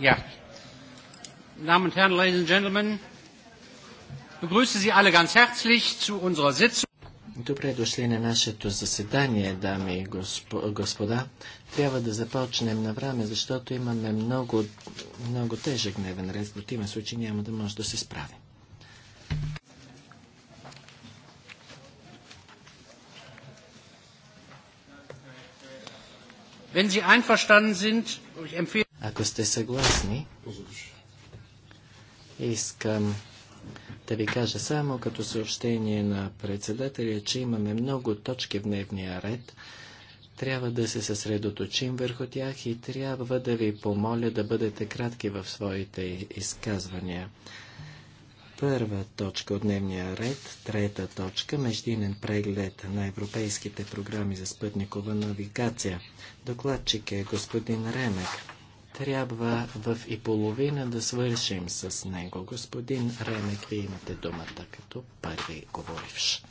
Ja. Damen und Herren, Ladies and Gentlemen, begrüße Sie alle ganz herzlich zu unserer Sitzung. Добре дошли на нашето заседание, дами и господа. Трябва да започнем на време, защото имаме много, много тежък дневен ред. В противен случай няма да може да се справим. Wenn Sie einverstanden sind, ich empfehle ако сте съгласни, искам да ви кажа само като съобщение на председателя, че имаме много точки в дневния ред. Трябва да се съсредоточим върху тях и трябва да ви помоля да бъдете кратки в своите изказвания. Първа точка от дневния ред, трета точка, междинен преглед на европейските програми за спътникова навигация. Докладчик е господин Ремек трябва в и половина да свършим с него. Господин Ремек, вие имате думата като първи говоривш.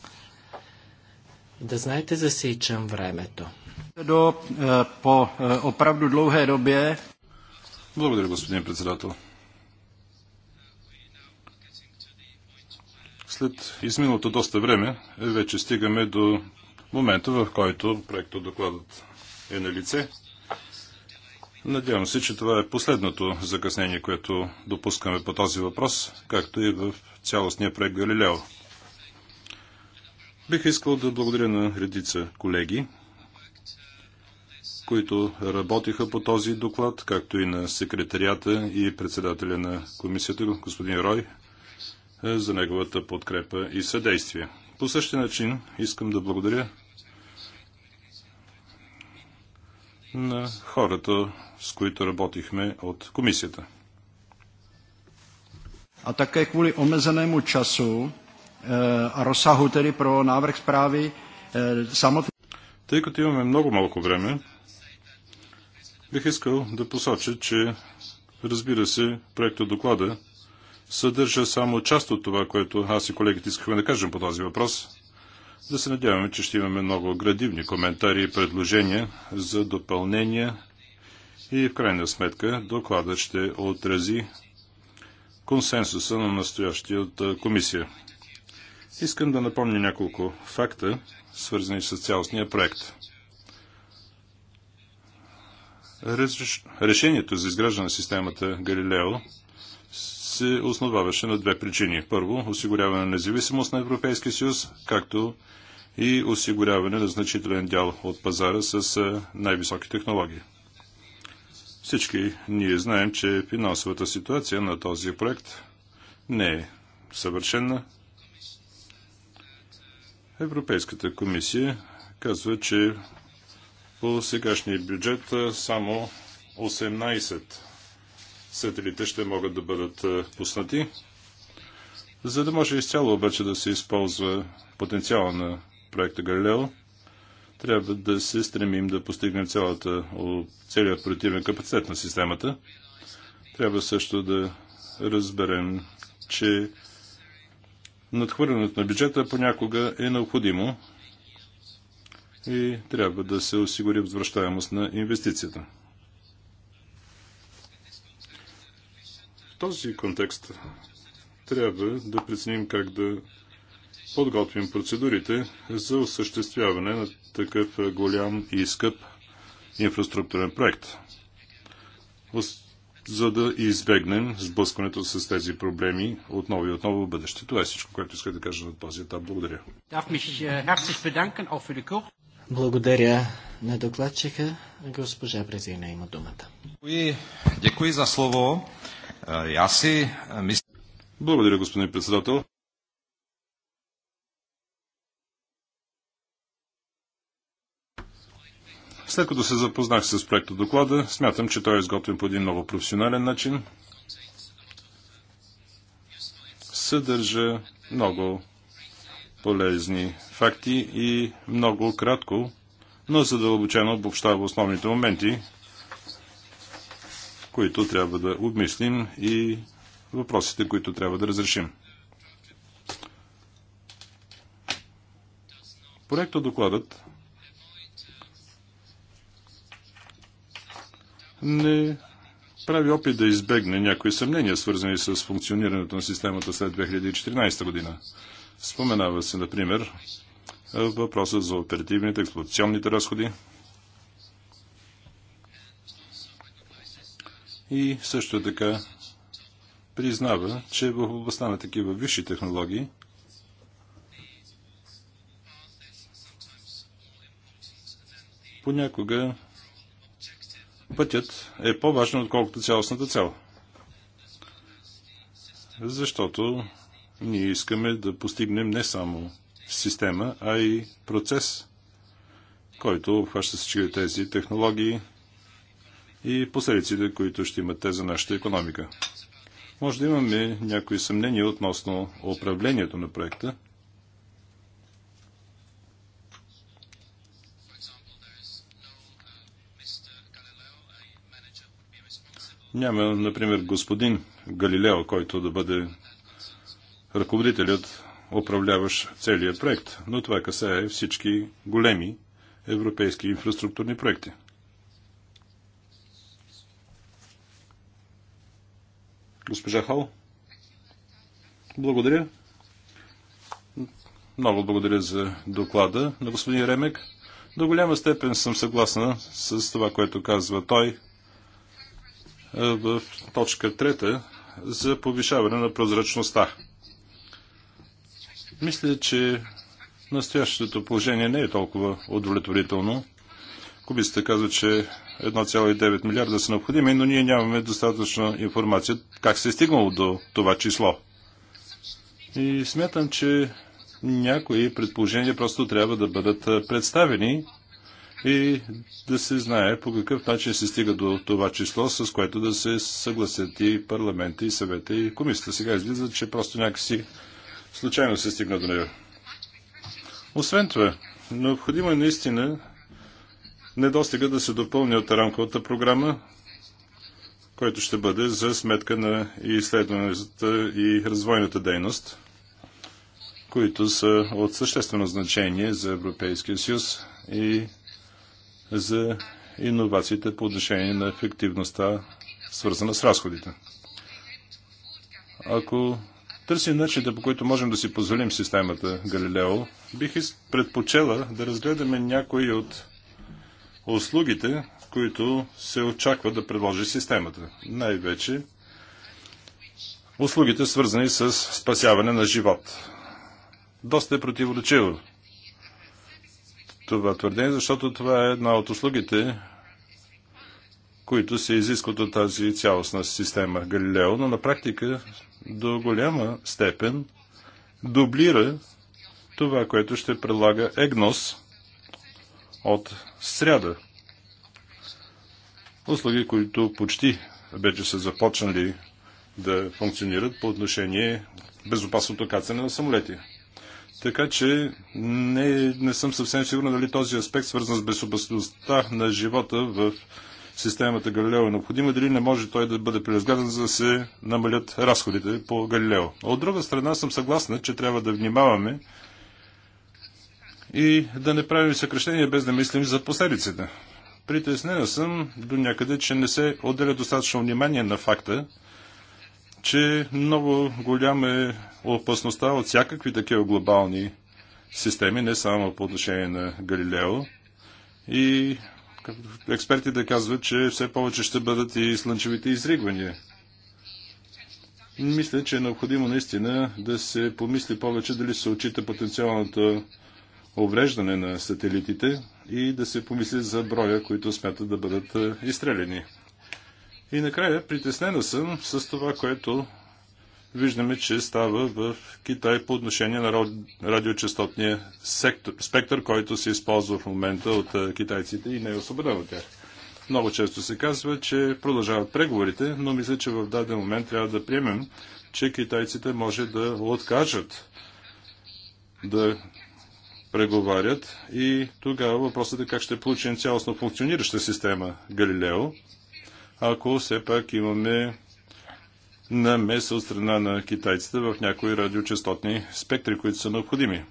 Да знаете, засичам времето. До, е, по е, оправду дълге добие. Благодаря, господин председател. След изминалото доста време, вече стигаме до момента, в който проектът докладът е на лице Надявам се, че това е последното закъснение, което допускаме по този въпрос, както и в цялостния проект Галилео. Бих искал да благодаря на редица колеги, които работиха по този доклад, както и на секретарията и председателя на комисията, господин Рой, за неговата подкрепа и съдействие. По същия начин искам да благодаря на хората, с които работихме от комисията. A také kvůli omezenému часу, а eh, rozsahu тери про návrh справи, eh, samotný. Тъй като имаме много малко време, бих искал да посоча, че разбира се, проекта доклада съдържа само част от това, което аз и колегите искахме да кажем по този въпрос – да се надяваме, че ще имаме много градивни коментари и предложения за допълнения и в крайна сметка докладът ще отрази консенсуса на настоящия комисия. Искам да напомня няколко факта, свързани с цялостния проект. Решението за изграждане на системата Галилео се основаваше на две причини. Първо, осигуряване на независимост на Европейския съюз, както и осигуряване на значителен дял от пазара с най-високи технологии. Всички ние знаем, че финансовата ситуация на този проект не е съвършена. Европейската комисия казва, че по сегашния бюджет само 18 сателите ще могат да бъдат е, пуснати, за да може изцяло обаче да се използва потенциала на проекта Галилео. Трябва да се стремим да постигнем цялата, целият противен капацитет на системата. Трябва също да разберем, че надхвърлянето на бюджета понякога е необходимо и трябва да се осигури възвръщаемост на инвестицията. този контекст трябва да преценим как да подготвим процедурите за осъществяване на такъв голям и скъп инфраструктурен проект, за да избегнем сблъскването с тези проблеми отново и отново в бъдеще. Това е всичко, което исках да кажа на този етап. Благодаря. Äh, Благодаря на докладчика. Госпожа Брезина има думата. Благодаря за слово. Е, е, Благодаря, господин председател. След като се запознах с проекта доклада, смятам, че той е изготвен по един много професионален начин. Съдържа много полезни факти и много кратко, но задълбочено обобщава основните моменти, които трябва да обмислим и въпросите, които трябва да разрешим. Проекто докладът не прави опит да избегне някои съмнения, свързани с функционирането на системата след 2014 година. Споменава се, например, въпросът за оперативните, експлуатационните разходи – и също така признава, че в областта на такива висши технологии понякога пътят е по-важен, отколкото цялостната цел. Защото ние искаме да постигнем не само система, а и процес, който обхваща всички тези технологии, и последиците, които ще имат те за нашата економика. Може да имаме някои съмнения относно управлението на проекта. Няма, например, господин Галилео, който да бъде ръководителят, управляващ целият проект, но това касае всички големи европейски инфраструктурни проекти. Госпожа Хол. Благодаря. Много благодаря за доклада на господин Ремек. До голяма степен съм съгласна с това, което казва той в точка трета за повишаване на прозрачността. Мисля, че настоящото положение не е толкова удовлетворително. Комисията казва, че 1,9 милиарда са необходими, но ние нямаме достатъчно информация как се е стигнало до това число. И смятам, че някои предположения просто трябва да бъдат представени и да се знае по какъв начин се стига до това число, с което да се съгласят и парламента, и съвета, и комисията. Сега излиза, че просто някакси случайно се стигна до него. Освен това, необходимо е наистина недостига да се допълни от рамковата програма, който ще бъде за сметка на изследването и развойната дейност, които са от съществено значение за Европейския съюз и за иновациите по отношение на ефективността, свързана с разходите. Ако търсим начините, по които можем да си позволим системата Галилео, бих предпочела да разгледаме някои от услугите, които се очаква да предложи системата. Най-вече услугите, свързани с спасяване на живот. Доста е противоречиво това твърдение, защото това е една от услугите, които се изискват от тази цялостна система Галилео, но на практика до голяма степен дублира това, което ще предлага ЕГНОС от сряда. Услуги, които почти вече са започнали да функционират по отношение безопасното кацане на самолети. Така че не, не съм съвсем сигурен дали този аспект, свързан с безопасността на живота в системата Галилео е необходима, дали не може той да бъде преразгледан, за да се намалят разходите по Галилео. От друга страна съм съгласна, че трябва да внимаваме и да не правим съкрещения без да мислим за последиците. Притеснена съм до някъде, че не се отделя достатъчно внимание на факта, че много голяма е опасността от всякакви такива глобални системи, не само по отношение на Галилео. И експертите да казват, че все повече ще бъдат и слънчевите изригвания. Мисля, че е необходимо наистина да се помисли повече дали се отчита потенциалната увреждане на сателитите и да се помисли за броя, които смятат да бъдат е, изстреляни. И накрая притеснена съм с това, което виждаме, че става в Китай по отношение на радиочастотния сектор, спектър, който се използва в момента от е, китайците и не е освободен от тях. Много често се казва, че продължават преговорите, но мисля, че в даден момент трябва да приемем, че китайците може да откажат да преговарят и тогава въпросът е как ще получим цялостно функционираща система Галилео, ако все пак имаме намеса от страна на китайците в някои радиочастотни спектри, които са необходими.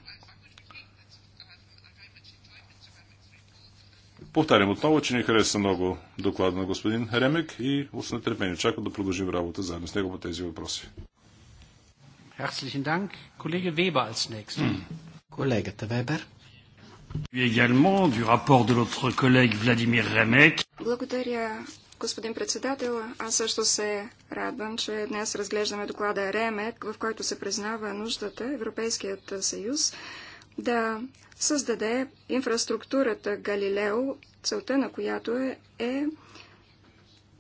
Повтарям отново, че ни хареса много доклада на господин Ремек и с нетърпение очаквам да продължим работа заедно с него по тези въпроси. Herzlichen Dank. Kollege Weber als Колегата Вебер. Благодаря, господин председател. Аз също се радвам, че днес разглеждаме доклада РЕМЕК, в който се признава нуждата Европейският съюз да създаде инфраструктурата Галилео, целта на която е, е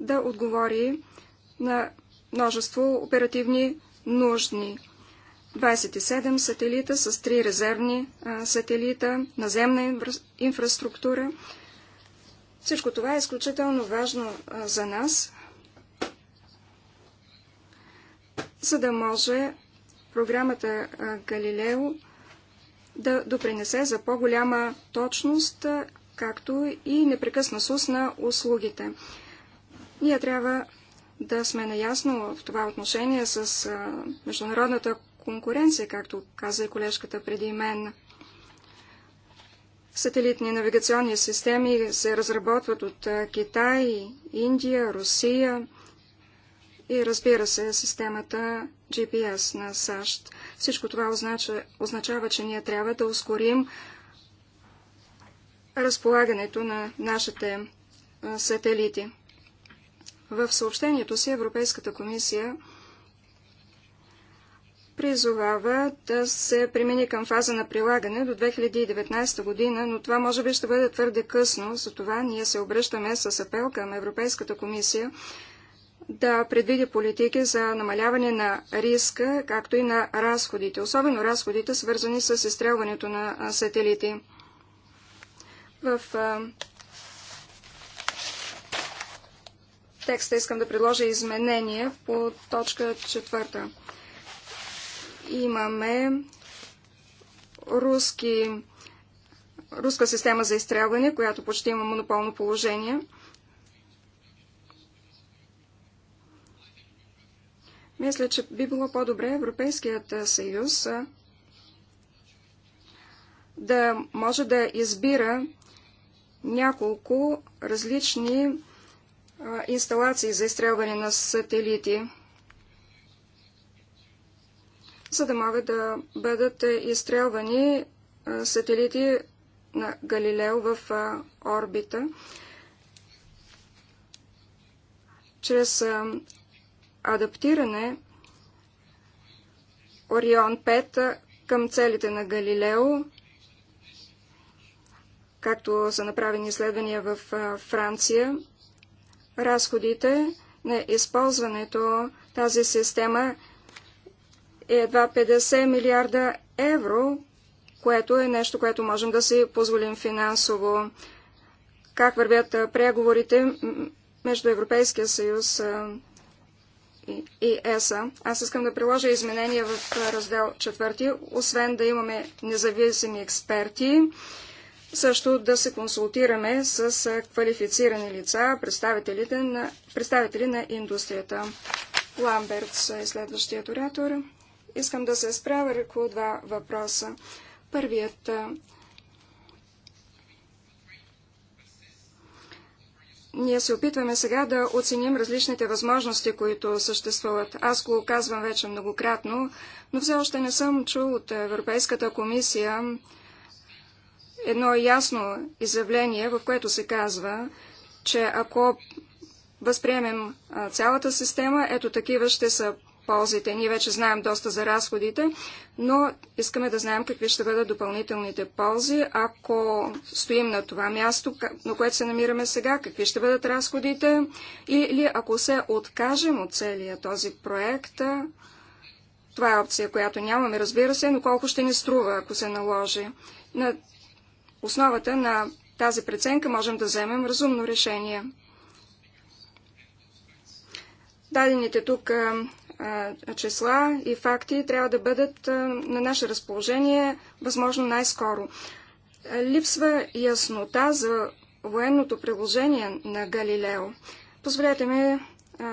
да отговори на множество оперативни нужни. 27 сателита с 3 резервни а, сателита, наземна инфраструктура. Всичко това е изключително важно а, за нас, за да може програмата Галилео да допринесе за по-голяма точност, както и непрекъснатост на услугите. Ние трябва да сме наясно в това отношение с Международната конкуренция, както каза и колежката преди мен. Сателитни навигационни системи се разработват от Китай, Индия, Русия и разбира се системата GPS на САЩ. Всичко това означа, означава, че ние трябва да ускорим разполагането на нашите сателити. В съобщението си Европейската комисия призовава да се премини към фаза на прилагане до 2019 година, но това може би ще бъде твърде късно, за това ние се обръщаме с апел към Европейската комисия да предвиди политики за намаляване на риска, както и на разходите, особено разходите, свързани с изстрелването на сателити. В текста искам да предложа изменение по точка четвърта имаме руски, руска система за изстрелване, която почти има монополно положение. Мисля, че би било по-добре Европейският съюз да може да избира няколко различни инсталации за изстрелване на сателити за да могат да бъдат е, изстрелвани е, сателити на Галилео в е, орбита чрез адаптиране Орион 5 към целите на Галилео, както са направени изследвания в Франция, разходите на използването тази система е едва 50 милиарда евро, което е нещо, което можем да си позволим финансово. Как вървят преговорите между Европейския съюз и ЕСА. Аз искам да приложа изменения в раздел 4, освен да имаме независими експерти, също да се консултираме с квалифицирани лица, представителите на, представители на индустрията. Ламбертс е следващият оратор. Искам да се спра върху два въпроса. Първият ние се опитваме сега да оценим различните възможности, които съществуват. Аз го казвам вече многократно, но все още не съм чул от Европейската комисия едно ясно изявление, в което се казва, че ако възприемем цялата система, ето такива ще са ползите. Ние вече знаем доста за разходите, но искаме да знаем какви ще бъдат допълнителните ползи, ако стоим на това място, на което се намираме сега, какви ще бъдат разходите, или ако се откажем от целия този проект. Това е опция, която нямаме, разбира се, но колко ще ни струва, ако се наложи. На основата на тази преценка можем да вземем разумно решение. Дадените тук числа и факти трябва да бъдат на наше разположение възможно най-скоро. Липсва яснота за военното приложение на Галилео. Позволете ми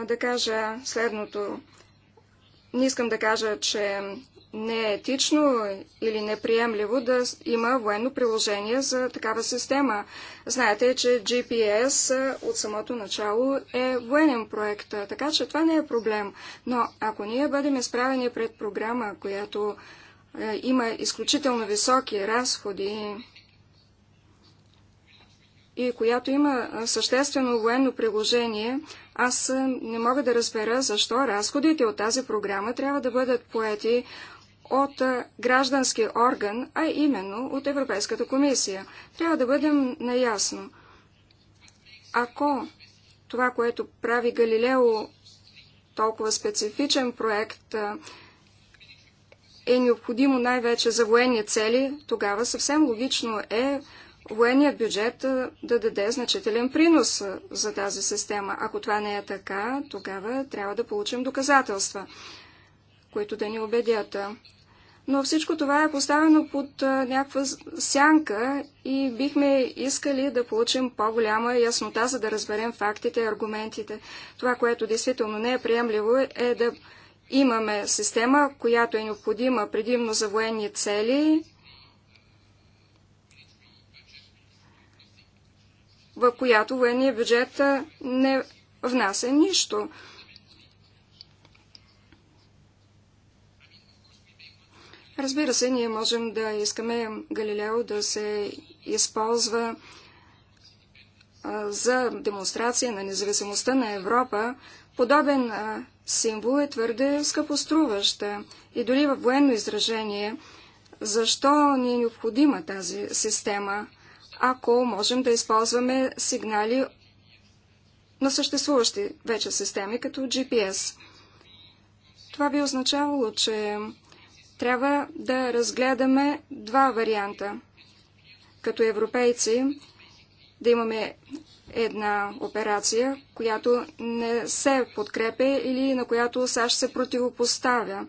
да кажа следното. Не искам да кажа, че не е етично или неприемливо да има военно приложение за такава система. Знаете, че GPS от самото начало е военен проект, така че това не е проблем. Но ако ние бъдем изправени пред програма, която е, има изключително високи разходи и която има съществено военно приложение, аз не мога да разбера защо разходите от тази програма трябва да бъдат поети от граждански орган, а именно от Европейската комисия. Трябва да бъдем наясно. Ако това, което прави Галилео толкова специфичен проект, е необходимо най-вече за военни цели, тогава съвсем логично е военният бюджет да даде значителен принос за тази система. Ако това не е така, тогава трябва да получим доказателства които да ни убедят. Но всичко това е поставено под някаква сянка и бихме искали да получим по-голяма яснота, за да разберем фактите и аргументите. Това, което действително не е приемливо, е да имаме система, която е необходима предимно за военни цели, в която военния бюджет не внася нищо. Разбира се, ние можем да искаме Галилео да се използва за демонстрация на независимостта на Европа. Подобен символ е твърде скъпоструваща и дори във военно изражение. Защо ни е необходима тази система, ако можем да използваме сигнали на съществуващи вече системи, като GPS? Това би означавало, че трябва да разгледаме два варианта. Като европейци да имаме една операция, която не се подкрепя или на която САЩ се противопоставя.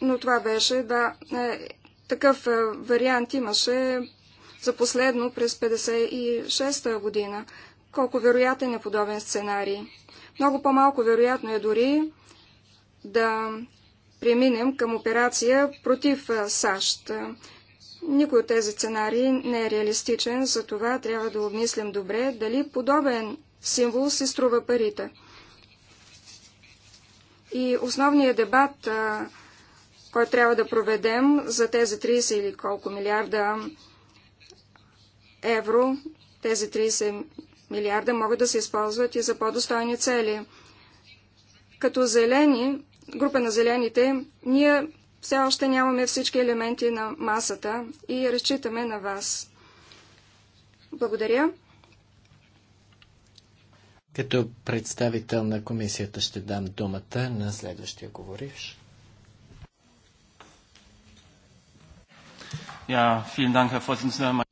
Но това беше, да, е, такъв е, вариант имаше за последно през 56-та година. Колко вероятен е подобен сценарий? Много по-малко вероятно е дори да преминем към операция против САЩ. Никой от тези сценарии не е реалистичен, за това трябва да обмислим добре дали подобен символ си струва парите. И основният дебат, който трябва да проведем за тези 30 или колко милиарда евро, тези 30 милиарда могат да се използват и за по-достойни цели. Като зелени, група на зелените, ние все още нямаме всички елементи на масата и разчитаме на вас. Благодаря. Като представител на комисията ще дам думата на следващия говориш.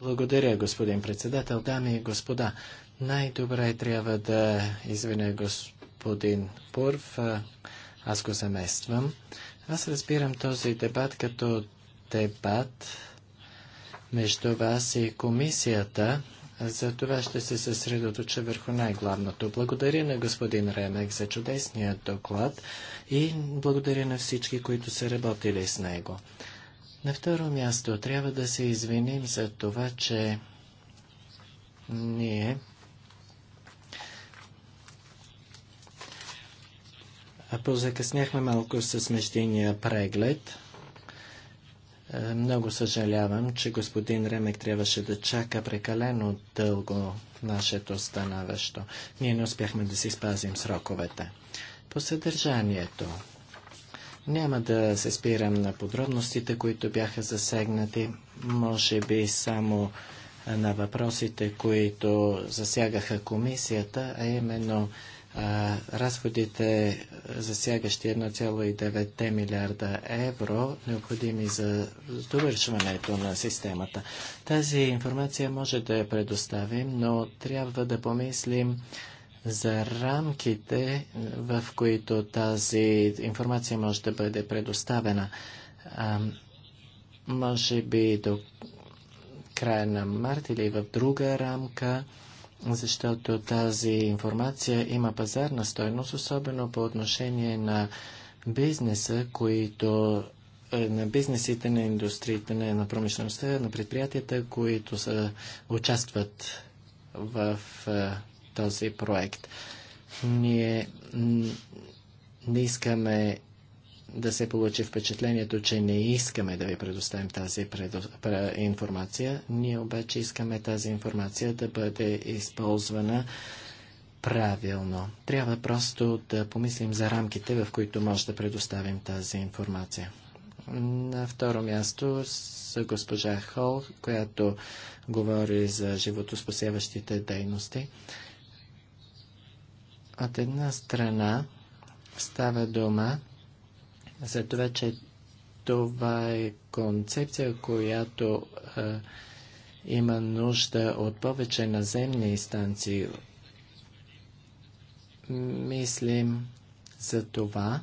Благодаря, господин председател, дами и господа. Най-добре трябва да извиня господин Пурв. Аз го замествам. Аз разбирам този дебат като дебат между вас и комисията. За това ще се съсредоточа върху най-главното. Благодаря на господин Ремек за чудесния доклад и благодаря на всички, които са работили с него. На второ място трябва да се извиним за това, че ние Позакъсняхме малко с междиния преглед. Е, много съжалявам, че господин Ремек трябваше да чака прекалено дълго нашето становещо. Ние не успяхме да си спазим сроковете. По съдържанието. Няма да се спирам на подробностите, които бяха засегнати. Може би само на въпросите, които засягаха комисията, а именно разходите, засягащи 1,9 милиарда евро, необходими за довършването на системата. Тази информация може да я предоставим, но трябва да помислим за рамките, в които тази информация може да бъде предоставена. А, може би до края на март или в друга рамка защото тази информация има пазарна стойност, особено по отношение на бизнеса, които е, на бизнесите, на индустриите, на промишлеността, на предприятията, които са, участват в е, този проект. Ние не искаме да се получи впечатлението, че не искаме да ви предоставим тази предо... информация. Ние обаче искаме тази информация да бъде използвана правилно. Трябва просто да помислим за рамките, в които може да предоставим тази информация. На второ място с госпожа Хол, която говори за животоспасяващите дейности. От една страна става дума за това, че това е концепция, която е, има нужда от повече наземни инстанции. Мислим за това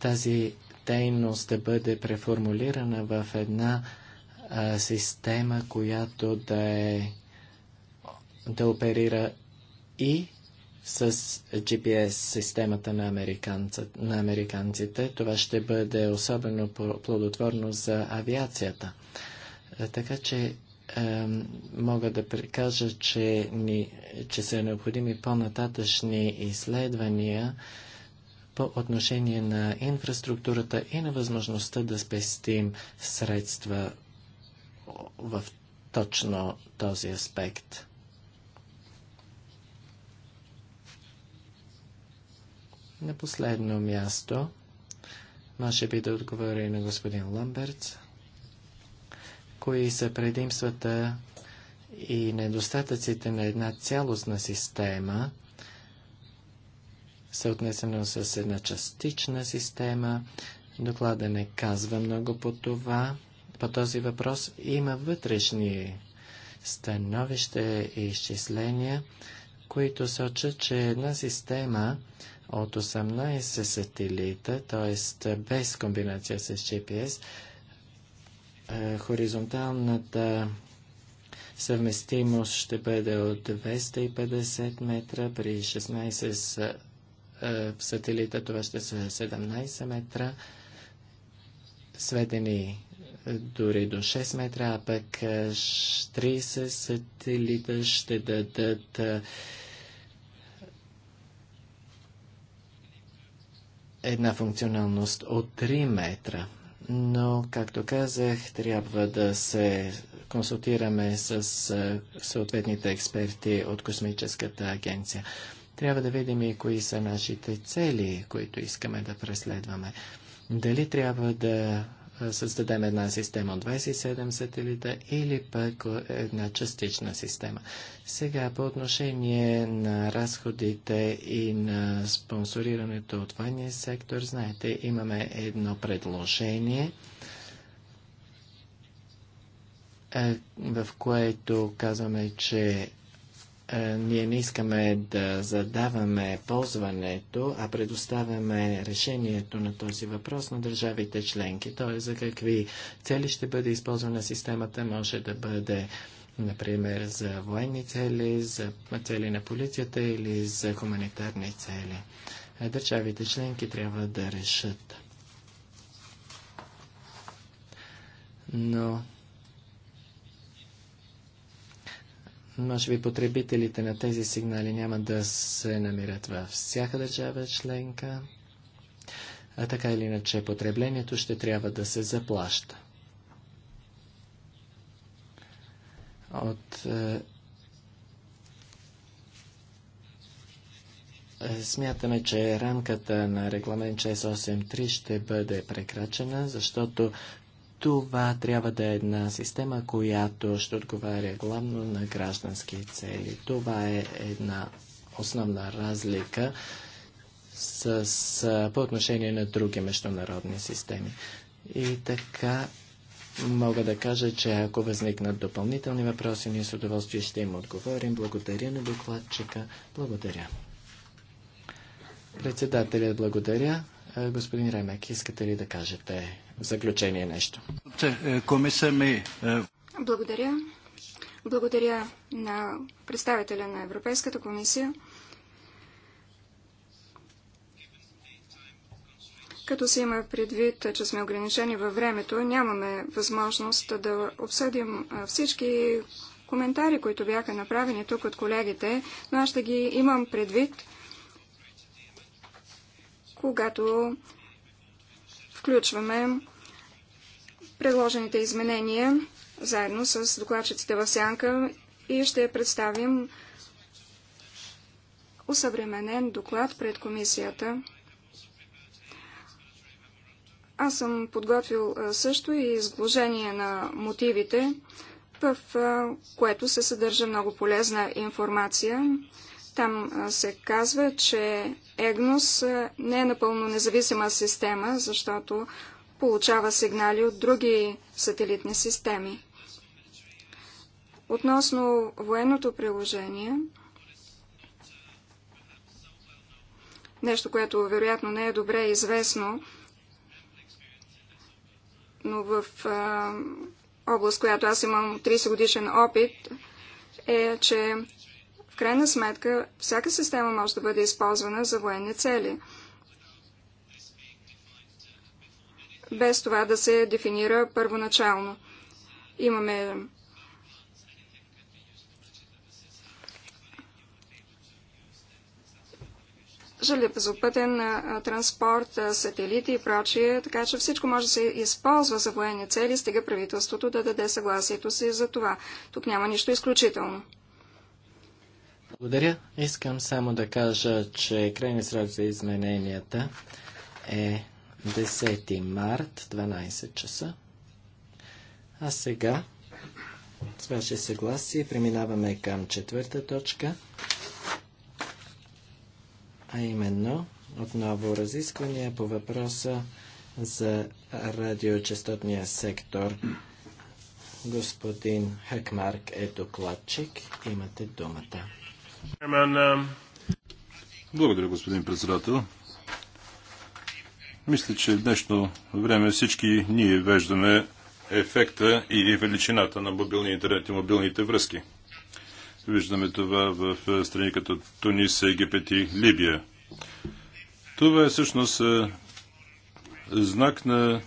тази дейност да бъде преформулирана в една а, система, която да е да оперира и с GPS системата на, на американците. Това ще бъде особено плодотворно за авиацията. Е, така че е, мога да прикажа, че, ни, че са необходими по-нататъчни изследвания по отношение на инфраструктурата и на възможността да спестим средства в точно този аспект. На последно място, може би да отговори на господин Ламберт, кои са предимствата и недостатъците на една цялостна система, съотнесено с една частична система. Доклада не казва много по това. По този въпрос има вътрешни становища и изчисления, които сочат, че една система от 18 сателита, т.е. без комбинация с GPS, е, хоризонталната съвместимост ще бъде от 250 метра, при 16 е, сателита това ще са 17 метра, сведени е, дори до 6 метра, а пък 30 сателита ще дадат една функционалност от 3 метра. Но, както казах, трябва да се консултираме с съответните експерти от Космическата агенция. Трябва да видим и кои са нашите цели, които искаме да преследваме. Дали трябва да е, създадем една система от 27 сателита или пък е, една частична система. Сега по отношение на разходите и на спонсорирането от военния сектор, знаете, имаме едно предложение, е, в което казваме, че е, ние не искаме да задаваме ползването, а предоставяме решението на този въпрос на държавите членки. Тоест, за какви цели ще бъде използвана системата, може да бъде например за военни цели, за цели на полицията или за хуманитарни цели. Е, държавите членки трябва да решат. Но Може би потребителите на тези сигнали няма да се намират във всяка държава членка, а така или иначе потреблението ще трябва да се заплаща. От е, е, Смятаме, че рамката на регламент 683 ще бъде прекрачена, защото това трябва да е една система, която ще отговаря главно на граждански цели. Това е една основна разлика с, с, по отношение на други международни системи. И така мога да кажа, че ако възникнат допълнителни въпроси, ние с удоволствие ще им отговорим. Благодаря на докладчика. Благодаря. Председателят благодаря. Е, господин Ремек, искате ли да кажете в заключение нещо. Е, е, Благодаря. Благодаря на представителя на Европейската комисия. Като се има предвид, че сме ограничени във времето, нямаме възможност да обсъдим всички коментари, които бяха направени тук от колегите, но аз ще ги имам предвид, когато включваме предложените изменения заедно с докладчиците в сянка и ще представим усъвременен доклад пред комисията. Аз съм подготвил също и изложение на мотивите, в което се съдържа много полезна информация. Там се казва, че ЕГНОС не е напълно независима система, защото получава сигнали от други сателитни системи. Относно военното приложение, нещо, което вероятно не е добре известно, но в а, област, която аз имам 30 годишен опит, е, че в крайна сметка, всяка система може да бъде използвана за военни цели. без това да се дефинира първоначално. Имаме железопътен транспорт, сателити и прочие, така че всичко може да се използва за военни цели, стига правителството да даде съгласието си за това. Тук няма нищо изключително. Благодаря. Искам само да кажа, че крайни срок за измененията е 10 март, 12 часа. А сега, с ваше съгласие, преминаваме към четвърта точка, а именно отново разисквания по въпроса за радиочастотния сектор. Господин Хакмарк е докладчик. Имате думата. Um, Благодаря, господин председател. Мисля, че в днешно време всички ние веждаме ефекта и величината на мобилния интернет и мобилните връзки. Виждаме това в е, страни като Тунис, Египет и Либия. Това е всъщност е, знак на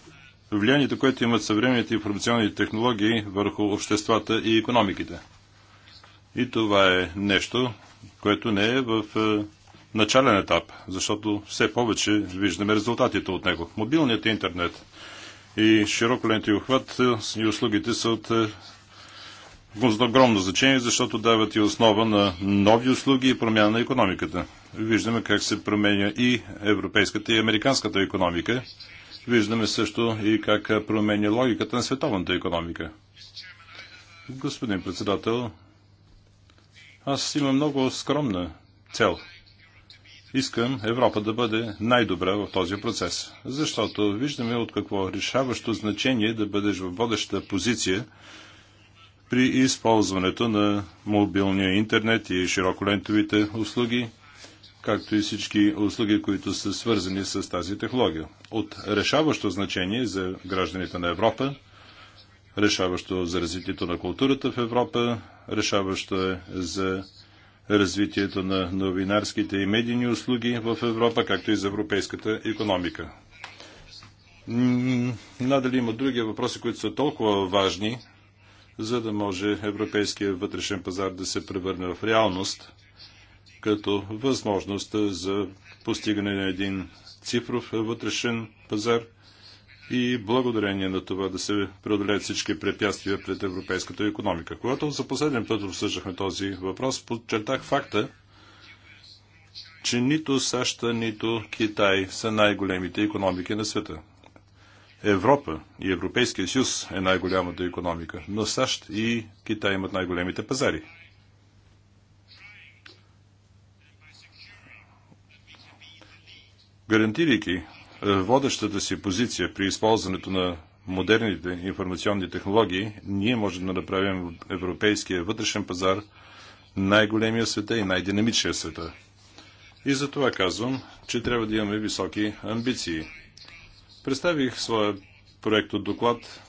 влиянието, което имат съвременните информационни технологии върху обществата и економиките. И това е нещо, което не е в е, начален етап, защото все повече виждаме резултатите от него. Мобилният интернет и широко ленти охват е, и услугите са е, от огромно значение, защото дават и основа на нови услуги и промяна на економиката. Виждаме как се променя и европейската и американската економика. Виждаме също и как променя логиката на световната економика. Господин председател, аз имам много скромна цел. Искам Европа да бъде най-добра в този процес, защото виждаме от какво решаващо значение да бъдеш в водеща позиция при използването на мобилния интернет и широколентовите услуги, както и всички услуги, които са свързани с тази технология. От решаващо значение за гражданите на Европа решаващо за развитието на културата в Европа, решаващо е за развитието на новинарските и медийни услуги в Европа, както и за европейската економика. Надали има други въпроси, които са толкова важни, за да може европейския вътрешен пазар да се превърне в реалност, като възможност за постигане на един цифров вътрешен пазар – и благодарение на това да се преодолеят всички препятствия пред европейската економика. Когато за последен път обсъждахме този въпрос, подчертах факта, че нито САЩ, нито Китай са най-големите економики на света. Европа и Европейския съюз е най-голямата економика, но САЩ и Китай имат най-големите пазари. Гарантирайки е, водещата си позиция при използването на модерните информационни технологии, ние можем да направим европейския вътрешен пазар най-големия света и най-динамичния света. И за това казвам, че трябва да имаме високи амбиции. Представих своя проект от доклад.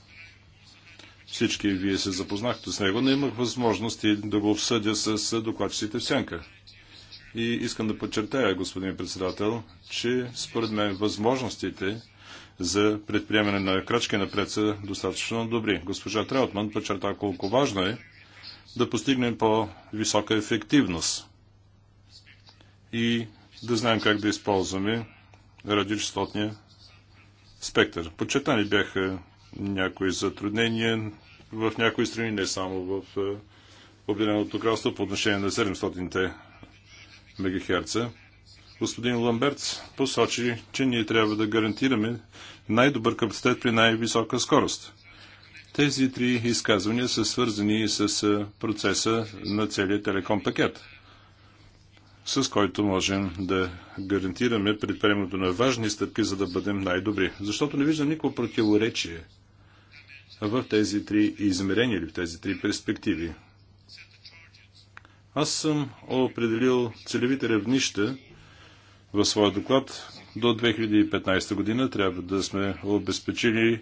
Всички вие се запознахте с него, но имах възможности да го обсъдя с докладчиците в сянка. И искам да подчертая, господин председател, че според мен възможностите за предприемане на крачки напред са достатъчно добри. Госпожа Треотман подчерта колко важно е да постигнем по-висока ефективност и да знаем как да използваме радиочастотния спектър. Подчертани бяха някои затруднения в някои страни, не само в е, Обединеното кралство по отношение на 700-те МГц, господин Ламберц посочи, че ние трябва да гарантираме най-добър капацитет при най-висока скорост. Тези три изказвания са свързани с процеса на целият телеком пакет, с който можем да гарантираме предприемането на важни стъпки, за да бъдем най-добри. Защото не виждам никакво противоречие в тези три измерения или в тези три перспективи. Аз съм определил целевите равнища в своя доклад. До 2015 година трябва да сме обезпечили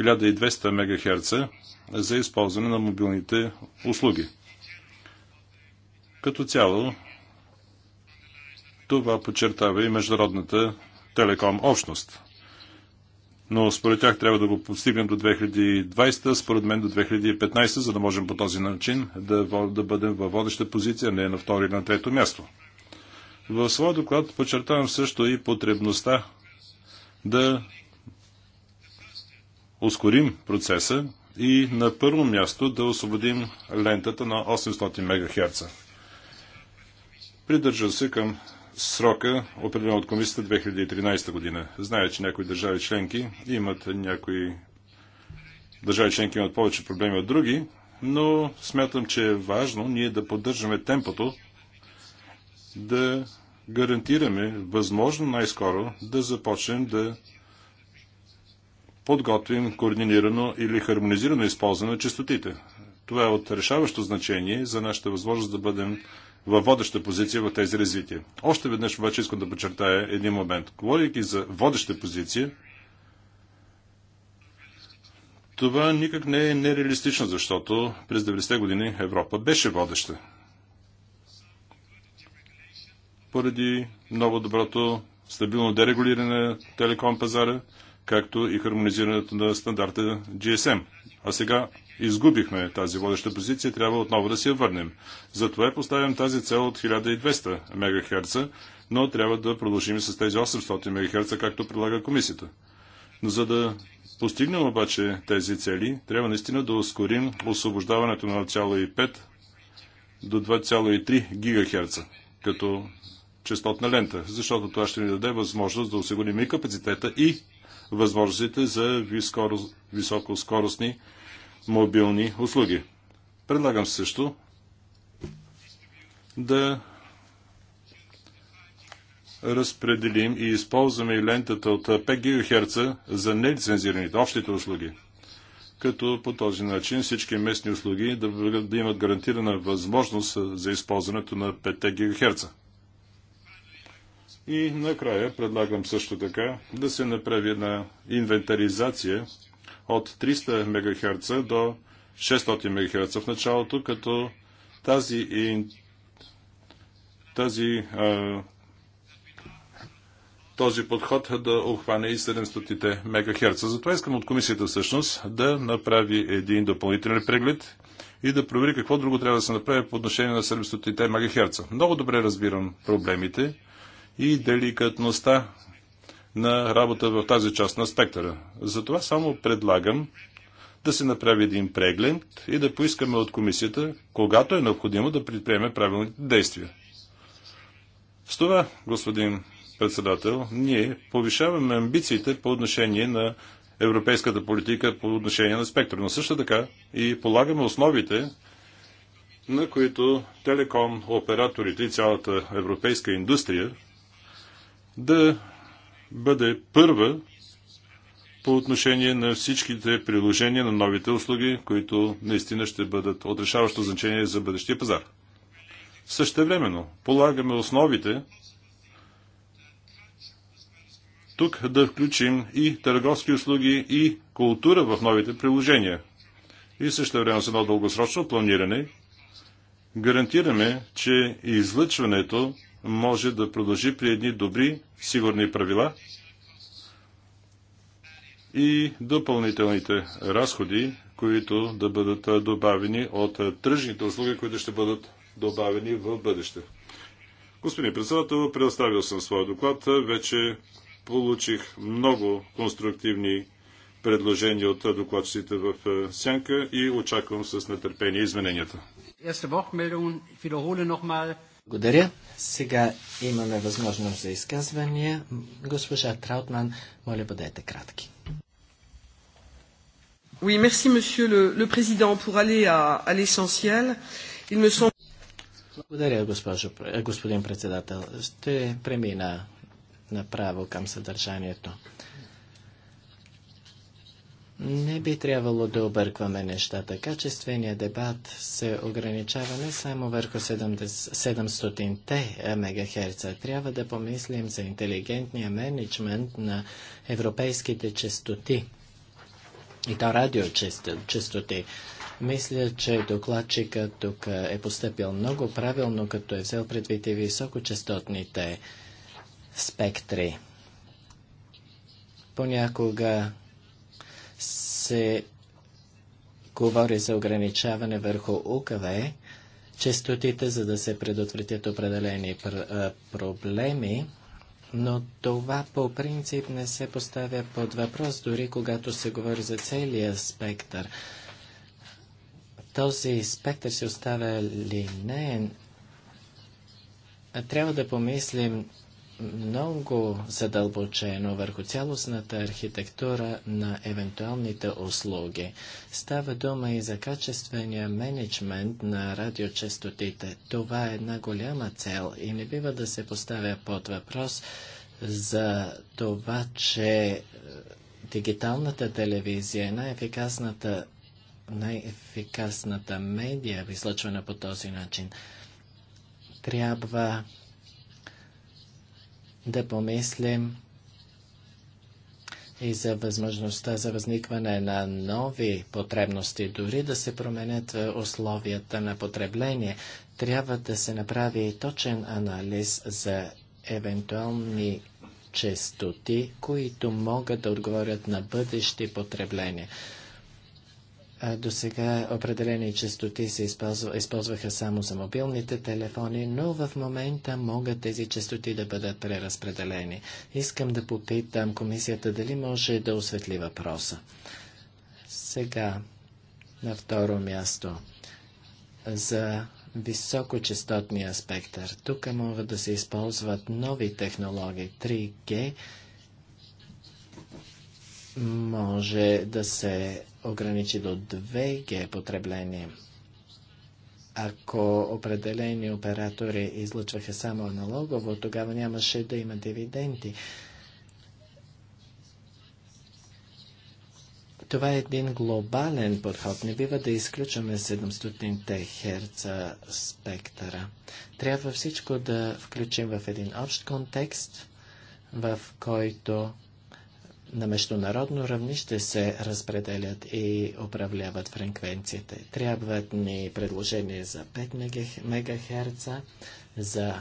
1200 МГц за използване на мобилните услуги. Като цяло, това подчертава и международната телеком общност но според тях трябва да го постигнем до 2020, според мен до 2015, за да можем по този начин да, да бъдем във водеща позиция, не на второ или на трето място. В своя доклад подчертавам също и потребността да ускорим процеса и на първо място да освободим лентата на 800 МГц. Придържа се към срока, определен от комисията 2013 година. Зная, че някои държави членки имат някои държави членки имат повече проблеми от други, но смятам, че е важно ние да поддържаме темпото, да гарантираме възможно най-скоро да започнем да подготвим координирано или хармонизирано използване на частотите. Това е от решаващо значение за нашата възможност да бъдем във водеща позиция в тези развития. Още веднъж обаче искам да подчертая един момент. Говорейки за водеща позиция, това никак не е нереалистично, защото през 90-те години Европа беше водеща. Поради много доброто стабилно дерегулиране на телеком пазара, както и хармонизирането на стандарта GSM. А сега изгубихме тази водеща позиция, трябва отново да си я върнем. Затова поставям тази цел от 1200 МГц, но трябва да продължим с тези 800 МГц, както предлага комисията. Но за да постигнем обаче тези цели, трябва наистина да ускорим освобождаването на 0,5 до 2,3 ГГц като частотна лента, защото това ще ни даде възможност да осигурим и капацитета и възможностите за високо, високоскоростни мобилни услуги. Предлагам също да разпределим и използваме лентата от 5 ГГц за нелицензираните общите услуги, като по този начин всички местни услуги да, да имат гарантирана възможност за използването на 5 ГГц. И накрая предлагам също така да се направи една инвентаризация от 300 МГц до 600 МГц в началото, като тази, тази този подход да обхване и 700 МГц. Затова искам от комисията всъщност да направи един допълнителен преглед и да провери какво друго трябва да се направи по отношение на 700 МГц. Много добре разбирам проблемите и деликатността на работа в тази част на спектъра. Затова само предлагам да се направи един преглед и да поискаме от комисията, когато е необходимо да предприеме правилните действия. С това, господин председател, ние повишаваме амбициите по отношение на европейската политика по отношение на спектър. но също така и полагаме основите, на които телеком операторите и цялата европейска индустрия да бъде първа по отношение на всичките приложения на новите услуги, които наистина ще бъдат от решаващо значение за бъдещия пазар. Същевременно полагаме основите тук да включим и търговски услуги и култура в новите приложения. И също време с едно дългосрочно планиране гарантираме, че излъчването може да продължи при едни добри, сигурни правила и допълнителните разходи, които да бъдат добавени от тръжните услуги, които ще бъдат добавени в бъдеще. Господин председател, предоставил съм своя доклад. Вече получих много конструктивни предложения от докладчиците в е, Сянка и очаквам с нетърпение измененията. Благодаря. Сега имаме възможност за изказвания. Госпожа Траутман, моля бъдете кратки. Oui, merci Monsieur le, le Président. Pour aller à, à l'essentiel, il me semble. Благодаря, госпожо, господин председател. Ще премина направо към съдържанието. Не би трябвало да объркваме нещата. Качественият дебат се ограничава не само върху 700-те мегахерца. Трябва да помислим за интелигентния менеджмент на европейските частоти и то радиочестоти. Мисля, че докладчикът тук е поступил много правилно, като е взел предвид и високочастотните спектри. Понякога се говори за ограничаване върху УКВ, честотите, за да се предотвратят определени пр- проблеми, но това по принцип не се поставя под въпрос, дори когато се говори за целия спектър. Този спектър се оставя линейен. Трябва да помислим много задълбочено върху цялостната архитектура на евентуалните услуги. Става дума и за качествения менеджмент на радиочестотите. Това е една голяма цел и не бива да се поставя под въпрос за това, че е, дигиталната телевизия е най-ефикасната най-ефикасната медия, излъчвана по този начин. Трябва да помислим и за възможността за възникване на нови потребности, дори да се променят е, условията на потребление, трябва да се направи и точен анализ за евентуални честоти, които могат да отговорят на бъдещи потребления. До сега определени частоти се използва, използваха само за мобилните телефони, но в момента могат тези частоти да бъдат преразпределени. Искам да попитам комисията дали може да осветли въпроса. Сега, на второ място, за високочастотния спектър. Тук могат да се използват нови технологии 3G, може да се ограничи до 2G потребление. Ако определени оператори излъчваха само аналогово, тогава нямаше да има дивиденти. Това е един глобален подход. Не бива да изключваме 700-те херца спектъра. Трябва всичко да включим в един общ контекст, в който на международно равнище се разпределят и управляват фреквенциите. Трябват ни предложения за 5 МГц, за,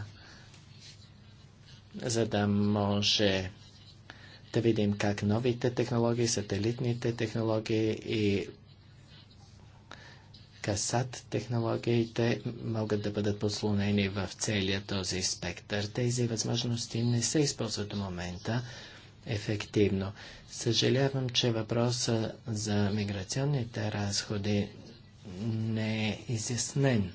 за да може да видим как новите технологии, сателитните технологии и касат технологиите могат да бъдат послонени в целия този спектър. Тези възможности не се използват до момента ефективно. Съжалявам, че въпроса за миграционните разходи не е изяснен.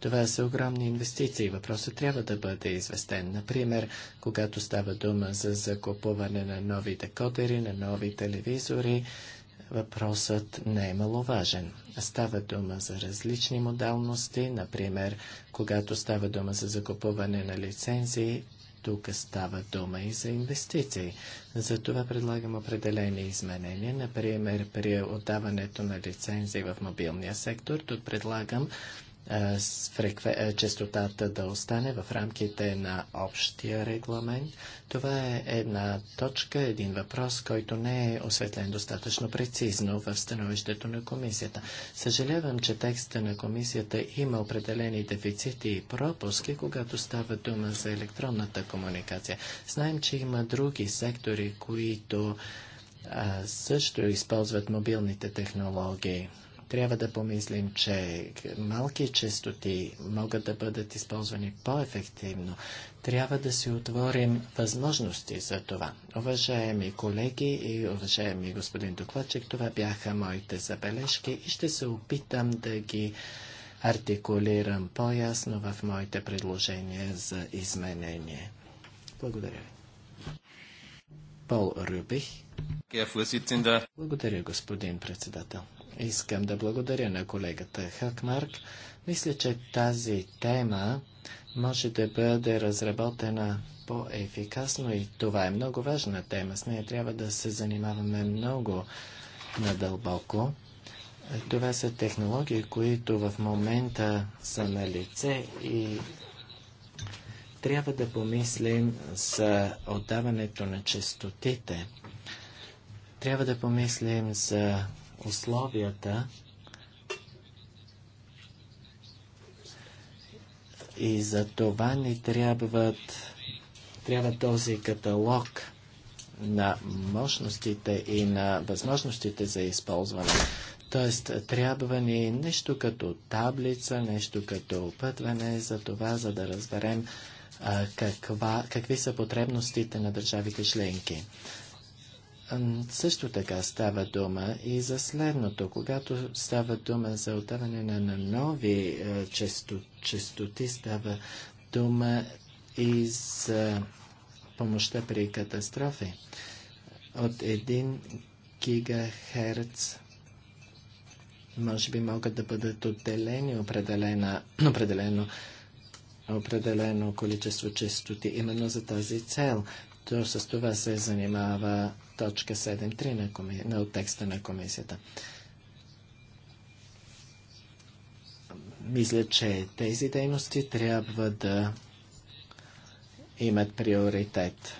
Това са огромни инвестиции. Въпросът трябва да бъде известен. Например, когато става дума за закупуване на нови декодери, на нови телевизори, въпросът не е маловажен. Става дума за различни модалности, например, когато става дума за закупуване на лицензии, тук става дума и за инвестиции. Затова предлагам определени изменения, например при отдаването на лицензии в мобилния сектор. Тук предлагам фрекве... частотата да остане в рамките на общия регламент. Това е една точка, един въпрос, който не е осветлен достатъчно прецизно в становището на комисията. Съжалявам, че текста на комисията има определени дефицити и пропуски, когато става дума за електронната комуникация. Знаем, че има други сектори, които а, също използват мобилните технологии. Трябва да помислим, че малки честоти могат да бъдат използвани по-ефективно. Трябва да си отворим възможности за това. Уважаеми колеги и уважаеми господин докладчик, това бяха моите забележки и ще се опитам да ги артикулирам по-ясно в моите предложения за изменение. Благодаря ви. Пол Рюбих. Благодаря, господин председател. Искам да благодаря на колегата Хакмарк. Мисля, че тази тема може да бъде разработена по-ефикасно и това е много важна тема. С нея трябва да се занимаваме много надълбоко. Това са технологии, които в момента са на лице и трябва да помислим за отдаването на частотите. Трябва да помислим за условията и за това ни трябват, трябва този каталог на мощностите и на възможностите за използване. Тоест, трябва ни нещо като таблица, нещо като опътване за това, за да разберем а, каква, какви са потребностите на държавите членки. Също така става дума и за следното. Когато става дума за отдаване на нови е, често, честоти, става дума и за помощта при катастрофи от 1 гигахерц може би могат да бъдат отделени определено, определено количество честоти именно за тази цел. То с това се занимава точка 7.3 на, коми... на текста на комисията. Мисля, че тези дейности трябва да имат приоритет.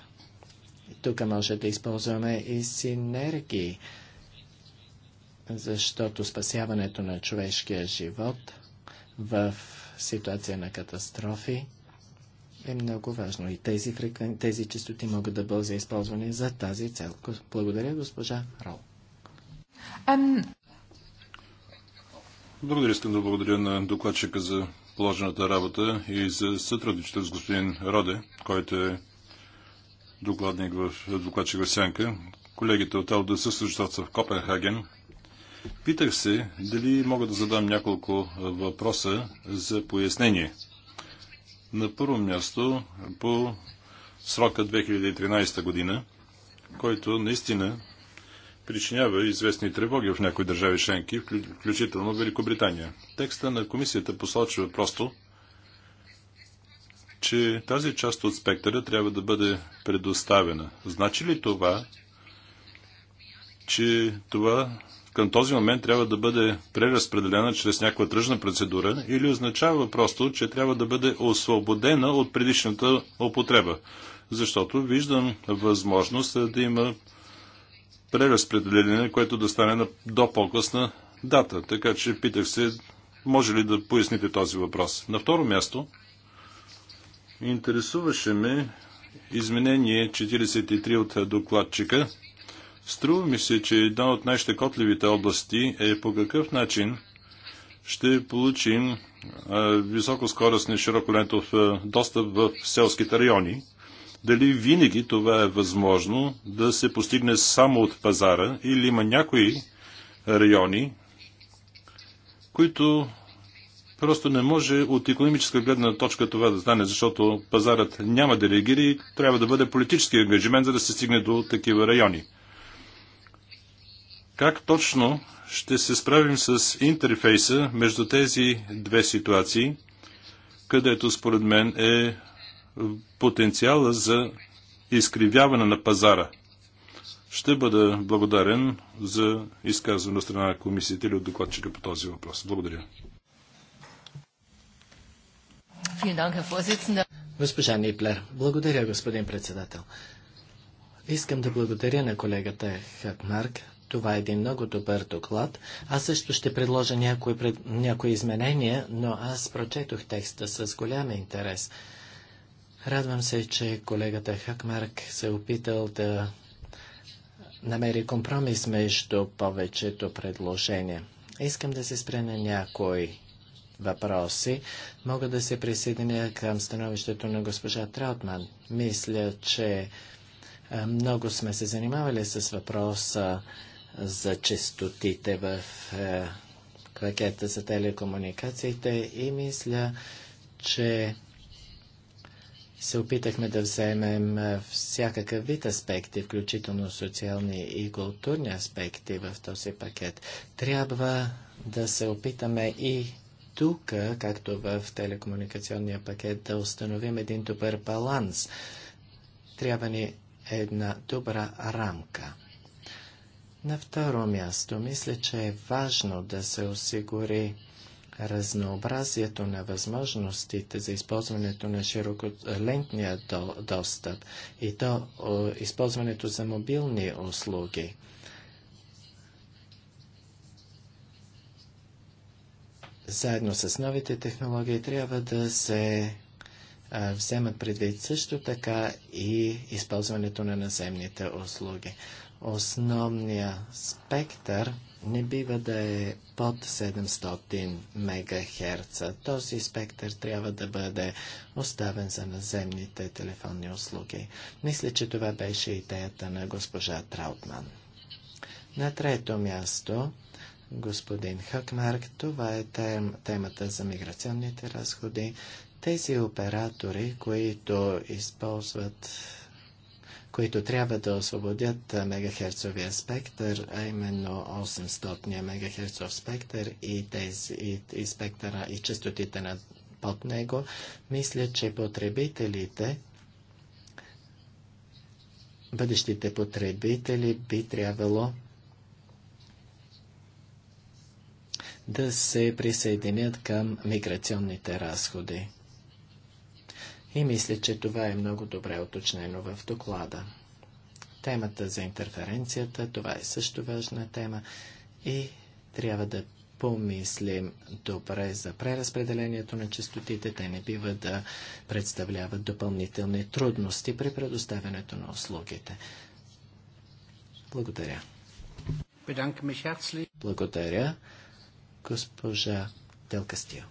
Тук може да използваме и синергии, защото спасяването на човешкия живот в ситуация на катастрофи е много важно и тези, фрекен... тези частоти могат да бъдат използвани за тази цел. Благодаря, госпожа Рол. Um... Благодаря, искам да благодаря на докладчика за положената работа и за сътрудничеството с господин Роде, който е докладник в докладчик в Сянка. Колегите от Алда са са в Копенхаген. Питах се дали мога да задам няколко въпроса за пояснение – на първо място по срока 2013 година, който наистина причинява известни тревоги в някои държави членки, включително Великобритания. Текста на комисията посочва просто, че тази част от спектъра трябва да бъде предоставена. Значи ли това, че това към този момент трябва да бъде преразпределена чрез някаква тръжна процедура или означава просто, че трябва да бъде освободена от предишната употреба. Защото виждам възможност да има преразпределение, което да стане на, до по-късна дата. Така че питах се, може ли да поясните този въпрос. На второ място, интересуваше ме изменение 43 от докладчика – Струва ми се, че една от най-щекотливите области е по какъв начин ще получим високоскоростни широколентов достъп в селските райони. Дали винаги това е възможно да се постигне само от пазара или има някои райони, които просто не може от економическа гледна точка това да стане, защото пазарът няма да реагира и трябва да бъде политически ангажимент, за да се стигне до такива райони. Как точно ще се справим с интерфейса между тези две ситуации, където според мен е потенциала за изкривяване на пазара? Ще бъда благодарен за изказване от страна на комисията или от докладчика по този въпрос. Благодаря. Госпожа Ниплер, благодаря, господин председател. Искам да благодаря на колегата Хакмарк това е един много добър доклад. Аз също ще предложа някои, пред... някои изменения, но аз прочетох текста с голям интерес. Радвам се, че колегата Хакмарк се е опитал да намери компромис между повечето предложения. Искам да се спре на някои въпроси. Мога да се присъединя към становището на госпожа Траутман. Мисля, че много сме се занимавали с въпроса за честотите в е, пакета за телекомуникациите и мисля, че се опитахме да вземем е, всякакъв вид аспекти, включително социални и културни аспекти в този пакет. Трябва да се опитаме и тук, както в телекомуникационния пакет, да установим един добър баланс. Трябва ни една добра рамка. На второ място, мисля, че е важно да се осигури разнообразието на възможностите за използването на широколентния до, достъп и то о, използването за мобилни услуги. Заедно с новите технологии трябва да се вземат предвид също така и използването на наземните услуги основния спектър не бива да е под 700 МГц. Този спектър трябва да бъде оставен за наземните телефонни услуги. Мисля, че това беше идеята на госпожа Траутман. На трето място, господин Хъкмарк, това е тем, темата за миграционните разходи. Тези оператори, които използват които трябва да освободят мегахерцовия спектър, а именно 800 мегахерцов спектър и, тези, и, и спектъра и частотите на, под него, мисля, че потребителите бъдещите потребители би трябвало да се присъединят към миграционните разходи. И мисля, че това е много добре уточнено в доклада. Темата за интерференцията, това е също важна тема и трябва да помислим добре за преразпределението на частотите. Те не бива да представляват допълнителни трудности при предоставянето на услугите. Благодаря. Благодаря, госпожа Телкастио.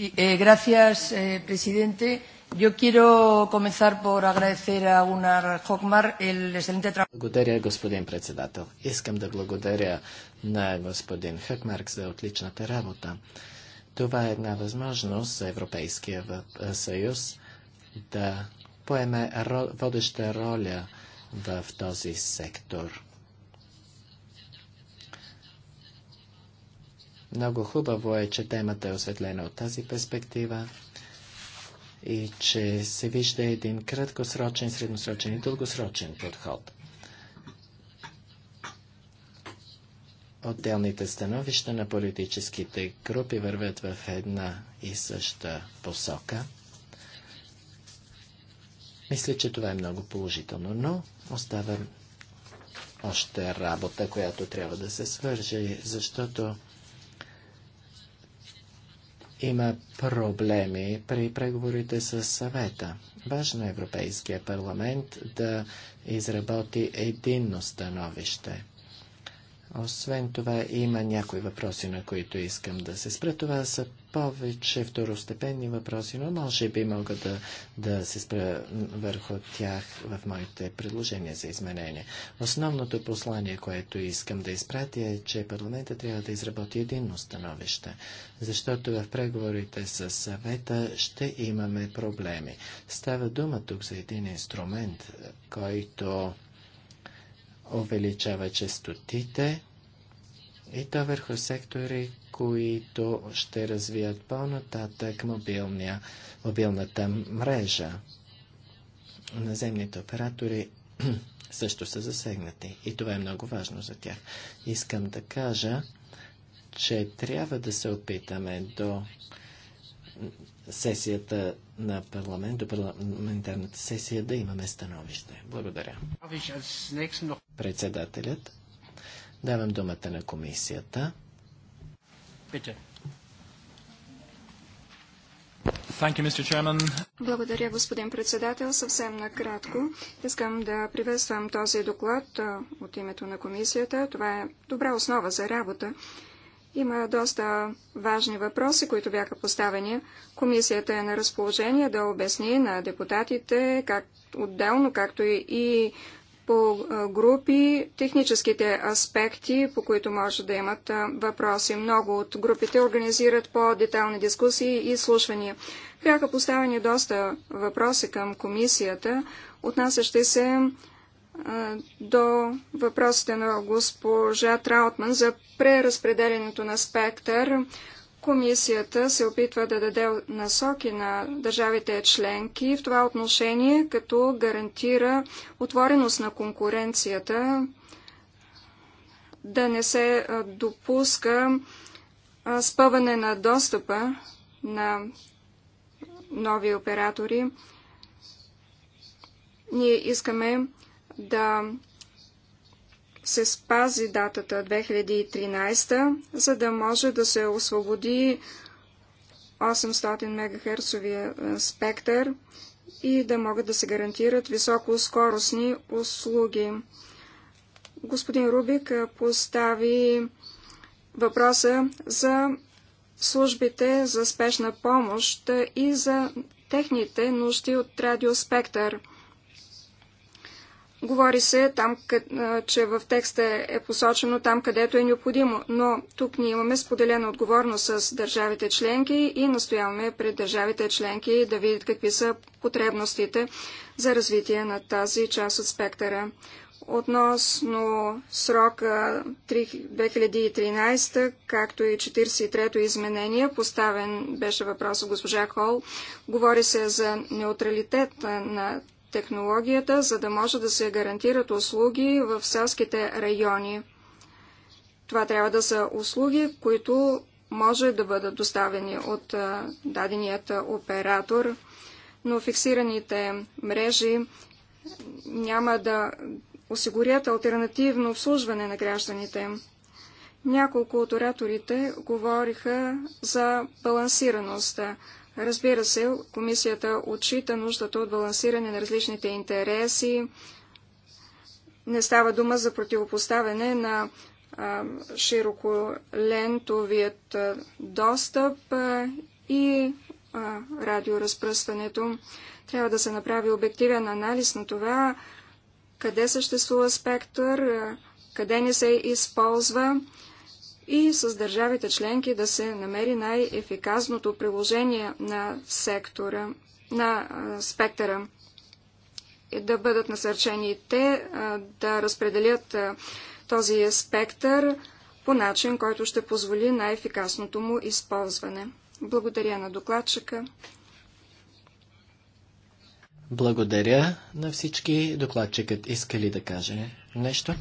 Eh, Señor eh, presidente. Yo quiero comenzar por agradecer a Gunnar Hockmar el excelente trabajo. Благодаря, господин председател. Искам да благодаря на господин Хакмарк за отличната работа. Това е една възможност за Европейския съюз да поеме водеща роля в този сектор. Много хубаво е, че темата е осветлена от тази перспектива и че се вижда един краткосрочен, средносрочен и дългосрочен подход. Отделните становища на политическите групи вървят в една и съща посока. Мисля, че това е много положително, но остава още работа, която трябва да се свържи, защото има проблеми при преговорите с съвета. Важно е Европейския парламент да изработи единно становище. Освен това има някои въпроси, на които искам да се спра. Това са повече второстепенни въпроси, но може би мога да, да се спра върху тях в моите предложения за изменение. Основното послание, което искам да изпратя е, че парламента трябва да изработи единно становище, защото в преговорите с съвета ще имаме проблеми. Става дума тук за един инструмент, който увеличава частотите, и то върху сектори, които ще развият по-нататък мобилната мрежа. Наземните оператори също са засегнати и това е много важно за тях. Искам да кажа, че трябва да се опитаме до сесията на парламент, до парламентарната сесия да имаме становище. Благодаря. Председателят Давам думата на комисията. Питер. Благодаря, господин председател. Съвсем накратко искам да приветствам този доклад от името на комисията. Това е добра основа за работа. Има доста важни въпроси, които бяха поставени. Комисията е на разположение да обясни на депутатите, как, отделно, както и, и по групи, техническите аспекти, по които може да имат въпроси. Много от групите организират по-детални дискусии и слушвания. Бяха поставени доста въпроси към комисията, отнасящи се до въпросите на госпожа Траутман за преразпределенето на спектър. Комисията се опитва да даде насоки на държавите членки в това отношение, като гарантира отвореност на конкуренцията, да не се допуска спъване на достъпа на нови оператори. Ние искаме да се спази датата 2013, за да може да се освободи 800 МГц е, спектър и да могат да се гарантират високоскоростни услуги. Господин Рубик е, постави въпроса за службите за спешна помощ е, и за техните нужди от радиоспектър. Говори се там, че в текста е посочено там, където е необходимо, но тук ние имаме споделена отговорност с държавите членки и настояваме пред държавите членки да видят какви са потребностите за развитие на тази част от спектъра. Относно срока 2013, както и 43-то изменение, поставен беше въпрос от госпожа Хол, говори се за неутралитет на технологията, за да може да се гарантират услуги в селските райони. Това трябва да са услуги, които може да бъдат доставени от даденият оператор, но фиксираните мрежи няма да осигурят альтернативно обслужване на гражданите. Няколко от ораторите говориха за балансираността. Разбира се, комисията отчита нуждата от балансиране на различните интереси. Не става дума за противопоставяне на широколентовият достъп и радиоразпръстването. Трябва да се направи обективен анализ на това, къде съществува спектър, къде не се използва и с държавите членки да се намери най-ефикасното приложение на сектора, на спектъра. И да бъдат насърчени те да разпределят този спектър по начин, който ще позволи най-ефикасното му използване. Благодаря на докладчика. Благодаря на всички. Докладчикът иска ли да каже нещо?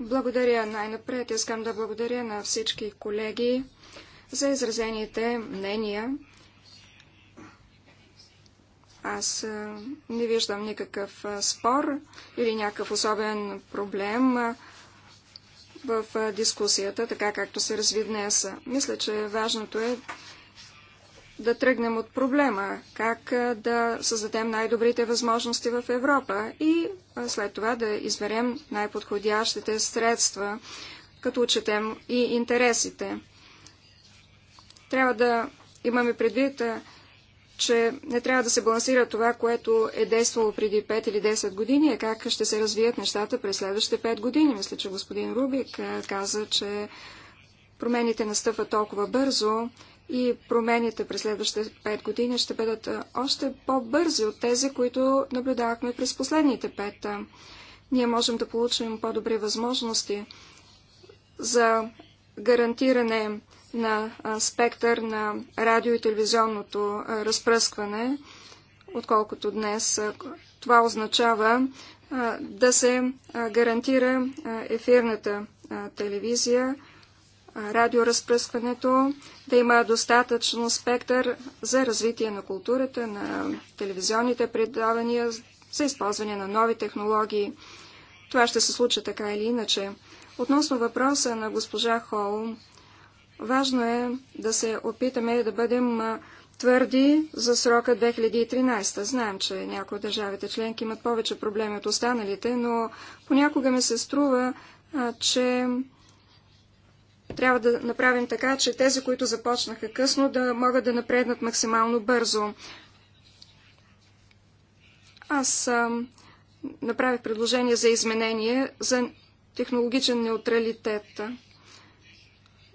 Благодаря най-напред. Искам да благодаря на всички колеги за изразените мнения. Аз не виждам никакъв спор или някакъв особен проблем в дискусията, така както се разви днес. Мисля, че важното е да тръгнем от проблема, как да създадем най-добрите възможности в Европа и след това да изберем най-подходящите средства, като учетем и интересите. Трябва да имаме предвид, че не трябва да се балансира това, което е действало преди 5 или 10 години, а как ще се развият нещата през следващите 5 години. Мисля, че господин Рубик каза, че промените настъпват толкова бързо, и промените през следващите 5 години ще бъдат още по-бързи от тези, които наблюдавахме през последните 5. Ние можем да получим по-добри възможности за гарантиране на спектър на радио и телевизионното разпръскване, отколкото днес. Това означава да се гарантира ефирната телевизия, радиоразпръскването, да има достатъчно спектър за развитие на културата, на телевизионните предавания, за използване на нови технологии. Това ще се случи така или иначе. Относно въпроса на госпожа Холм, важно е да се опитаме да бъдем твърди за срока 2013. Знаем, че някои от държавите членки имат повече проблеми от останалите, но понякога ми се струва, че трябва да направим така, че тези, които започнаха късно, да могат да напреднат максимално бързо. Аз а, направих предложение за изменение за технологичен неутралитет,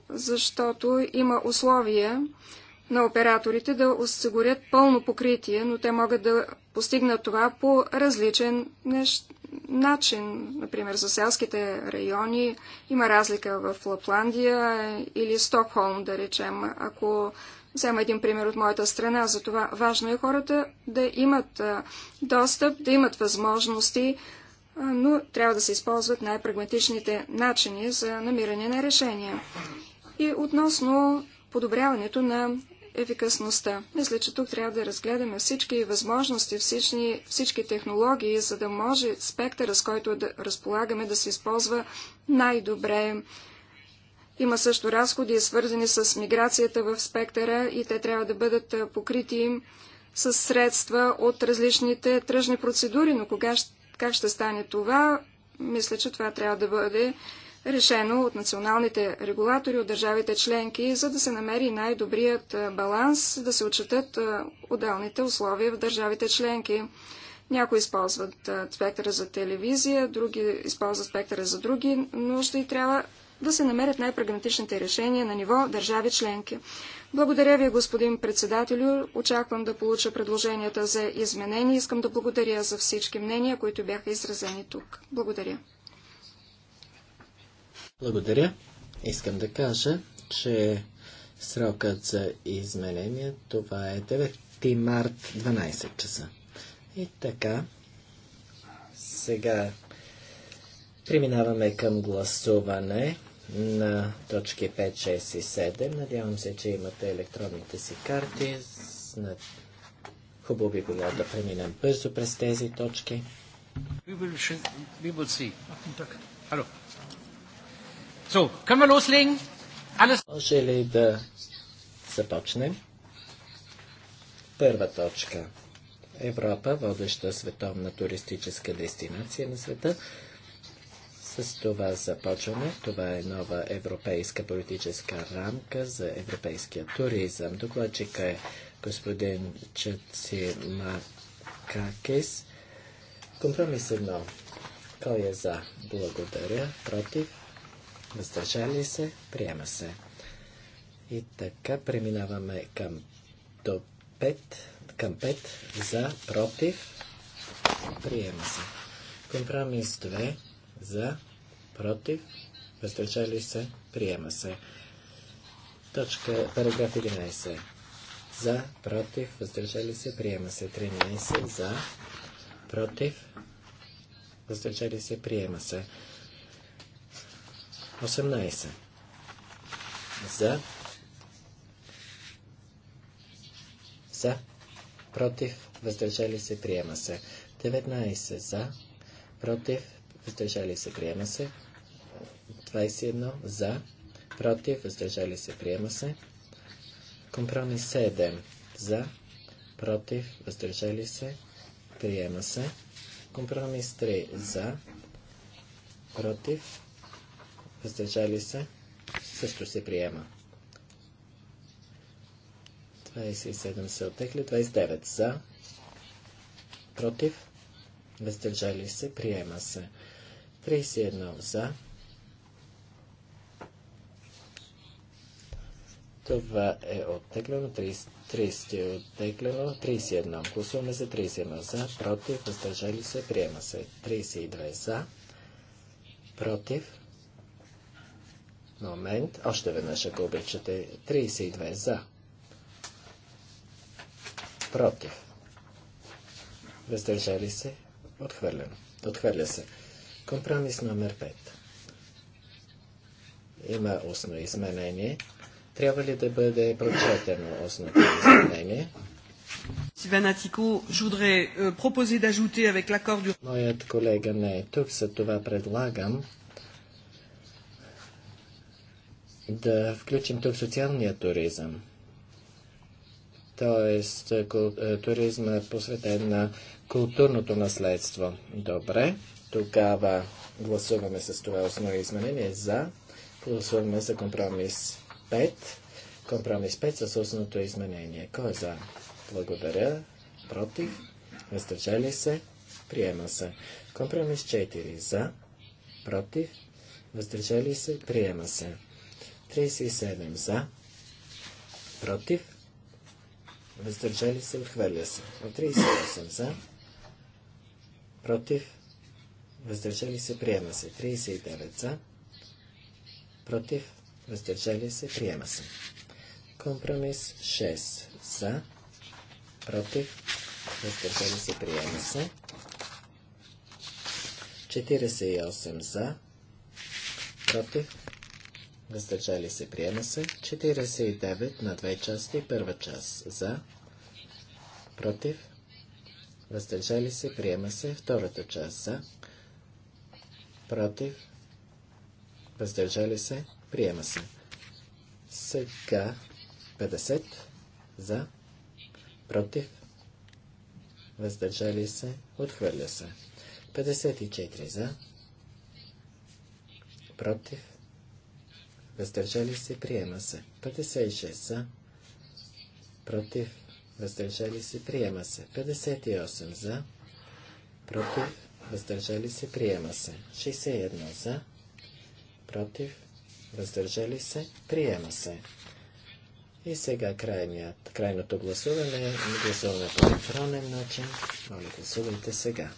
защото има условия на операторите да осигурят пълно покритие, но те могат да постигнат това по различен нещ начин, например, за селските райони. Има разлика в Лапландия или Стокхолм, да речем. Ако взема един пример от моята страна, за това важно е хората да имат достъп, да имат възможности, но трябва да се използват най-прагматичните начини за намиране на решения. И относно подобряването на ефикасността. Мисля, че тук трябва да разгледаме всички възможности, всички, всички технологии, за да може спектъра, с който да разполагаме, да се използва най-добре. Има също разходи, свързани с миграцията в спектъра и те трябва да бъдат покрити с средства от различните тръжни процедури, но кога, как ще стане това, мисля, че това трябва да бъде решено от националните регулатори, от държавите членки, за да се намери най-добрият баланс, да се отчетат отделните условия в държавите членки. Някои използват спектъра за телевизия, други използват спектъра за други нужди и трябва да се намерят най-прагматичните решения на ниво държави членки. Благодаря ви, господин председателю. Очаквам да получа предложенията за изменения. Искам да благодаря за всички мнения, които бяха изразени тук. Благодаря. Благодаря. Искам да кажа, че срокът за изменение това е 9 март 12 часа. И така, сега преминаваме към гласуване на точки 5, 6 и 7. Надявам се, че имате електронните си карти. Хубаво би било да преминем бързо през тези точки. So, können wir loslegen? Alles... Може ли да започнем? Първа точка. Европа, водеща световна туристическа дестинация на света. С това започваме. Това е нова европейска политическа рамка за европейския туризъм. Докладчика е господин Чаци Макакис. Компромис едно. Кой е за? Благодаря. Против? въздържали се, приема се. И така преминаваме към до 5, към 5 за, против, приема се. Компромис 2 за, против, въздържали се, приема се. Точка, параграф 11. За, против, въздържали се, приема се. 13 за, против, въздържали се, приема се. 18. За. За. Против. Въздържали се. Приема се. 19. За. Против. Въздържали се. Приема се. 21. За. Против. Въздържали се. Приема се. Компромис 7. За. Против. Въздържали се. Приема се. Компромис 3. За. Против въздържали се, също се приема. 27 се отехли, 29 за, против, въздържали се, приема се. 31 за. Това е оттеглено, 30, 30 е оттеглено, 31. Гласуваме за 31 за, против, въздържали се, приема се. 32 за, против, момент. Още веднъж, ако обичате, 32 за. Против. Въздържали се. отхвърлям. Отхвърля се. Компромис номер 5. Има устно изменение. Трябва ли да бъде прочетено устното изменение? Силван Атико, je voudrais euh, proposer d'ajouter avec l'accord Моят колега не е тук, за това предлагам да включим тук социалния туризъм. Тоест е, е, туризъм е посветен на културното наследство. Добре, тогава гласуваме с това основно изменение за. Гласуваме за компромис 5. Компромис 5 с основното изменение. Кой е за? Благодаря. Против. Въздържали се. Приема се. Компромис 4 за. Против. Въздържали се. Приема се. 37 за, против, въздържали се, отхвърля се. 38 за, против, въздържали се, приема се. 39 за, против, въздържали се, приема се. Компромис 6 за, против, въздържали се, приема се. 48 за, против, въздържали се, приема се. 49 на две части, първа част за, против, въздържали се, приема се. Втората част за, против, въздържали се, приема се. Сега 50 за, против, въздържали се, отхвърля се. 54 за, против, въздържали се, приема се. 56 за, против, въздържали се, приема се. 58 за, против, въздържали се, приема се. 61 за, против, въздържали се, приема се. И сега крайното гласуване. Гласуваме по електронен начин. Моля, гласувайте сега.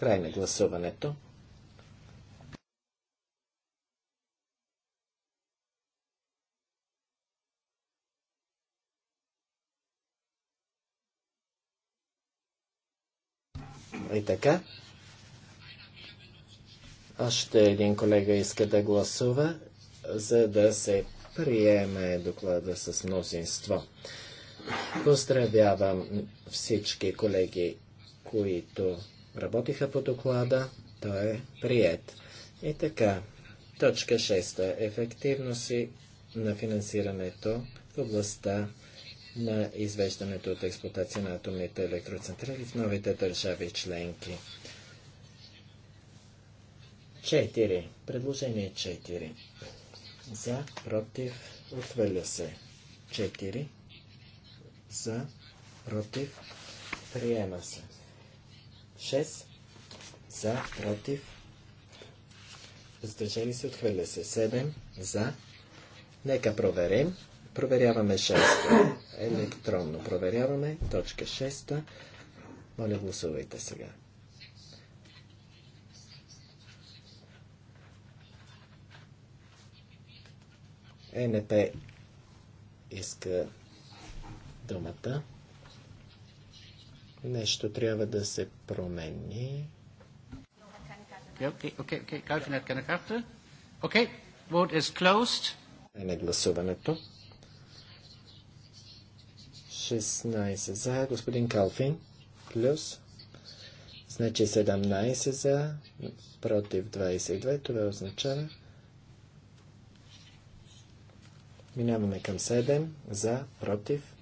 Край на гласуването. И така. Още един колега иска да гласува, за да се приеме доклада с мнозинство. Поздравявам всички колеги, които работиха по доклада. Той е прият. И така, точка 6. Е Ефективност на финансирането в областта на извеждането от експлуатация на атомните електроцентрали в новите държави членки. 4. Предложение 4. За, против, отвърля се. 4. За, против, приема се. 6 за, против, въздържали се, отхвърля се 7 за. Нека проверим. Проверяваме 6. Електронно проверяваме. Точка 6. Моля, гласувайте сега. ЕНП иска думата. Нещо трябва да се промени. Окей, окей, окей. гласуването. 16 за, господин Калфин, плюс, значи 17 за, против 22, това означава. Минаваме към 7, за, против,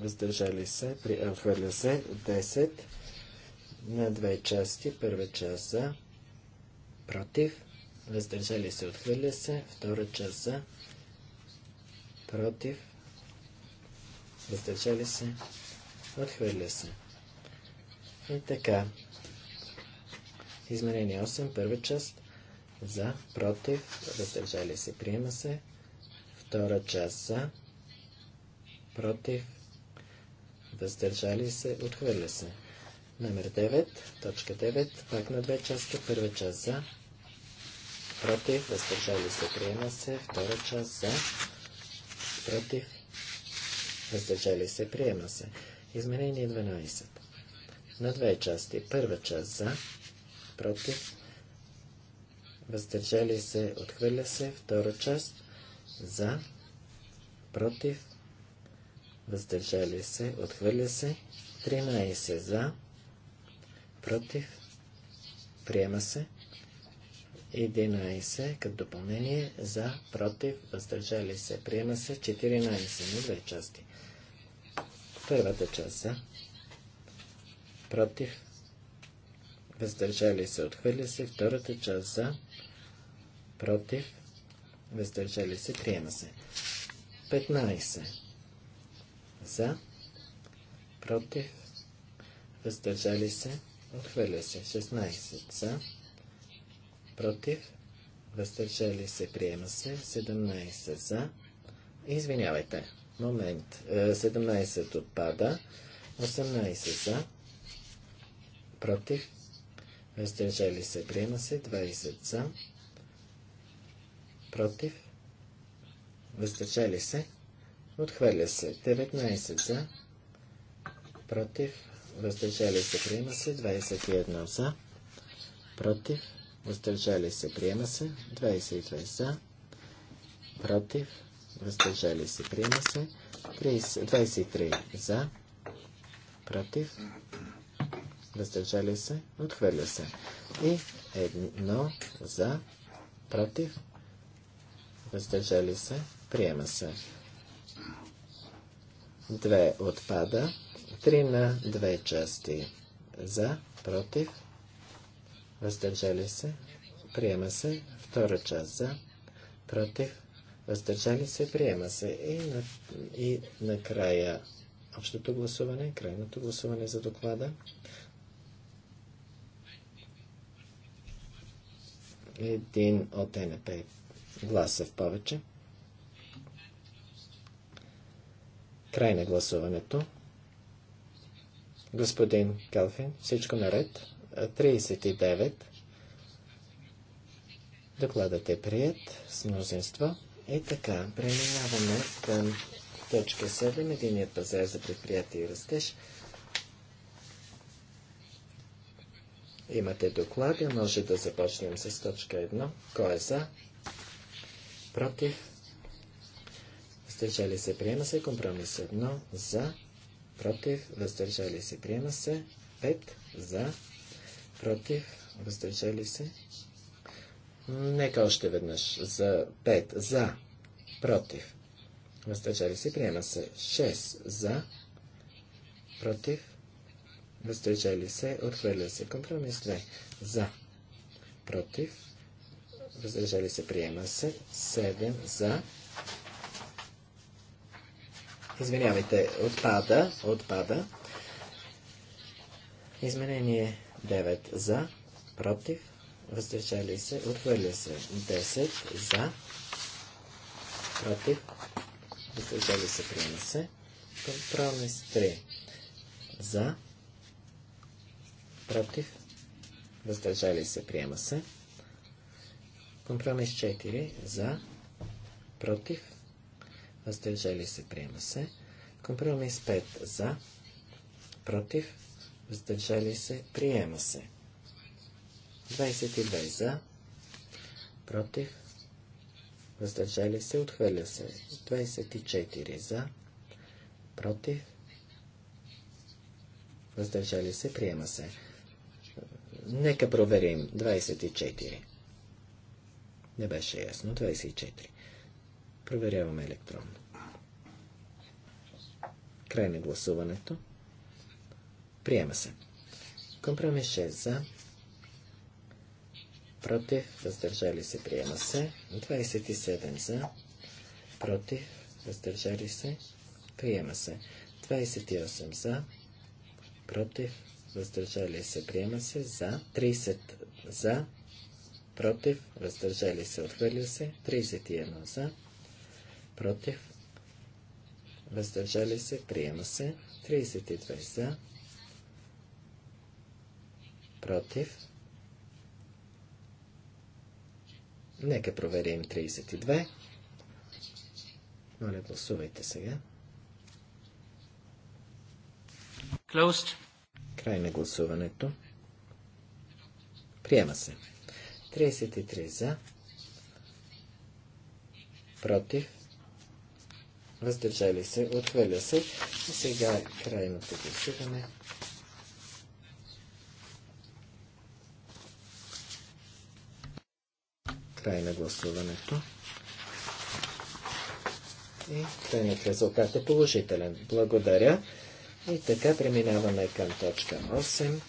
въздържали се, при, отхвърля се 10 на две части, първа част за, против, въздържали се, отхвърля се, втора част за, против, въздържали се, отхвърля се. И така, Измерение 8, първа част, за, против, въздържали се, приема се, втора част за, против, въздържали се, отхвърля се. Номер 9, точка 9, пак на две части, първа част за, против, въздържали се, приема се, втора част за, против, въздържали се, приема се. Изменение 12. На две части, първа част за, против, въздържали се, отхвърля се, втора част за, против, въздържали се, отхвърля се, 13 за, против, приема се, 11 като допълнение за, против, въздържали се, приема се, 14 на две части. Първата част за, против, въздържали се, отхвърля се, втората част за, против, въздържали се, приема се. 15 за. Против. Въздържали се. Отхвърля се. 16. За. Против. Въздържали се. Приема се. 17. За. Извинявайте. Момент. 17 е, отпада. 18 за. Против. Въздържали се. Приема се. 20 за. Против. Въздържали се. Отхвърля се. 19 за. Против. Въздържали се. Приема се. 21 за. Против. Въздържали се. Приема се. 22 за. Против. Въздържали се. Приема се. 23 за. Против. Въздържали се. Отхвърля се. И едно за. Против. Въздържали се. Приема се. 2 отпада. 3 на 2 части. За, против, въздържали се, приема се. Втора част за, против, въздържали се, приема се. И, на, и накрая общото гласуване, крайното гласуване за доклада. Един от НП гласа в повече. Край на гласуването. Господин Калфин, всичко наред. 39. Докладът е прият с мнозинство. И така, преминаваме към точка 7. Единият пазар за предприятие и растеж. Имате доклади, може да започнем с точка 1. Кой е за? Против? въздържали се, приема се. Компромис 1 за, против, въздържали се, приема се. 5 за, против, въздържали се. Нека още веднъж. За 5 за, против, въздържали се, приема се. 6 за, против, въздържали се, отхвърля се. Компромис 2 за, против, въздържали се, приема се. 7 за, Извинявайте, отпада, отпада. Изменение 9 за, против, въздържали се, отхвърля се. 10 за, против, въздържали се, приема се. Компромис 3 за, против, въздържали се, приема се. Компромис 4 за, против, въздържали се, приема се. Компромис 5 за, против, въздържали се, приема се. 22 за, против, въздържали се, отхвърля се. 24 за, против, въздържали се, приема се. Нека проверим 24. Не беше ясно. 24. Проверяваме електронно. Край на гласуването. Приема се. Компромис 6 за. Против. Въздържали се. Приема се. 27 за. Против. Въздържали се. Приема се. 28 за. Против. Въздържали се. Приема се. За. 30 за. Против. Въздържали се. Отхвърля се. 31 за против, въздържали се, приема се, 32 за, против, нека проверим 32, моля гласувайте сега. Closed. Край на гласуването. Приема се. 33 за. Против въздържали се, отхвърля се. И сега крайното гласуване. Край на гласуването. И крайният резултат е положителен. Благодаря. И така преминаваме към точка 8.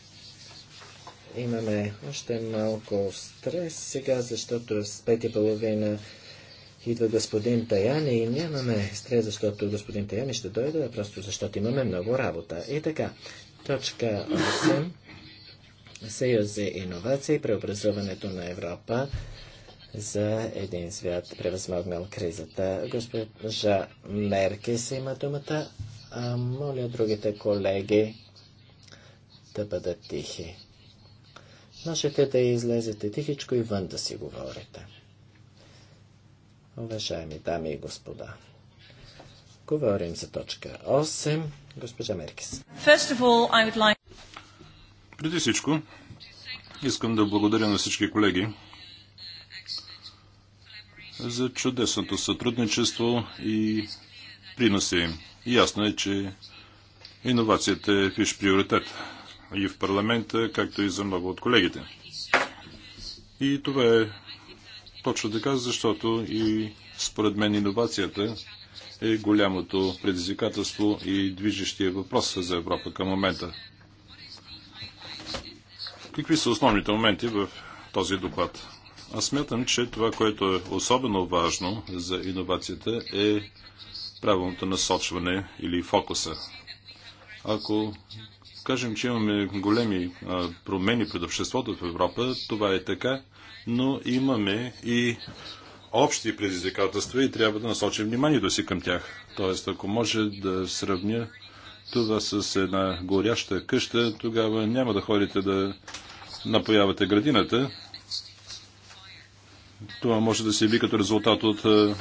Имаме още малко стрес сега, защото с 5.30 идва господин Таяни и нямаме стрес, защото господин Таяни ще дойде, просто защото имаме много работа. И така, точка 8. Съюз за иновации, преобразуването на Европа за един свят, превъзмогнал кризата. Госпожа Меркес има думата. А, моля другите колеги да бъдат тихи. Можете да излезете тихичко и вън да си говорите. Уважаеми дами и господа, говорим за точка 8. Госпожа Меркис. All, like... Преди всичко, искам да благодаря на всички колеги за чудесното сътрудничество и приноси. Ясно е, че иновацията е виш приоритет и в парламента, както и за много от колегите. И това е точно така, защото и според мен иновацията е голямото предизвикателство и движещия въпрос за Европа към момента. Какви са основните моменти в този доклад? Аз смятам, че това, което е особено важно за иновацията е правилното насочване или фокуса. Ако кажем, че имаме големи промени пред обществото в Европа, това е така, но имаме и общи предизвикателства и трябва да насочим вниманието си към тях. Тоест, ако може да сравня това с една горяща къща, тогава няма да ходите да напоявате градината. Това може да се яви като резултат от е,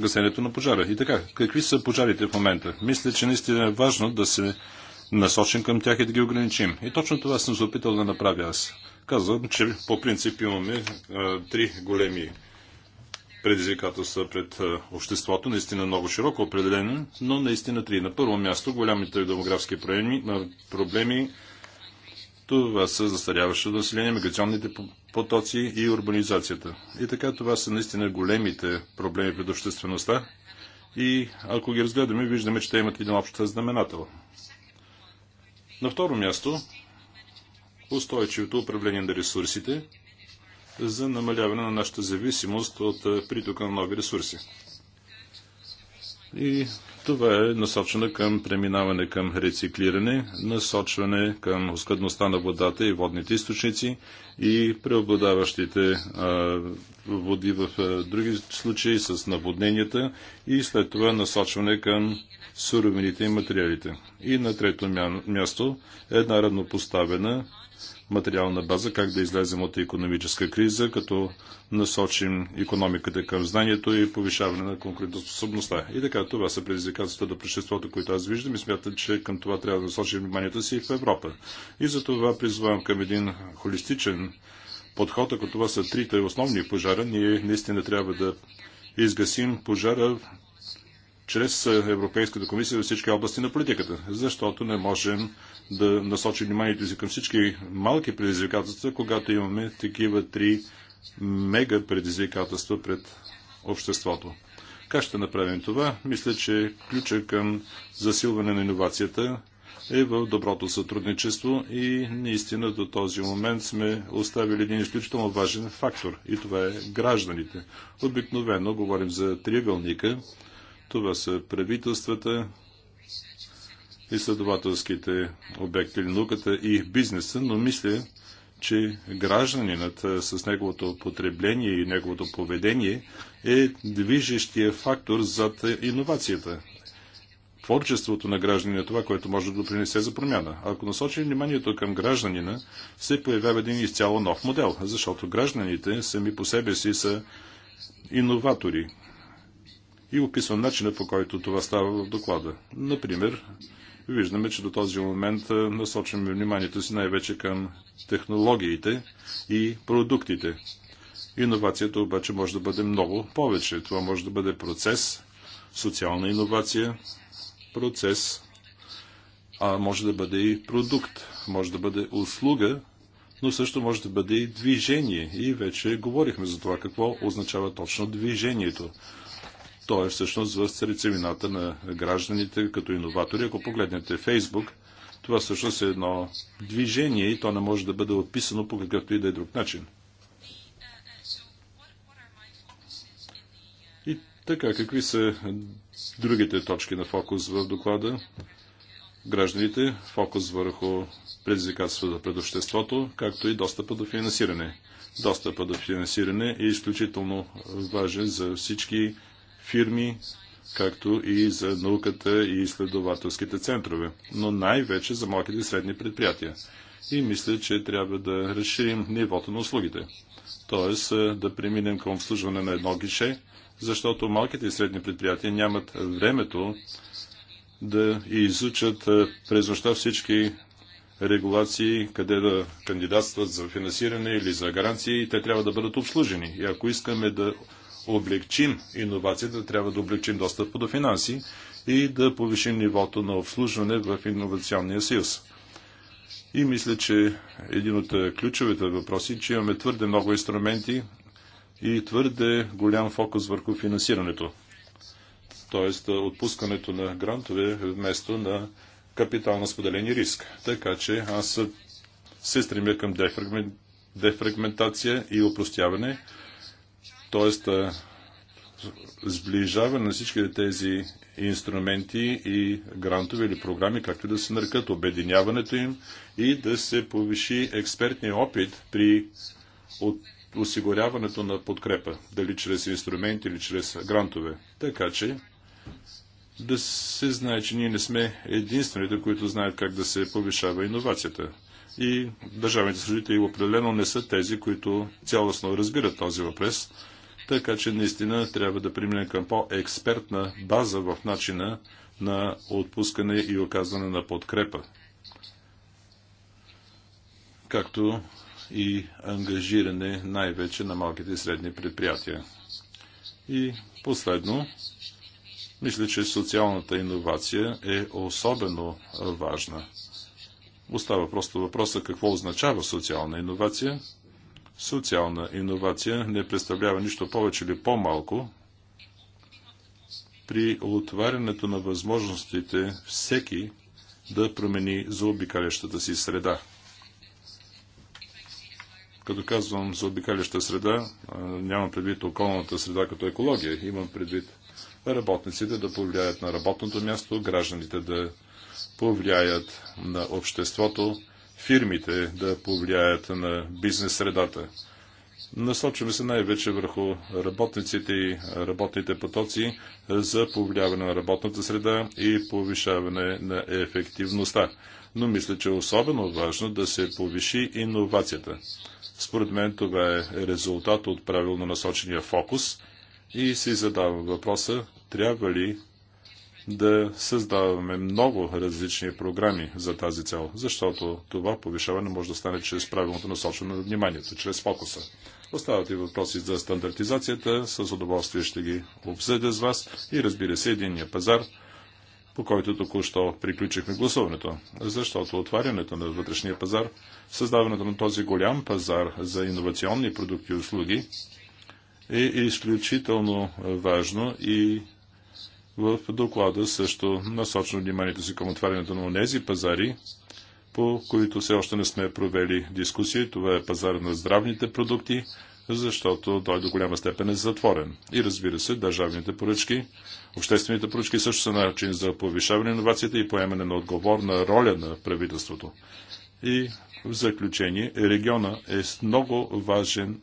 гасенето на пожара. И така, какви са пожарите в момента? Мисля, че наистина е важно да се насочим към тях и да ги ограничим. И точно това съм се опитал да направя аз. Казвам, че по принцип имаме а, три големи предизвикателства пред а, обществото, наистина много широко определено, но наистина три. На първо място голямите демографски проблеми, а, проблеми това са застаряващото население, миграционните потоци и урбанизацията. И така това са наистина големите проблеми пред обществеността и ако ги разгледаме, виждаме, че те имат един общ знаменател. На второ място устойчивото управление на ресурсите за намаляване на нашата зависимост от притока на нови ресурси. И това е насочено към преминаване към рециклиране, насочване към оскъдността на водата и водните източници и преобладаващите води в други случаи с наводненията и след това насочване към суровините и материалите. И на трето място е една равнопоставена материална база, как да излезем от економическа криза, като насочим економиката към знанието и повишаване на конкурентоспособността. И така, това са предизвикателствата до преществото, които аз виждам и смятам, че към това трябва да насочим вниманието си и в Европа. И за това призвавам към един холистичен подход, ако това са трите основни пожара, ние наистина трябва да изгасим пожара чрез е, Европейската комисия за всички области на политиката, защото не можем да насочим вниманието си към всички малки предизвикателства, когато имаме такива три мега предизвикателства пред обществото. Как ще направим това? Мисля, че ключа към засилване на иновацията е в доброто сътрудничество и наистина до този момент сме оставили един изключително важен фактор и това е гражданите. Обикновено говорим за триъгълника – това са правителствата, изследователските обекти, или науката и бизнеса, но мисля, че гражданинът с неговото потребление и неговото поведение е движещия фактор зад иновацията. Творчеството на гражданина е това, което може да допринесе за промяна. Ако насочим вниманието към гражданина, се появява един изцяло нов модел, защото гражданите сами по себе си са иноватори и описвам начина по който това става в доклада. Например, виждаме, че до този момент насочваме вниманието си най-вече към технологиите и продуктите. Иновацията обаче може да бъде много повече. Това може да бъде процес, социална иновация, процес, а може да бъде и продукт, може да бъде услуга, но също може да бъде и движение. И вече говорихме за това какво означава точно движението. Той е всъщност в сърцевината на гражданите като иноватори. Ако погледнете Фейсбук, това всъщност е едно движение и то не може да бъде описано по какъвто и да е друг начин. И така, какви са другите точки на фокус в доклада? Гражданите, фокус върху предизвикателствата пред обществото, както и достъпа до финансиране. Достъпа до финансиране е изключително важен за всички фирми, както и за науката и изследователските центрове, но най-вече за малките и средни предприятия. И мисля, че трябва да разширим нивото на услугите. Тоест е, да преминем към обслужване на едно гише, защото малките и средни предприятия нямат времето да изучат е, през нощта всички регулации, къде да кандидатстват за финансиране или за гаранции и те трябва да бъдат обслужени. И ако искаме да облегчим иновацията, трябва да облегчим достъпа до финанси и да повишим нивото на обслужване в иновационния съюз. И мисля, че един от е, ключовите въпроси, че имаме твърде много инструменти и твърде голям фокус върху финансирането. Тоест е, отпускането на грантове вместо на капитално споделени риск. Така че аз се стремя към дефрагментация и упростяване т.е. сближаване на всички тези инструменти и грантове или програми, както да се нарекат, обединяването им и да се повиши експертния опит при от осигуряването на подкрепа, дали чрез инструменти или чрез грантове. Така че да се знае, че ние не сме единствените, които знаят как да се повишава иновацията. И държавните служители определено не са тези, които цялостно разбират този въпрос така че наистина трябва да преминем към по-експертна база в начина на отпускане и оказване на подкрепа. Както и ангажиране най-вече на малките и средни предприятия. И последно, мисля, че социалната иновация е особено важна. Остава просто въпроса какво означава социална иновация – Социална иновация не представлява нищо повече или по-малко. При отварянето на възможностите всеки да промени заобикалящата си среда. Като казвам заобикаляща среда, нямам предвид околната среда като екология. Имам предвид работниците да повлияят на работното място, гражданите да повлияят на обществото, фирмите да повлияят на бизнес средата. Насочваме се най-вече върху работниците и работните потоци за повлияване на работната среда и повишаване на ефективността. Но мисля, че е особено важно да се повиши иновацията. Според мен това е резултат от правилно насочения фокус и си задавам въпроса, трябва ли да създаваме много различни програми за тази цел, защото това повишаване може да стане чрез правилното насочване на вниманието, чрез фокуса. Остават и въпроси за стандартизацията, с удоволствие ще ги обсъдя с вас и разбира се единния пазар, по който току-що приключихме гласуването, защото отварянето на вътрешния пазар, създаването на този голям пазар за иновационни продукти и услуги е изключително важно и в доклада също насочвам вниманието си към отварянето на тези пазари, по които все още не сме провели дискусии. Това е пазар на здравните продукти, защото той до голяма степен е затворен. И разбира се, държавните поръчки, обществените поръчки също са начин за повишаване на инновацията и поемане на отговорна роля на правителството. И в заключение, региона е много важен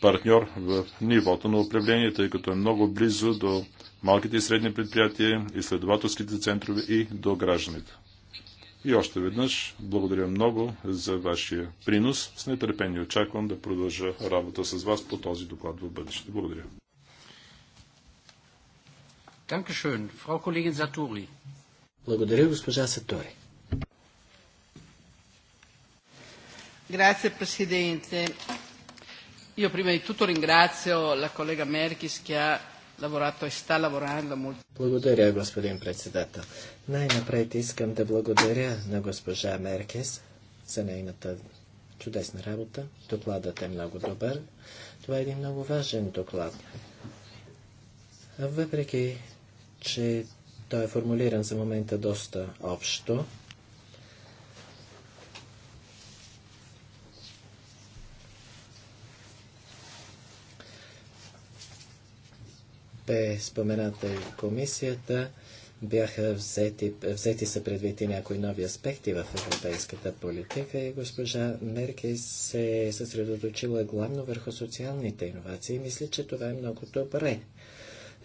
партньор в нивото на управление, тъй като е много близо до малките и средни предприятия, изследователските центрове и до гражданите. И още веднъж благодаря много за вашия принос. С нетърпение очаквам да продължа работа с вас по този доклад в бъдеще. Благодаря. Благодаря, госпожа Сатори. Grazie Presidente. Io prima di tutto ringrazio la collega Merkis che ha lavorato e sta lavorando molto. Благодаря, господин председател. Най-напред искам да благодаря на госпожа Меркес за нейната чудесна работа. Докладът е много добър. Това е един много важен доклад. Въпреки, че той е формулиран за момента доста общо, бе спомената и комисията, бяха взети, взети са предвид и някои нови аспекти в европейската политика и госпожа Меркес се е съсредоточила главно върху социалните иновации. Мисля, че това е много добре.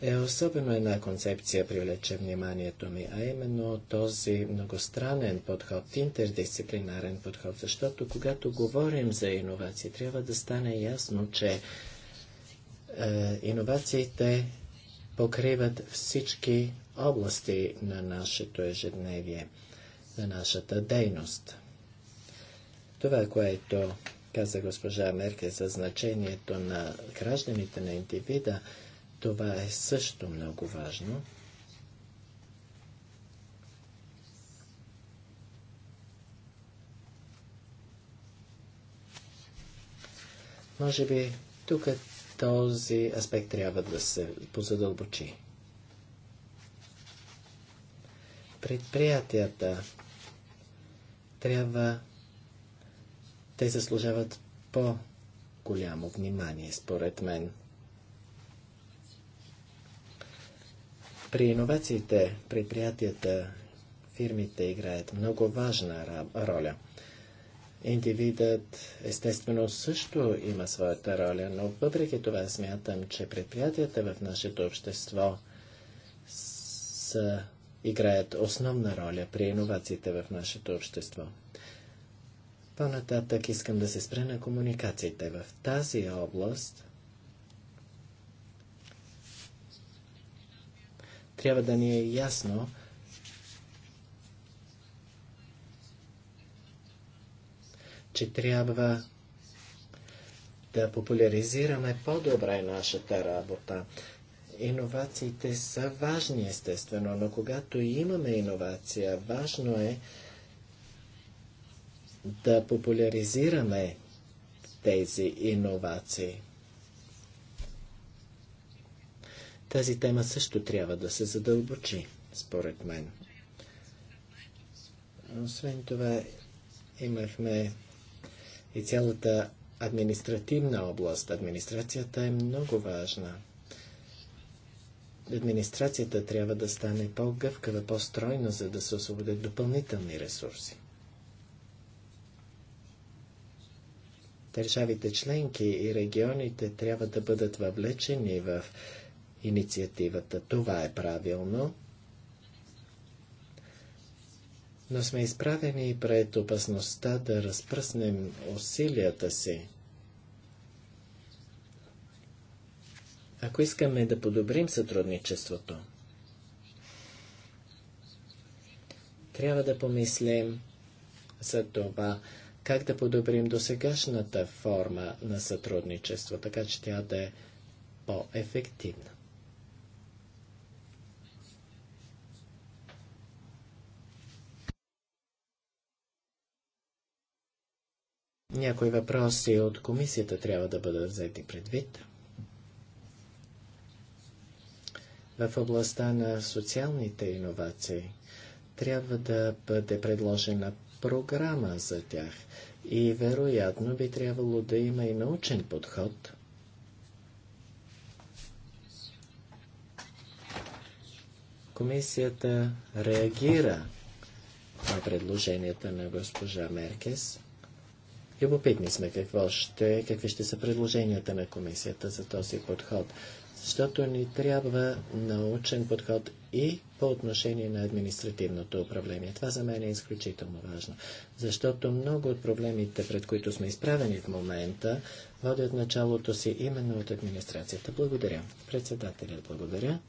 Е, особено една концепция привлече вниманието ми, а именно този многостранен подход, интердисциплинарен подход, защото когато говорим за иновации, трябва да стане ясно, че е, иновациите покриват всички области на нашето ежедневие, на нашата дейност. Това, което каза госпожа Мерке за значението на гражданите на индивида, това е също много важно. Може би тук този аспект трябва да се позадълбочи. Предприятията трябва те заслужават по-голямо внимание, според мен. При иновациите предприятията, фирмите играят много важна роля – Индивидът естествено също има своята роля, но въпреки това смятам, че предприятията в нашето общество са, играят основна роля при иновациите в нашето общество. По-нататък искам да се спре на комуникациите. В тази област трябва да ни е ясно, че трябва да популяризираме по-добре нашата работа. Иновациите са важни, естествено, но когато имаме иновация, важно е да популяризираме тези иновации. Тази тема също трябва да се задълбочи, според мен. Освен това, имахме и цялата административна област. Администрацията е много важна. Администрацията трябва да стане по-гъвкава, по-стройна, за да се освободят допълнителни ресурси. Държавите членки и регионите трябва да бъдат въвлечени в инициативата. Това е правилно но сме изправени пред опасността да разпръснем усилията си. Ако искаме да подобрим сътрудничеството, трябва да помислим за това, как да подобрим досегашната форма на сътрудничество, така че тя да е по-ефективна. Някои въпроси от комисията трябва да бъдат взети предвид. В областта на социалните иновации трябва да бъде предложена програма за тях и вероятно би трябвало да има и научен подход. Комисията реагира на предложенията на госпожа Меркес – Любопитни сме какво ще, какви ще са предложенията на комисията за този подход, защото ни трябва научен подход и по отношение на административното управление. Това за мен е изключително важно, защото много от проблемите, пред които сме изправени в момента, водят началото си именно от администрацията. Благодаря. Председателя, благодаря.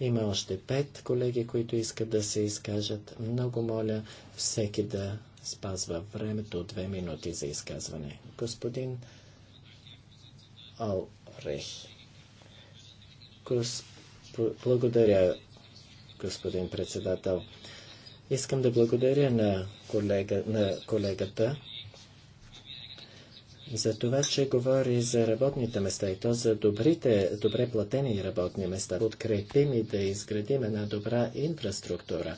Има още пет колеги, които искат да се изкажат. Много моля всеки да спазва времето от две минути за изказване. Господин Алрех. Благодаря, господин председател. Искам да благодаря на, колега, на колегата за това, че говори за работните места и то за добрите, добре платени работни места. Подкрепим и да изградим една добра инфраструктура.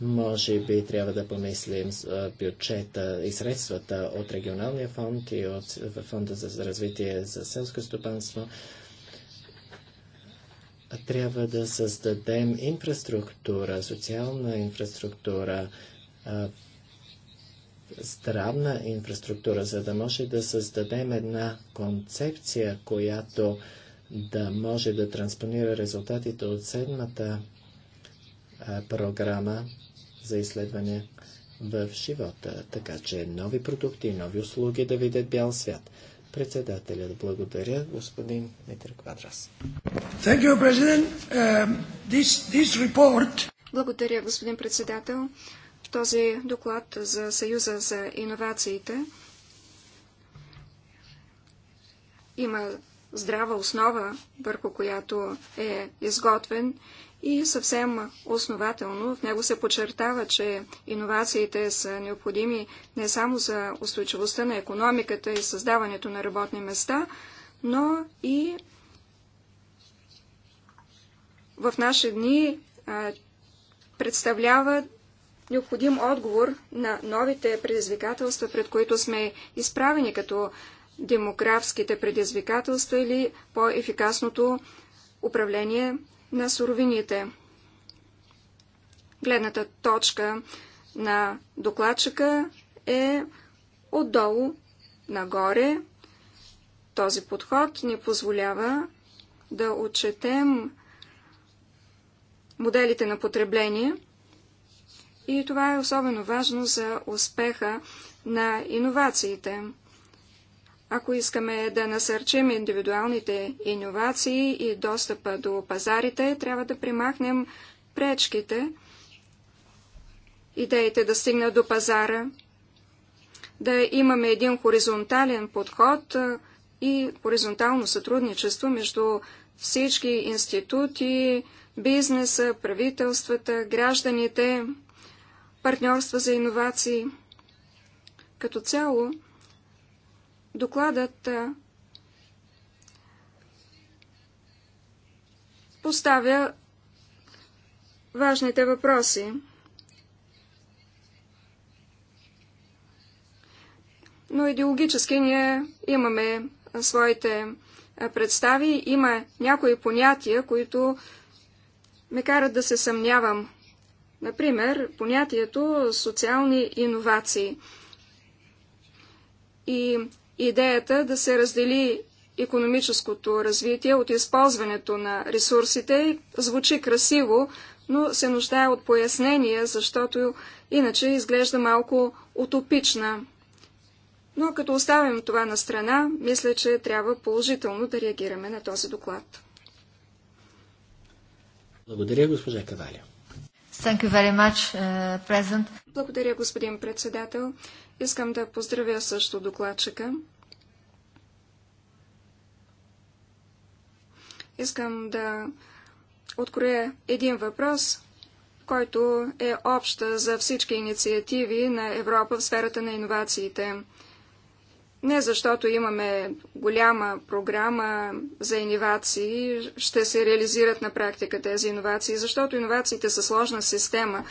Може би трябва да помислим за бюджета и средствата от регионалния фонд и от фонда за развитие за селско стопанство. Трябва да създадем инфраструктура, социална инфраструктура, здравна инфраструктура, за да може да създадем една концепция, която да може да транспонира резултатите от седмата програма за изследване в живота, така че нови продукти нови услуги да видят бял свят. Председателят благодаря, господин Митър Квадрас. You, uh, this, this report... Благодаря, господин председател. в Този доклад за Съюза за иновациите има здрава основа, върху която е изготвен и съвсем основателно в него се подчертава, че иновациите са необходими не само за устойчивостта на економиката и създаването на работни места, но и в наши дни представлява необходим отговор на новите предизвикателства, пред които сме изправени като демографските предизвикателства или по-ефикасното управление на суровините. Гледната точка на докладчика е отдолу нагоре. Този подход ни позволява да отчетем моделите на потребление и това е особено важно за успеха на иновациите. Ако искаме да насърчим индивидуалните иновации и достъпа до пазарите, трябва да примахнем пречките, идеите да стигнат до пазара, да имаме един хоризонтален подход и хоризонтално сътрудничество между всички институти, бизнеса, правителствата, гражданите, партньорства за иновации. Като цяло, Докладът поставя важните въпроси. Но идеологически ние имаме своите представи. Има някои понятия, които ме карат да се съмнявам. Например, понятието социални иновации. И идеята да се раздели економическото развитие от използването на ресурсите звучи красиво, но се нуждае от пояснение, защото иначе изглежда малко утопична. Но като оставим това на страна, мисля, че трябва положително да реагираме на този доклад. Благодаря, госпожа Каваля. Uh, Благодаря, господин председател. Искам да поздравя също докладчика. Искам да откроя един въпрос, който е обща за всички инициативи на Европа в сферата на иновациите. Не защото имаме голяма програма за иновации, ще се реализират на практика тези иновации, защото иновациите са сложна система.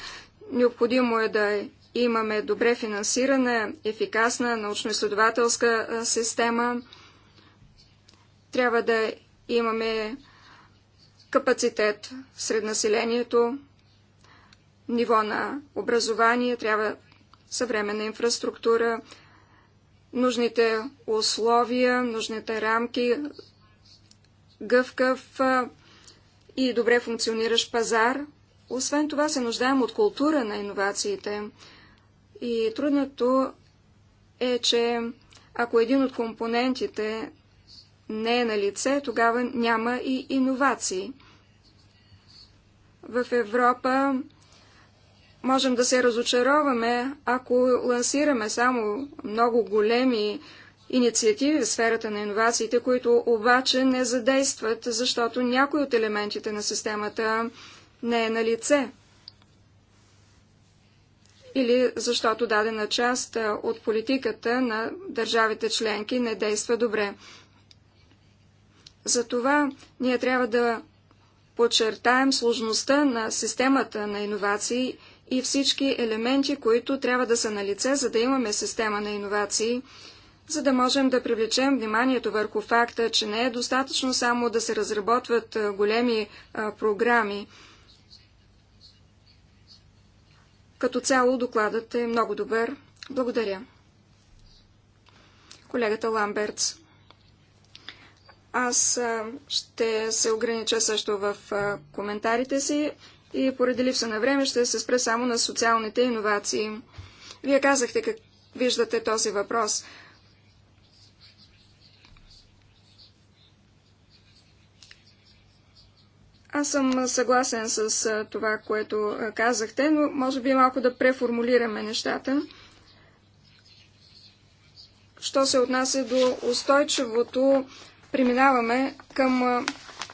Необходимо е да Имаме добре финансирана, ефикасна научно-изследователска система. Трябва да имаме капацитет сред населението, ниво на образование, трябва съвременна инфраструктура, нужните условия, нужните рамки, гъвкав и добре функциониращ пазар. Освен това се нуждаем от култура на иновациите. И трудното е, че ако един от компонентите не е на лице, тогава няма и иновации. В Европа можем да се разочароваме, ако лансираме само много големи инициативи в сферата на иновациите, които обаче не задействат, защото някой от елементите на системата не е на лице или защото дадена част от политиката на държавите членки не действа добре. Затова ние трябва да подчертаем сложността на системата на иновации и всички елементи, които трябва да са на лице, за да имаме система на иновации, за да можем да привлечем вниманието върху факта, че не е достатъчно само да се разработват големи програми, Като цяло докладът е много добър. Благодаря. Колегата Ламбертс. Аз ще се огранича също в коментарите си и поради липса на време ще се спре само на социалните иновации. Вие казахте как виждате този въпрос. Аз съм съгласен с това, което казахте, но може би малко да преформулираме нещата. Що се отнася до устойчивото, преминаваме към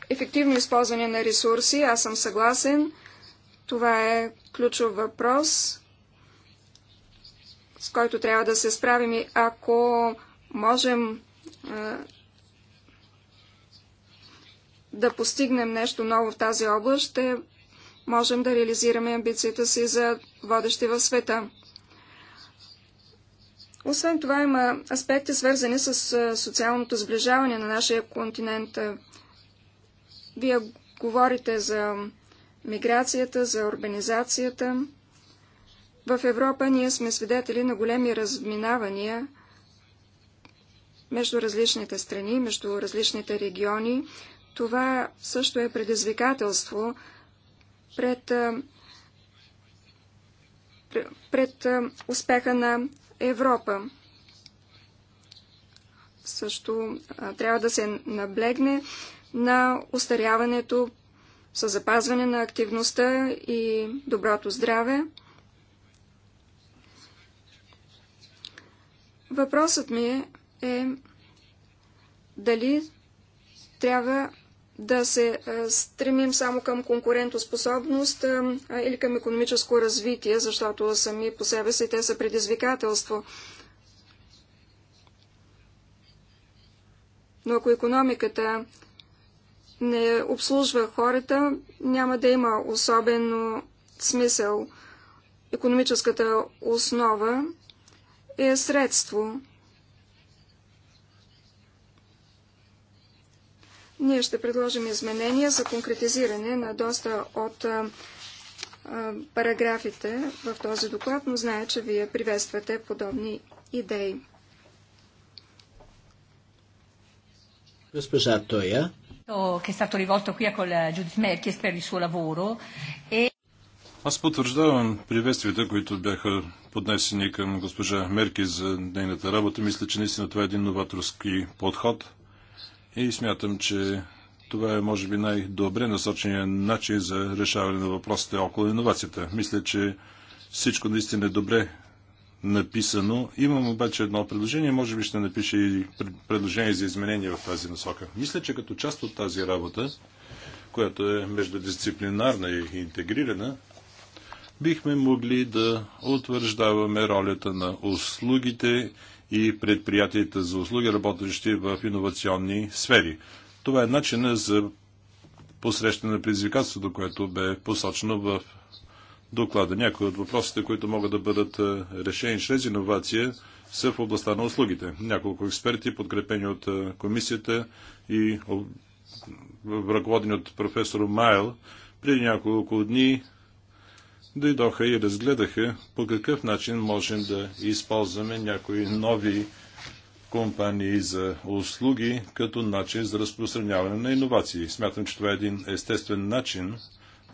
ефективно използване на ресурси. Аз съм съгласен. Това е ключов въпрос, с който трябва да се справим и ако можем да постигнем нещо ново в тази област, ще можем да реализираме амбицията си за водещи в света. Освен това има аспекти, свързани с социалното сближаване на нашия континент. Вие говорите за миграцията, за урбанизацията. В Европа ние сме свидетели на големи разминавания между различните страни, между различните региони. Това също е предизвикателство пред, пред успеха на Европа. Също трябва да се наблегне на устаряването със запазване на активността и доброто здраве. Въпросът ми е дали трябва да се е, стремим само към конкурентоспособност е, е, или към економическо развитие, защото сами по себе си те са предизвикателство. Но ако економиката не обслужва хората, няма да има особено смисъл. Економическата основа е средство Ние ще предложим изменения за конкретизиране на доста от параграфите в този доклад, но зная, че вие приветствате подобни идеи. Госпожа Тоя. Е е е- Аз потвърждавам приветствията, които бяха поднесени към госпожа Мерки за нейната работа. Мисля, че наистина това е един новаторски подход – и смятам, че това е, може би, най-добре насочения начин за решаване на въпросите около иновацията. Мисля, че всичко наистина е добре написано. Имам обаче едно предложение, може би ще напиша и предложение за изменение в тази насока. Мисля, че като част от тази работа, която е междудисциплинарна и интегрирана, бихме могли да утвърждаваме ролята на услугите и предприятията за услуги, работещи в иновационни сфери. Това е начина за посрещане на предизвикателството, което бе посочено в доклада. Някои от въпросите, които могат да бъдат решени чрез иновация, са в областта на услугите. Няколко експерти, подкрепени от комисията и ръководени от професор Майл, преди няколко дни дойдоха и разгледаха по какъв начин можем да използваме някои нови компании за услуги като начин за разпространяване на иновации. Смятам, че това е един естествен начин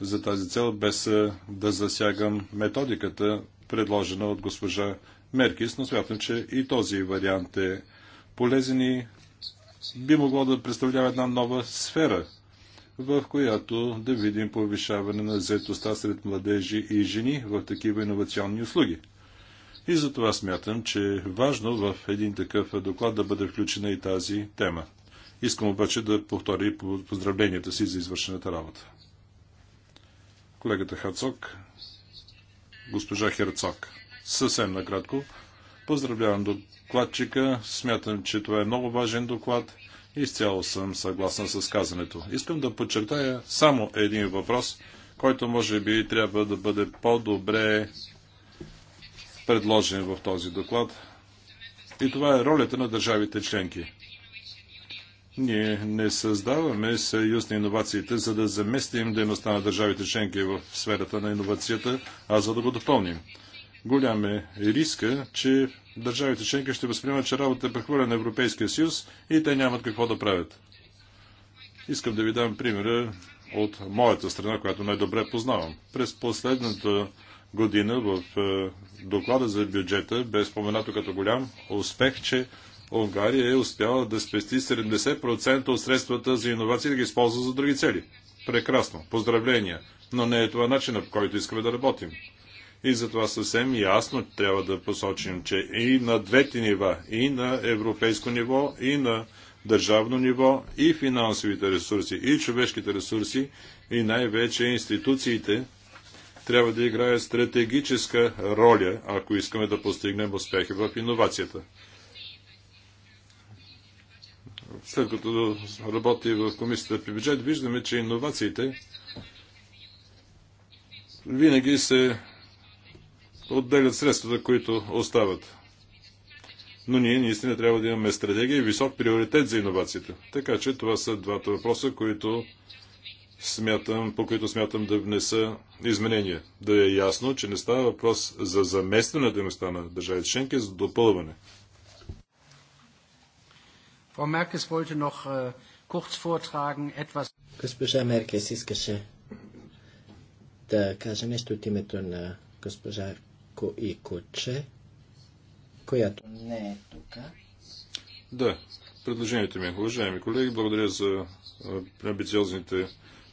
за тази цел, без да засягам методиката, предложена от госпожа Меркис, но смятам, че и този вариант е полезен и би могло да представлява една нова сфера в която да видим повишаване на заетостта сред младежи и жени в такива иновационни услуги. И за това смятам, че е важно в един такъв доклад да бъде включена и тази тема. Искам обаче да повторя поздравленията си за извършената работа. Колегата Хацок, госпожа Херцок, съвсем накратко. Поздравлявам докладчика. Смятам, че това е много важен доклад. Изцяло съм съгласен с казането. Искам да подчертая само един въпрос, който може би трябва да бъде по-добре предложен в този доклад. И това е ролята на държавите членки. Ние не създаваме съюз на иновациите, за да заместим дейността на държавите членки в сферата на иновацията, а за да го допълним. Голям е риска, че държавите членки ще възприемат, че работа е прехвърлена на Европейския съюз и те нямат какво да правят. Искам да ви дам примера от моята страна, която най-добре познавам. През последната година в е, доклада за бюджета бе споменато като голям успех, че Унгария е успяла да спести 70% от средствата за иновации да ги използва за други цели. Прекрасно. Поздравления. Но не е това начинът, по който искаме да работим. И затова съвсем ясно трябва да посочим, че и на двете нива, и на европейско ниво, и на държавно ниво, и финансовите ресурси, и човешките ресурси, и най-вече институциите трябва да играят стратегическа роля, ако искаме да постигнем успехи в иновацията. След като работи в комисията при бюджет, виждаме, че иновациите винаги се отделят средствата, които остават. Но ние наистина трябва да имаме стратегия и висок приоритет за иновациите. Така че това са двата въпроса, които смятам, по които смятам да внеса изменения. Да е ясно, че не става въпрос за заместване на дейността на държавите членки, за допълване. Äh, госпожа Меркес искаше да каже нещо от името на госпожа Ко и Куче, която не е тук. Да, предложението ми е. Уважаеми колеги, благодаря за амбициозните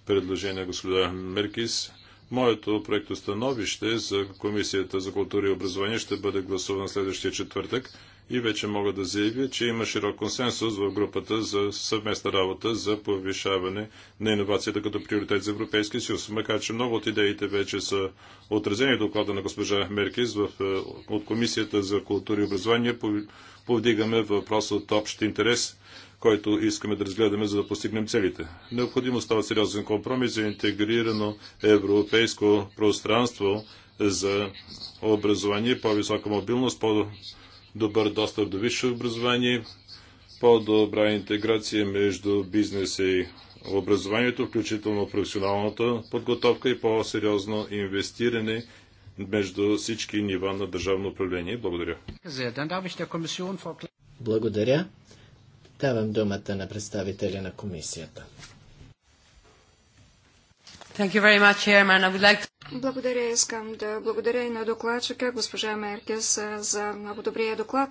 предложения, господа Меркис. Моето проекто становище за Комисията за култура и образование ще бъде гласувано следващия четвъртък и вече мога да заявя, че има широк консенсус в групата за съвместна работа за повишаване на иновацията като приоритет за Европейския съюз. Макар, че много от идеите вече са отразени в доклада на госпожа Меркис в, е, от Комисията за култура и образование, повдигаме въпрос от общ интерес, който искаме да разгледаме, за да постигнем целите. Необходимо става сериозен компромис за интегрирано европейско пространство за образование, по-висока мобилност, по добър достъп до висше образование, по-добра интеграция между бизнеса и образованието, включително професионалната подготовка и по-сериозно инвестиране между всички нива на държавно управление. Благодаря. Благодаря. Давам думата на представителя на комисията. Much, like to... Благодаря. Искам да благодаря и на докладчика, госпожа Меркес, за много добрия доклад.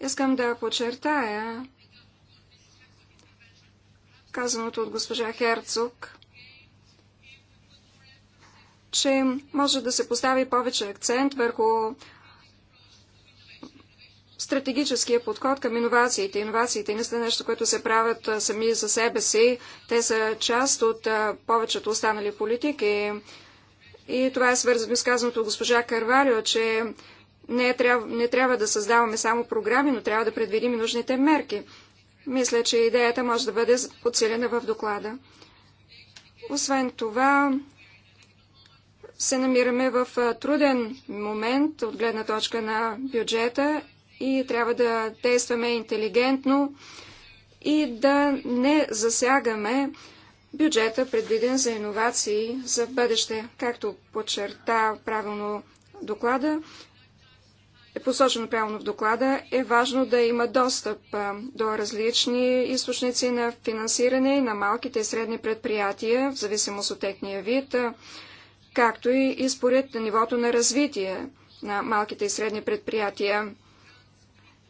Искам да подчертая казаното от госпожа Херцог, че може да се постави повече акцент върху стратегическия подход към иновациите. Иновациите не са нещо, което се правят сами за себе си. Те са част от повечето останали политики. И това е свързано с казаното госпожа Карвалио, че не, е тряб, не трябва да създаваме само програми, но трябва да предвидим и нужните мерки. Мисля, че идеята може да бъде подсилена в доклада. Освен това, се намираме в труден момент от гледна точка на бюджета и трябва да действаме интелигентно и да не засягаме бюджета, предвиден за иновации за бъдеще. Както подчерта правилно доклада, е посочено правилно в доклада, е важно да има достъп до различни източници на финансиране на малките и средни предприятия, в зависимост от техния вид, както и според нивото на развитие на малките и средни предприятия.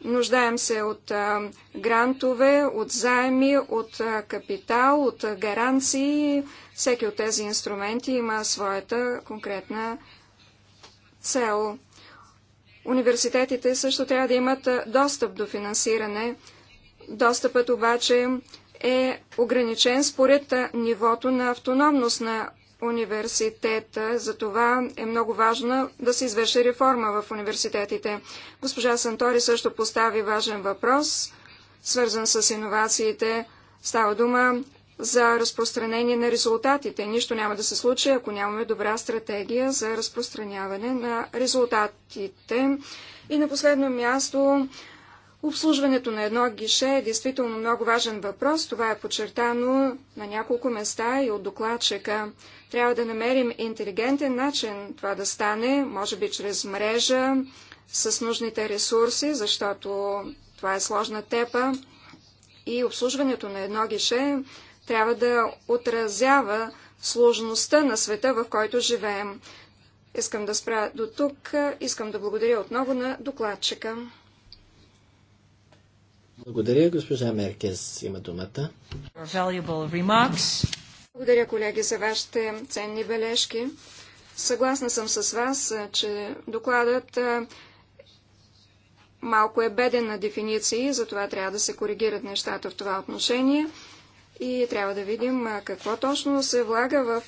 Нуждаем се от а, грантове, от заеми, от а, капитал, от а, гаранции. Всеки от тези инструменти има своята конкретна цел. Университетите също трябва да имат достъп до финансиране. Достъпът обаче е ограничен според нивото на автономност на университета. За това е много важно да се извърши реформа в университетите. Госпожа Сантори също постави важен въпрос, свързан с иновациите. Става дума за разпространение на резултатите. Нищо няма да се случи, ако нямаме добра стратегия за разпространяване на резултатите. И на последно място, обслужването на едно гише е действително много важен въпрос. Това е подчертано на няколко места и от докладчика. Трябва да намерим интелигентен начин това да стане, може би чрез мрежа, с нужните ресурси, защото това е сложна тепа и обслужването на едно гише трябва да отразява сложността на света, в който живеем. Искам да спра до тук. Искам да благодаря отново на докладчика. Благодаря, госпожа Меркес. Има думата. Благодаря, колеги, за вашите ценни бележки. Съгласна съм с вас, че докладът малко е беден на дефиниции, затова трябва да се коригират нещата в това отношение и трябва да видим какво точно се влага в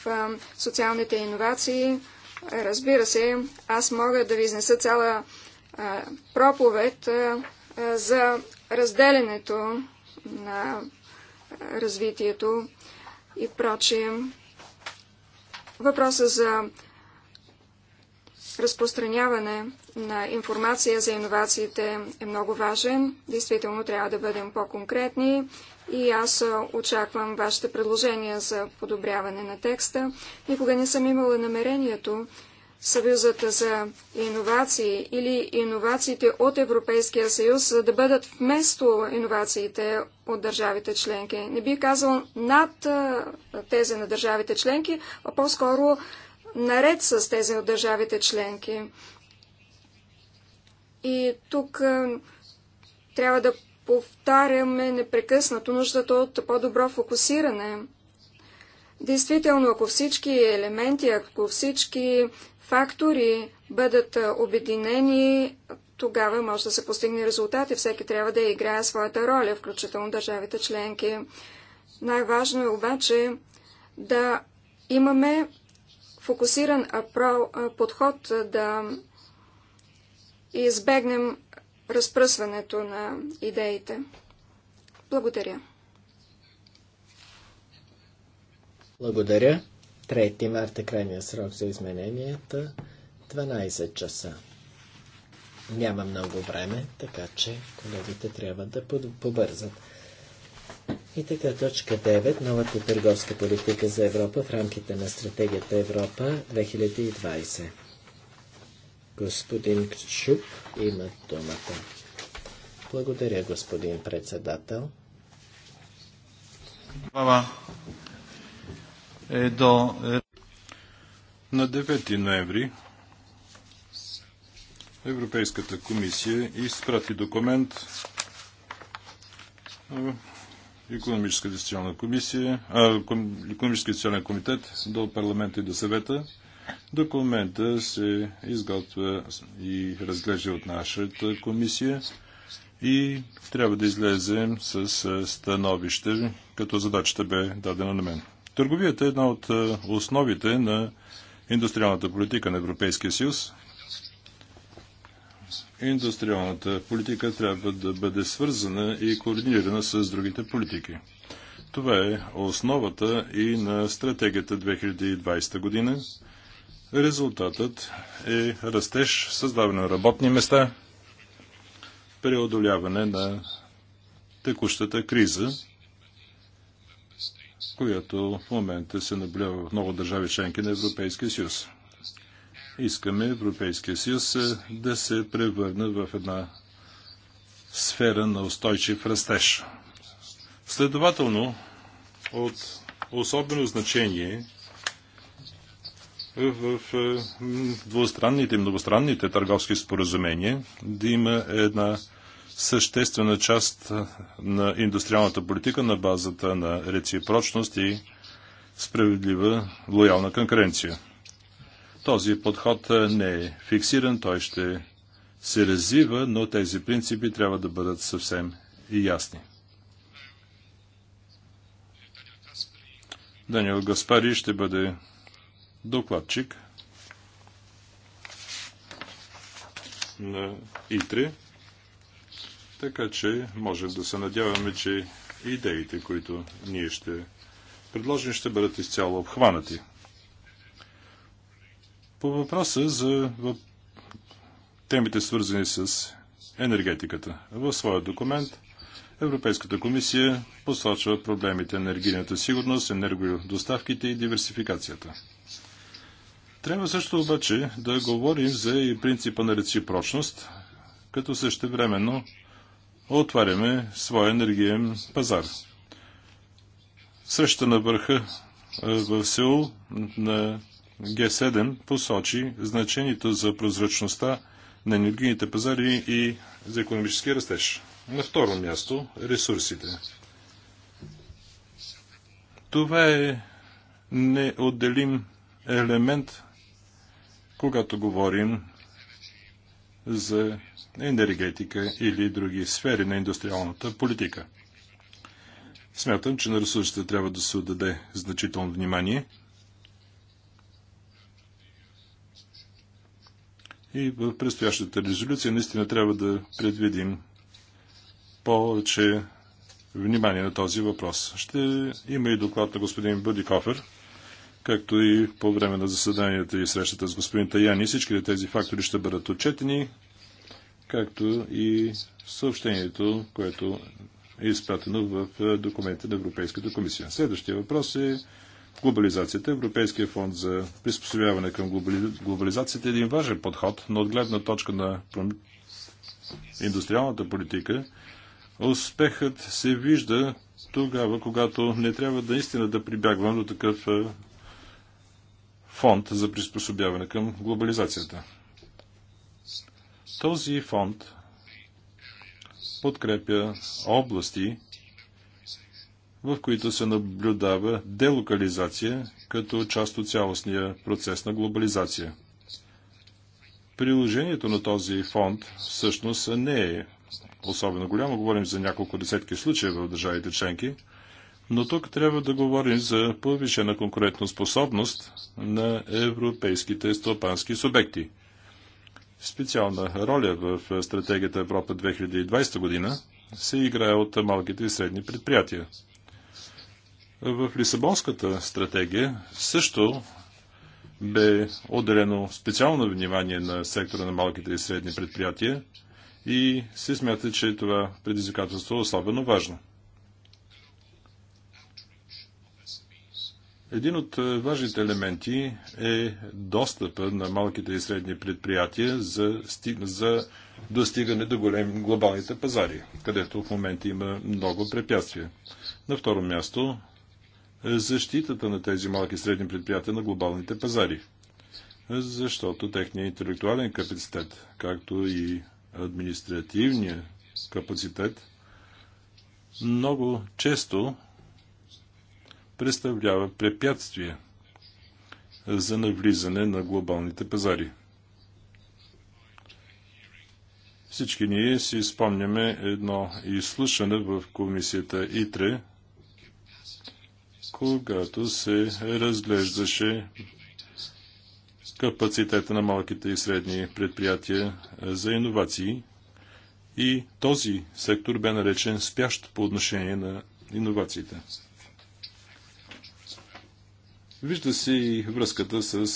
социалните иновации. Разбира се, аз мога да ви изнеса цяла проповед за разделенето на развитието и прочие. Въпроса за разпространяване на информация за иновациите е много важен. Действително трябва да бъдем по-конкретни и аз очаквам вашите предложения за подобряване на текста. Никога не съм имала намерението Съюзът за иновации или иновациите от Европейския съюз да бъдат вместо иновациите от държавите членки. Не би казал над тези на държавите членки, а по-скоро наред с тези от държавите членки. И тук трябва да повтаряме непрекъснато нуждата от по-добро фокусиране. Действително, ако всички елементи, ако всички фактори бъдат обединени, тогава може да се постигне резултат и всеки трябва да играе своята роля, включително държавите членки. Най-важно е обаче да имаме фокусиран подход да избегнем разпръсването на идеите. Благодаря. Благодаря. 3 марта е крайния срок за измененията 12 часа. Няма много време, така че колегите трябва да побързат. И така, точка 9. Новата търговска политика за Европа в рамките на стратегията Европа 2020. Господин Кшуп има думата. Благодаря, господин председател. Хвала е, до... Е, на 9 ноември Европейската комисия изпрати документ Економическа инвестиционна комисия, а, Економически инвестиционен комитет до парламента и до съвета. Документа се изготвя и разглежда от нашата комисия и трябва да излезем с е, становище, като задачата бе дадена на мен. Търговията е една от е, основите на индустриалната политика на Европейския съюз. Индустриалната политика трябва да бъде свързана и координирана с другите политики. Това е основата и на стратегията 2020 година. Резултатът е растеж, създаване на работни места, преодоляване на текущата криза която в момента се наблюдава в много държави членки на Европейския съюз. Искаме Европейския съюз е, да се превърне в една сфера на устойчив растеж. Следователно, от особено значение е в е, двустранните и многостранните търговски споразумения да има една съществена част на индустриалната политика на базата на реципрочност и справедлива лоялна конкуренция. Този подход не е фиксиран, той ще се развива, но тези принципи трябва да бъдат съвсем и ясни. Даниел Гаспари ще бъде докладчик на ИТРИ. Така че можем да се надяваме, че идеите, които ние ще предложим, ще бъдат изцяло обхванати. По въпроса за темите свързани с енергетиката. В своя документ Европейската комисия посочва проблемите на енергийната сигурност, енергодоставките и диверсификацията. Трябва също обаче да говорим за и принципа на реципрочност, като същевременно времено отваряме своя енергиен пазар. Среща на върха е, в Сеул на Г7 посочи значението за прозрачността на енергийните пазари и за економически растеж. На второ място ресурсите. Това е неотделим елемент, когато говорим за енергетика или други сфери на индустриалната политика. Смятам, че на ресурсите трябва да се отдаде значително внимание и в предстоящата резолюция наистина трябва да предвидим повече внимание на този въпрос. Ще има и доклад на господин Бъдикофер както и по време на заседанията и срещата с господин Таяни. Всички тези фактори ще бъдат отчетени, както и съобщението, което е изпратено в е, документа на Европейската комисия. Следващия въпрос е глобализацията. Европейския фонд за приспособяване към глобализацията е един важен подход, но от гледна точка на индустриалната политика, успехът се вижда тогава, когато не трябва наистина да прибягвам до такъв е, фонд за приспособяване към глобализацията. Този фонд подкрепя области, в които се наблюдава делокализация като част от цялостния процес на глобализация. Приложението на този фонд всъщност не е особено голямо. Говорим за няколко десетки случаи в държавите членки – но тук трябва да говорим за повишена конкурентоспособност на европейските стопански субекти. Специална роля в стратегията Европа 2020 година се играе от малките и средни предприятия. В Лисабонската стратегия също бе отделено специално внимание на сектора на малките и средни предприятия и се смята, че това предизвикателство е особено важно. Един от е, важните елементи е достъпа на малките и средни предприятия за, за достигане до голем глобалните пазари, където в момента има много препятствия. На второ място е, защитата на тези малки и средни предприятия на глобалните пазари, защото техният интелектуален капацитет, както и административният капацитет, много често представлява препятствие за навлизане на глобалните пазари. Всички ние си спомняме едно изслушане в комисията ИТРЕ, когато се разглеждаше капацитета на малките и средни предприятия за иновации и този сектор бе наречен спящ по отношение на иновациите. Вижда се и връзката с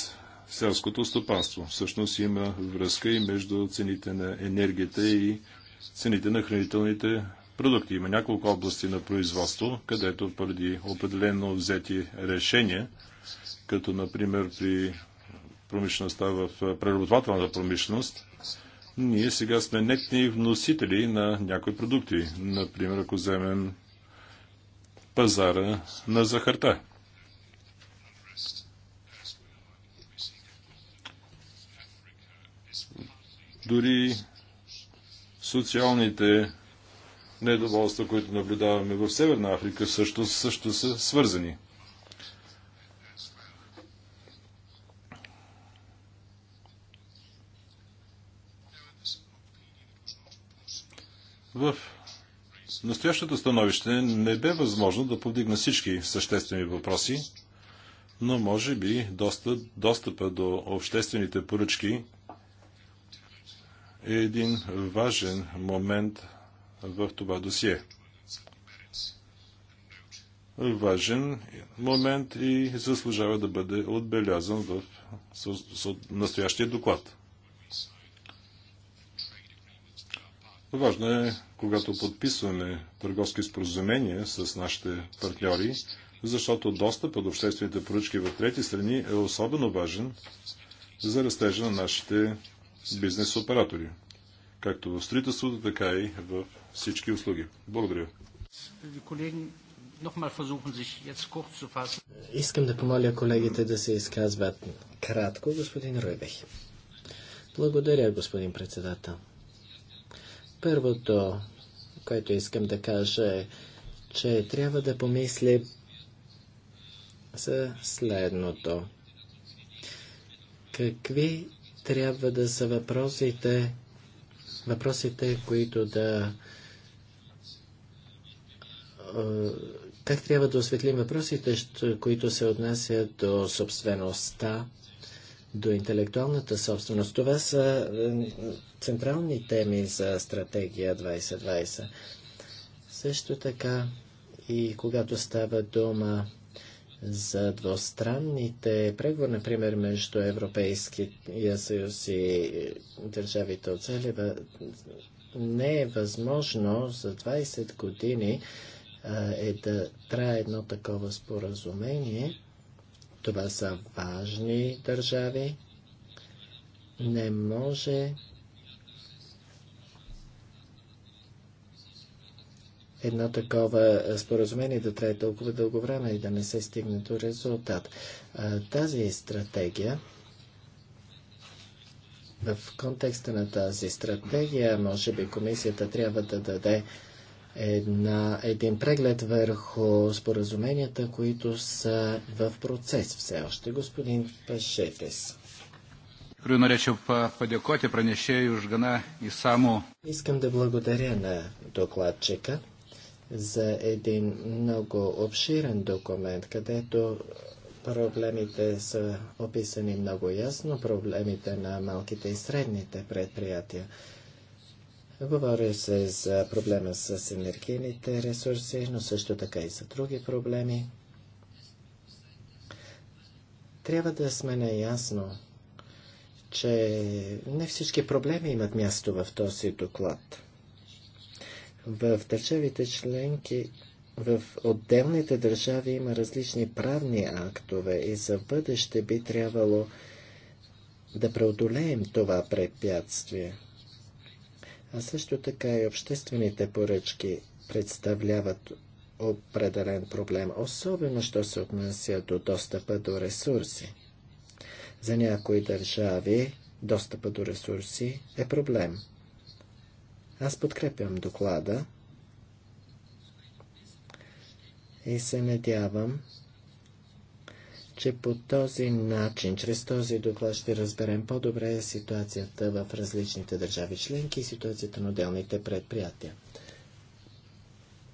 селското стопанство. Всъщност има връзка и между цените на енергията и цените на хранителните продукти. Има няколко области на производство, където преди определено взети решения, като например при промишлеността в преработвателната промишленост, ние сега сме нетни вносители на някои продукти. Например, ако вземем пазара на захарта. Дори социалните недоволства, които наблюдаваме в Северна Африка, също, също са свързани. В настоящото становище не бе възможно да повдигна всички съществени въпроси, но може би достъпа до обществените поръчки е един важен момент в това досие. Важен момент и заслужава да бъде отбелязан в настоящия доклад. Важно е, когато подписваме търговски споразумения с нашите партньори, защото достъп от обществените поръчки в трети страни е особено важен за растежа на нашите бизнес оператори, както в строителството, така и в всички услуги. Благодаря. Искам да помоля колегите да се изказват кратко, господин Ройбех. Благодаря, господин председател. Първото, което искам да кажа е, че трябва да помисли за следното. Какви трябва да са въпросите, въпросите, които да как трябва да осветлим въпросите, които се отнасят до собствеността, до интелектуалната собственост. Това са централни теми за стратегия 2020. Също така и когато става дума за двустранните преговори, например, между Европейския съюз и държавите от залива, не е възможно за 20 години а, е да трае едно такова споразумение. Това са важни държави. Не може едно такова споразумение да трае толкова дълго време и да не се стигне до резултат. Тази стратегия в контекста на тази стратегия, може би комисията трябва да даде една, един преглед върху споразуменията, които са в процес все още. Господин Пашетес. Искам да благодаря на докладчика за един много обширен документ, където проблемите са описани много ясно, проблемите на малките и средните предприятия. Говори се за проблема с енергийните ресурси, но също така и за други проблеми. Трябва да сме наясно, че не всички проблеми имат място в този доклад. В държавите членки, в отделните държави има различни правни актове и за бъдеще би трябвало да преодолеем това препятствие. А също така и обществените поръчки представляват определен проблем, особено що се отнася до достъпа до ресурси. За някои държави достъпа до ресурси е проблем. Аз подкрепям доклада и се надявам, че по този начин, чрез този доклад ще разберем по-добре ситуацията в различните държави членки и ситуацията на отделните предприятия.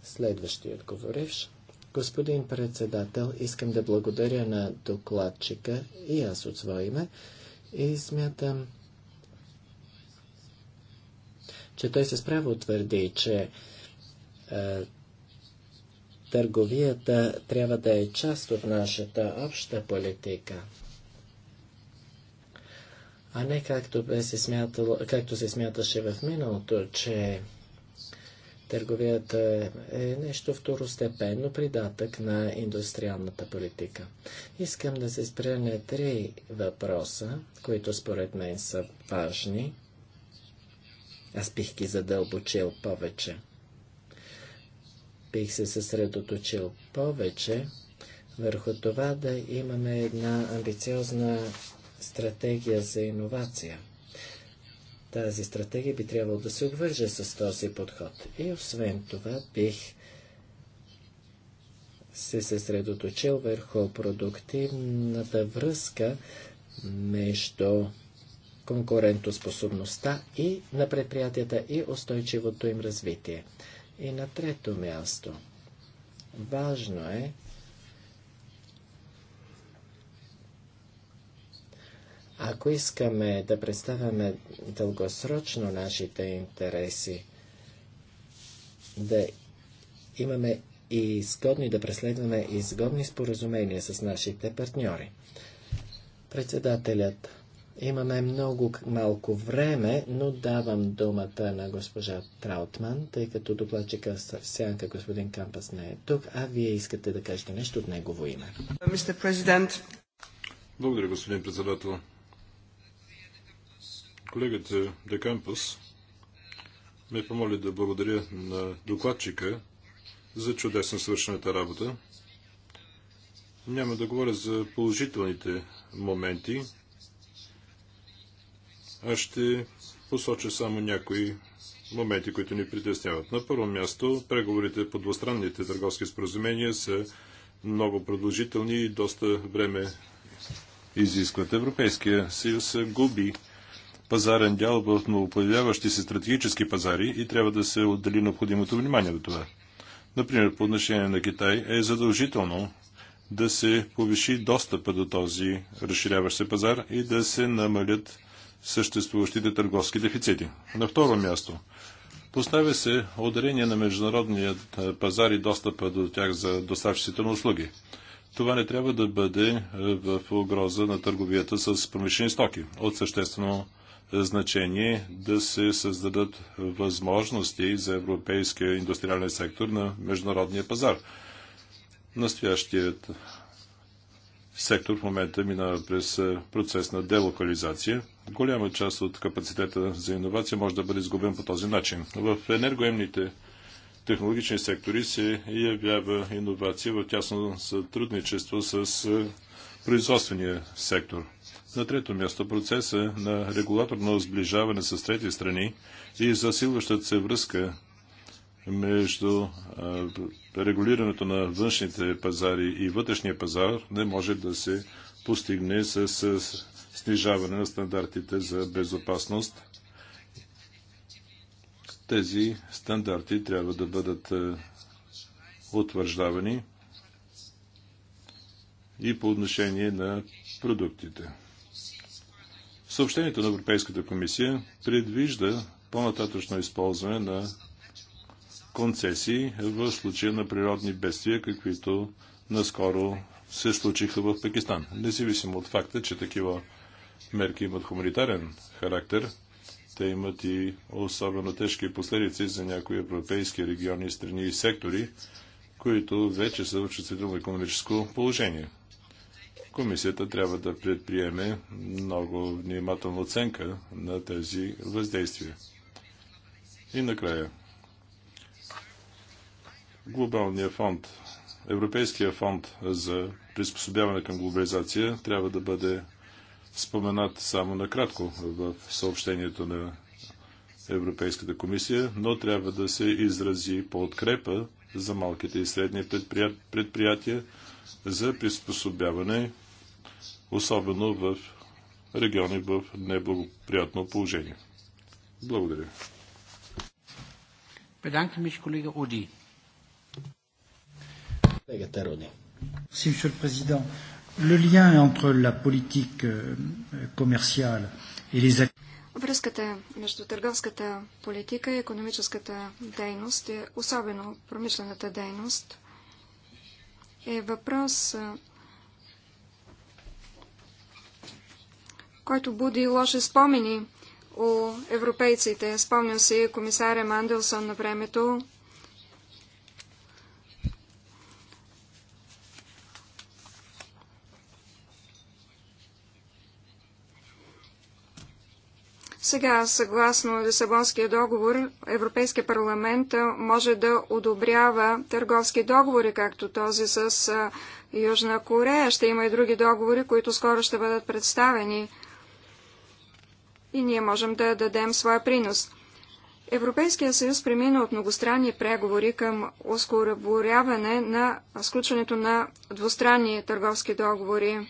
Следващият говоривш. Господин председател, искам да благодаря на докладчика и аз от свое име и смятам, че той се справо твърди, че е, търговията трябва да е част от нашата обща политика, а не както, бе се, смятало, както се смяташе в миналото, че Търговията е нещо второстепенно придатък на индустриалната политика. Искам да се спря на три въпроса, които според мен са важни аз бих ги задълбочил повече. Бих се съсредоточил повече върху това да имаме една амбициозна стратегия за иновация. Тази стратегия би трябвало да се обвърже с този подход. И освен това бих се съсредоточил върху продуктивната връзка между конкурентоспособността и на предприятията и устойчивото им развитие. И на трето място, важно е Ако искаме да представяме дългосрочно нашите интереси, да имаме и изгодни, да преследваме изгодни споразумения с нашите партньори. Председателят Имаме много малко време, но давам думата на госпожа Траутман, тъй като докладчика сянка господин Кампас не е тук, а вие искате да кажете нещо от негово име. Благодаря, господин председател. Колегата Де Кампас ме помоли да благодаря на докладчика за чудесно свършената работа. Няма да говоря за положителните моменти, аз ще посоча само някои моменти, които ни притесняват. На първо място, преговорите по двустранните търговски споразумения са много продължителни и доста време изискват. Европейския съюз губи пазарен дял в новоподявяващи се стратегически пазари и трябва да се отдели необходимото внимание до това. Например, по отношение на Китай е задължително да се повиши достъпа до този разширяващ се пазар и да се намалят съществуващите търговски дефицити. На второ място, поставя се ударение на международния е, пазар и достъпа до тях за доставчиците на услуги. Това не трябва да бъде е, в угроза на търговията с промишлени стоки. От съществено е, значение да се създадат възможности за европейския индустриален сектор на международния пазар. Настоящият сектор в момента минава през е, процес на делокализация. Голяма част от капацитета за иновация може да бъде изгубен по този начин. В енергоемните технологични сектори се явява иновация в тясно сътрудничество с е, производствения сектор. На трето място процеса на регулаторно сближаване с трети страни и засилващата се връзка между регулирането на външните пазари и вътрешния пазар не може да се постигне с снижаване на стандартите за безопасност. Тези стандарти трябва да бъдат утвърждавани и по отношение на продуктите. Съобщението на Европейската комисия предвижда по-нататъчно използване на концесии в случая на природни бедствия, каквито наскоро се случиха в Пакистан. Независимо от факта, че такива мерки имат хуманитарен характер, те имат и особено тежки последици за някои европейски региони, страни и сектори, които вече са в чувствително економическо положение. Комисията трябва да предприеме много внимателна оценка на тези въздействия. И накрая, Глобалния фонд, Европейския фонд за приспособяване към глобализация трябва да бъде споменат само накратко в съобщението на Европейската комисия, но трябва да се изрази подкрепа за малките и средни предприятия за приспособяване, особено в региони в неблагоприятно положение. Благодаря. Bedanke mich, Kollege Odi. Le lien entre la politique euh, commerciale et les Връзката между търговската политика и економическата дейност, е особено промишлената дейност, е въпрос, който буди лоши спомени у европейците. Спомням си комисаря Манделсон на времето, Сега, съгласно Лисабонския договор, Европейския парламент може да одобрява търговски договори, както този с Южна Корея. Ще има и други договори, които скоро ще бъдат представени. И ние можем да дадем своя принос. Европейския съюз премина от многостранни преговори към ускоряване на сключването на двустранни търговски договори.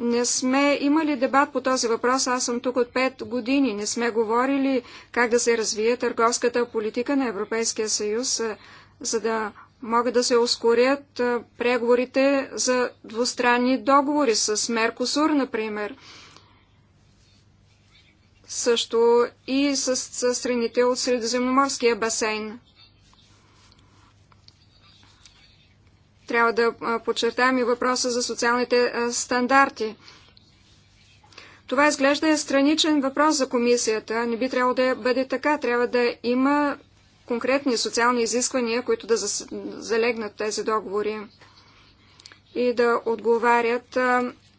Не сме имали дебат по този въпрос, аз съм тук от 5 години. Не сме говорили как да се развие търговската политика на Европейския съюз, за да могат да се ускорят преговорите за двустранни договори с Меркосур, например. Също и с, с страните от Средиземноморския басейн. Трябва да подчертаем и въпроса за социалните стандарти. Това изглежда е страничен въпрос за комисията. Не би трябвало да бъде така. Трябва да има конкретни социални изисквания, които да залегнат тези договори и да отговарят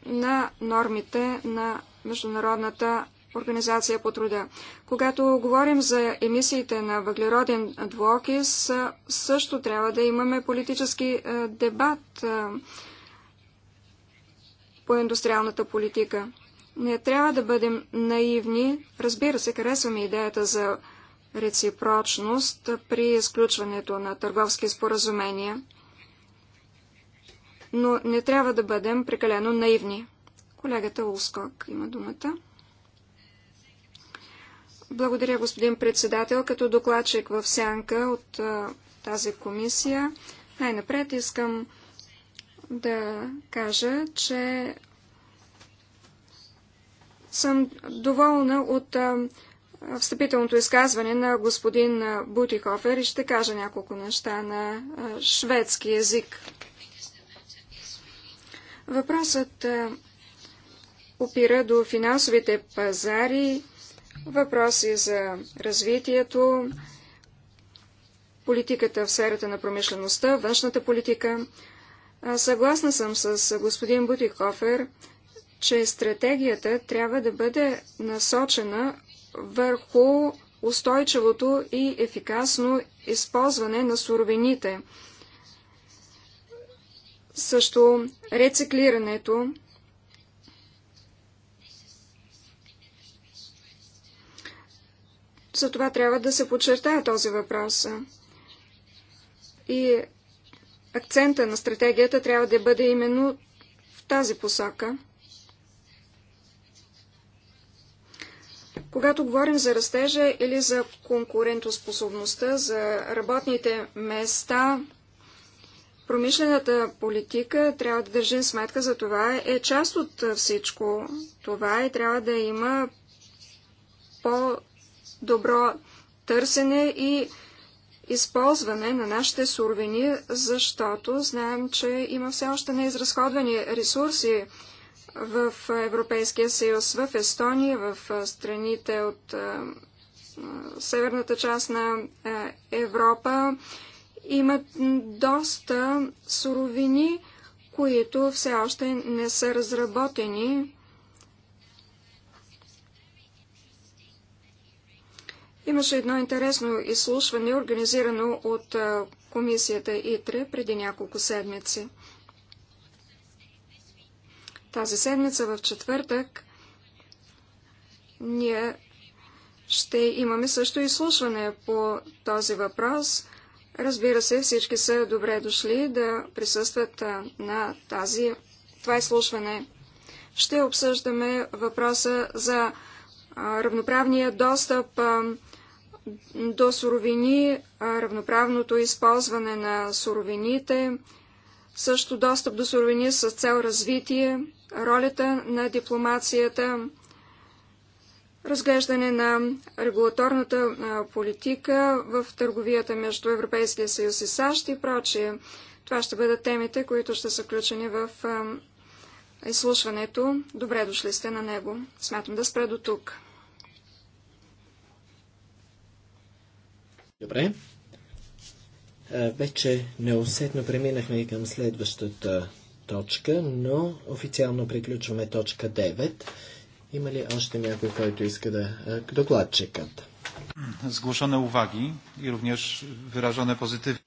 на нормите на международната Организация по труда. Когато говорим за емисиите на въглероден двуокис, също трябва да имаме политически дебат по индустриалната политика. Не трябва да бъдем наивни. Разбира се, харесваме идеята за реципрочност при изключването на търговски споразумения, но не трябва да бъдем прекалено наивни. Колегата Улскок има думата. Благодаря, господин председател, като докладчик в сянка от а, тази комисия. Най-напред искам да кажа, че съм доволна от а, встъпителното изказване на господин Бутихофер и ще кажа няколко неща на а, шведски язик. Въпросът опира до финансовите пазари Въпроси за развитието, политиката в сферата на промишлеността, външната политика. Съгласна съм с господин Бутикофер, че стратегията трябва да бъде насочена върху устойчивото и ефикасно използване на суровините. Също рециклирането Затова трябва да се подчертая този въпрос. И акцента на стратегията трябва да бъде именно в тази посока. Когато говорим за растежа или за конкурентоспособността, за работните места, промишлената политика трябва да държим сметка за това е част от всичко това и трябва да има по добро търсене и използване на нашите суровини, защото знаем, че има все още неизразходвани ресурси в Европейския съюз, в Естония, в страните от северната част на Европа. Имат доста суровини, които все още не са разработени Имаше едно интересно изслушване, организирано от комисията ИТРЕ преди няколко седмици. Тази седмица в четвъртък ние ще имаме също изслушване по този въпрос. Разбира се, всички са добре дошли да присъстват на тази, това изслушване. Ще обсъждаме въпроса за равноправния достъп до суровини, равноправното използване на суровините, също достъп до суровини с цел развитие, ролята на дипломацията, разглеждане на регулаторната политика в търговията между Европейския съюз и САЩ и прочие. Това ще бъдат темите, които ще са включени в изслушването. Добре дошли сте на него. Смятам да спре до тук. Добре. Вече неусетно преминахме и към следващата точка, но официално приключваме точка 9. Има ли още някой, който иска да... Докладчикът. Сглушане уваги и również виражане позитив.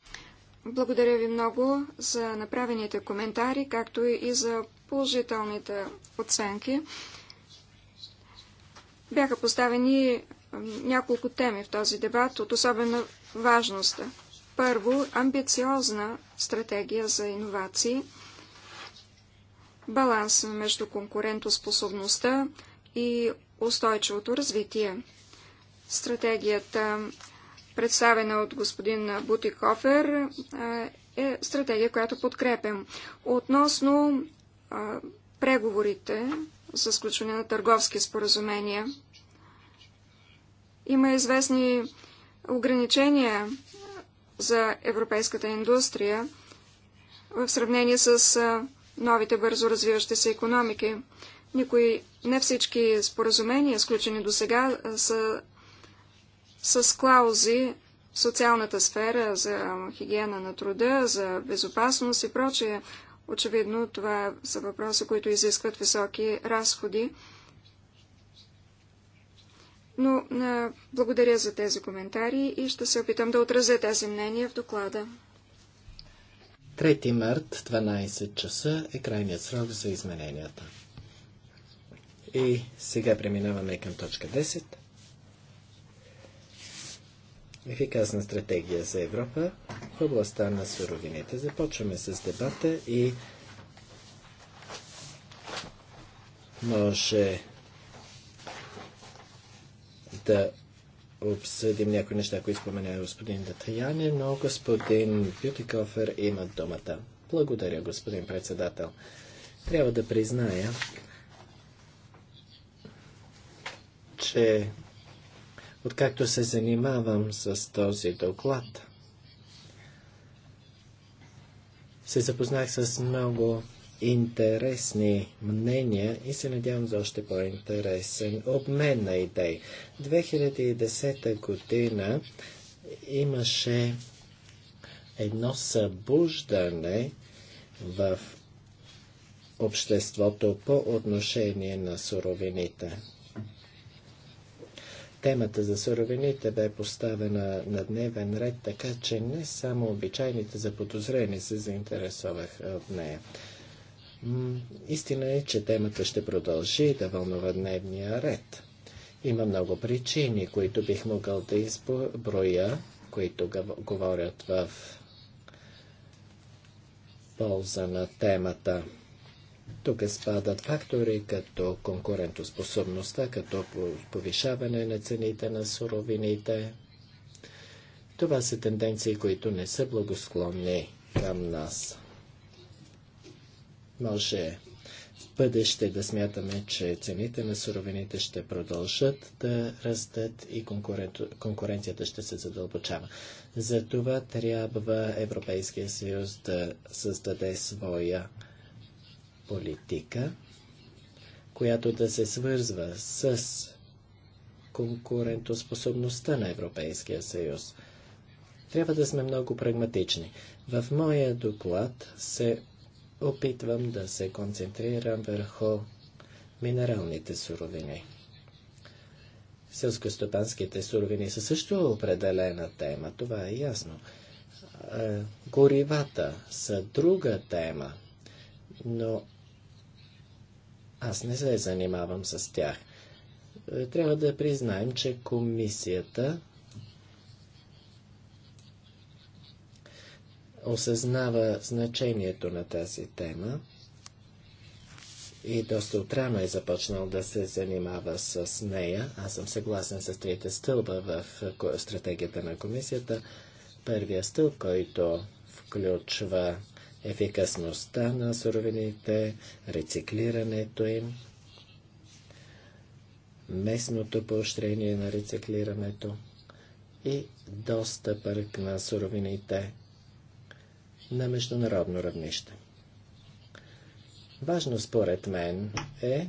Благодаря ви много за направените коментари, както и за положителните оценки. Бяха поставени няколко теми в този дебат от особена важност. Първо, амбициозна стратегия за иновации, баланс между конкурентоспособността и устойчивото развитие. Стратегията, представена от господин Бутикофер, е стратегия, която подкрепям. Относно преговорите за сключване на търговски споразумения, има известни ограничения за европейската индустрия в сравнение с новите бързо развиващи се економики. Никой, не всички споразумения, сключени до сега, са с клаузи в социалната сфера, за хигиена на труда, за безопасност и прочее. Очевидно, това са въпроси, които изискват високи разходи. Но а, благодаря за тези коментари и ще се опитам да отразя тези мнения в доклада. 3 март, 12 часа е крайният срок за измененията. И сега преминаваме към точка 10. Ефикасна стратегия за Европа в областта на суровините. Започваме с дебата и може да обсъдим някои неща, които спомена господин Датаяне, но господин Бютикофер има думата. Благодаря, господин председател. Трябва да призная, че откакто се занимавам с този доклад, се запознах с много интересни мнения и се надявам за още по-интересен обмен на идеи. 2010 година имаше едно събуждане в обществото по отношение на суровините. Темата за суровините бе поставена на дневен ред, така че не само обичайните заподозрени се заинтересоваха от нея. Истина е, че темата ще продължи да вълнува дневния ред. Има много причини, които бих могъл да изброя, които говорят в полза на темата. Тук спадат фактори като конкурентоспособността, като повишаване на цените на суровините. Това са тенденции, които не са благосклонни към нас. Може в бъдеще да смятаме, че цените на суровините ще продължат да растат и конкуренцията ще се задълбочава. Затова трябва Европейския съюз да създаде своя политика, която да се свързва с конкурентоспособността на Европейския съюз. Трябва да сме много прагматични. В моя доклад се опитвам да се концентрирам върху минералните суровини. Селскостопанските суровини са също определена тема, това е ясно. Горивата са друга тема, но аз не се занимавам с тях. Трябва да признаем, че комисията осъзнава значението на тази тема и доста отрано е започнал да се занимава с нея. Аз съм съгласен с трите стълба в стратегията на комисията. Първия стълб, който включва ефикасността на суровините, рециклирането им, местното поощрение на рециклирането и достъпът на суровините на международно равнище. Важно според мен е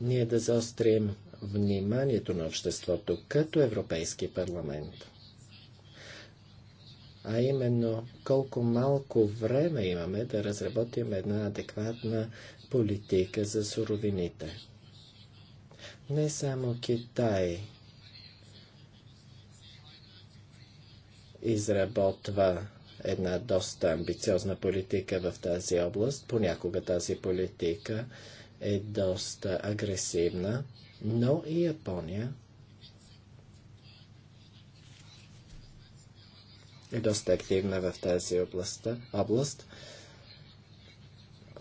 ние да заострим вниманието на обществото като Европейски парламент. А именно колко малко време имаме да разработим една адекватна политика за суровините. Не само Китай изработва една доста амбициозна политика в тази област. Понякога тази политика е доста агресивна, но и Япония е доста активна в тази област. област.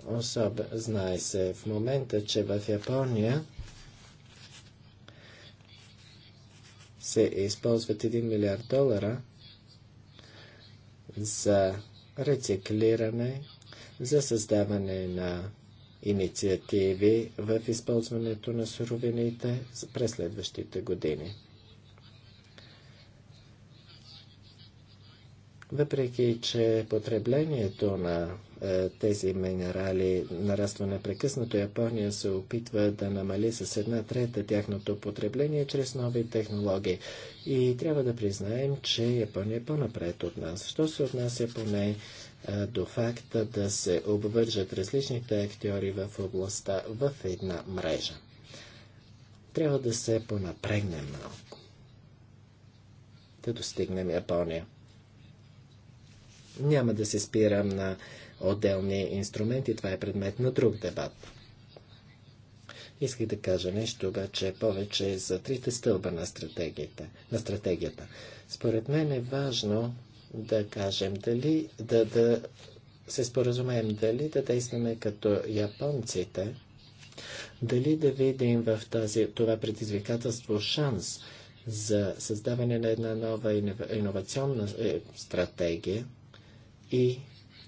Особ... Знае се в момента, че в Япония се използват 1 милиард долара – за рециклиране, за създаване на инициативи в използването на суровините през следващите години. Въпреки, че потреблението на е, тези минерали нараства непрекъснато. Япония се опитва да намали с една трета тяхното потребление чрез нови технологии. И трябва да признаем, че Япония е по-напред от нас. Що се отнася поне е, до факта да се обвържат различните актьори в областта в една мрежа. Трябва да се понапрегнем малко, да достигнем Япония. Няма да се спирам на отделни инструменти. Това е предмет на друг дебат. Исках да кажа нещо обаче повече за трите стълба на стратегията. На стратегията. Според мен е важно да кажем дали, да, да се споразумеем дали да действаме като японците, дали да видим в тази, това предизвикателство шанс за създаване на една нова иновационна е, стратегия и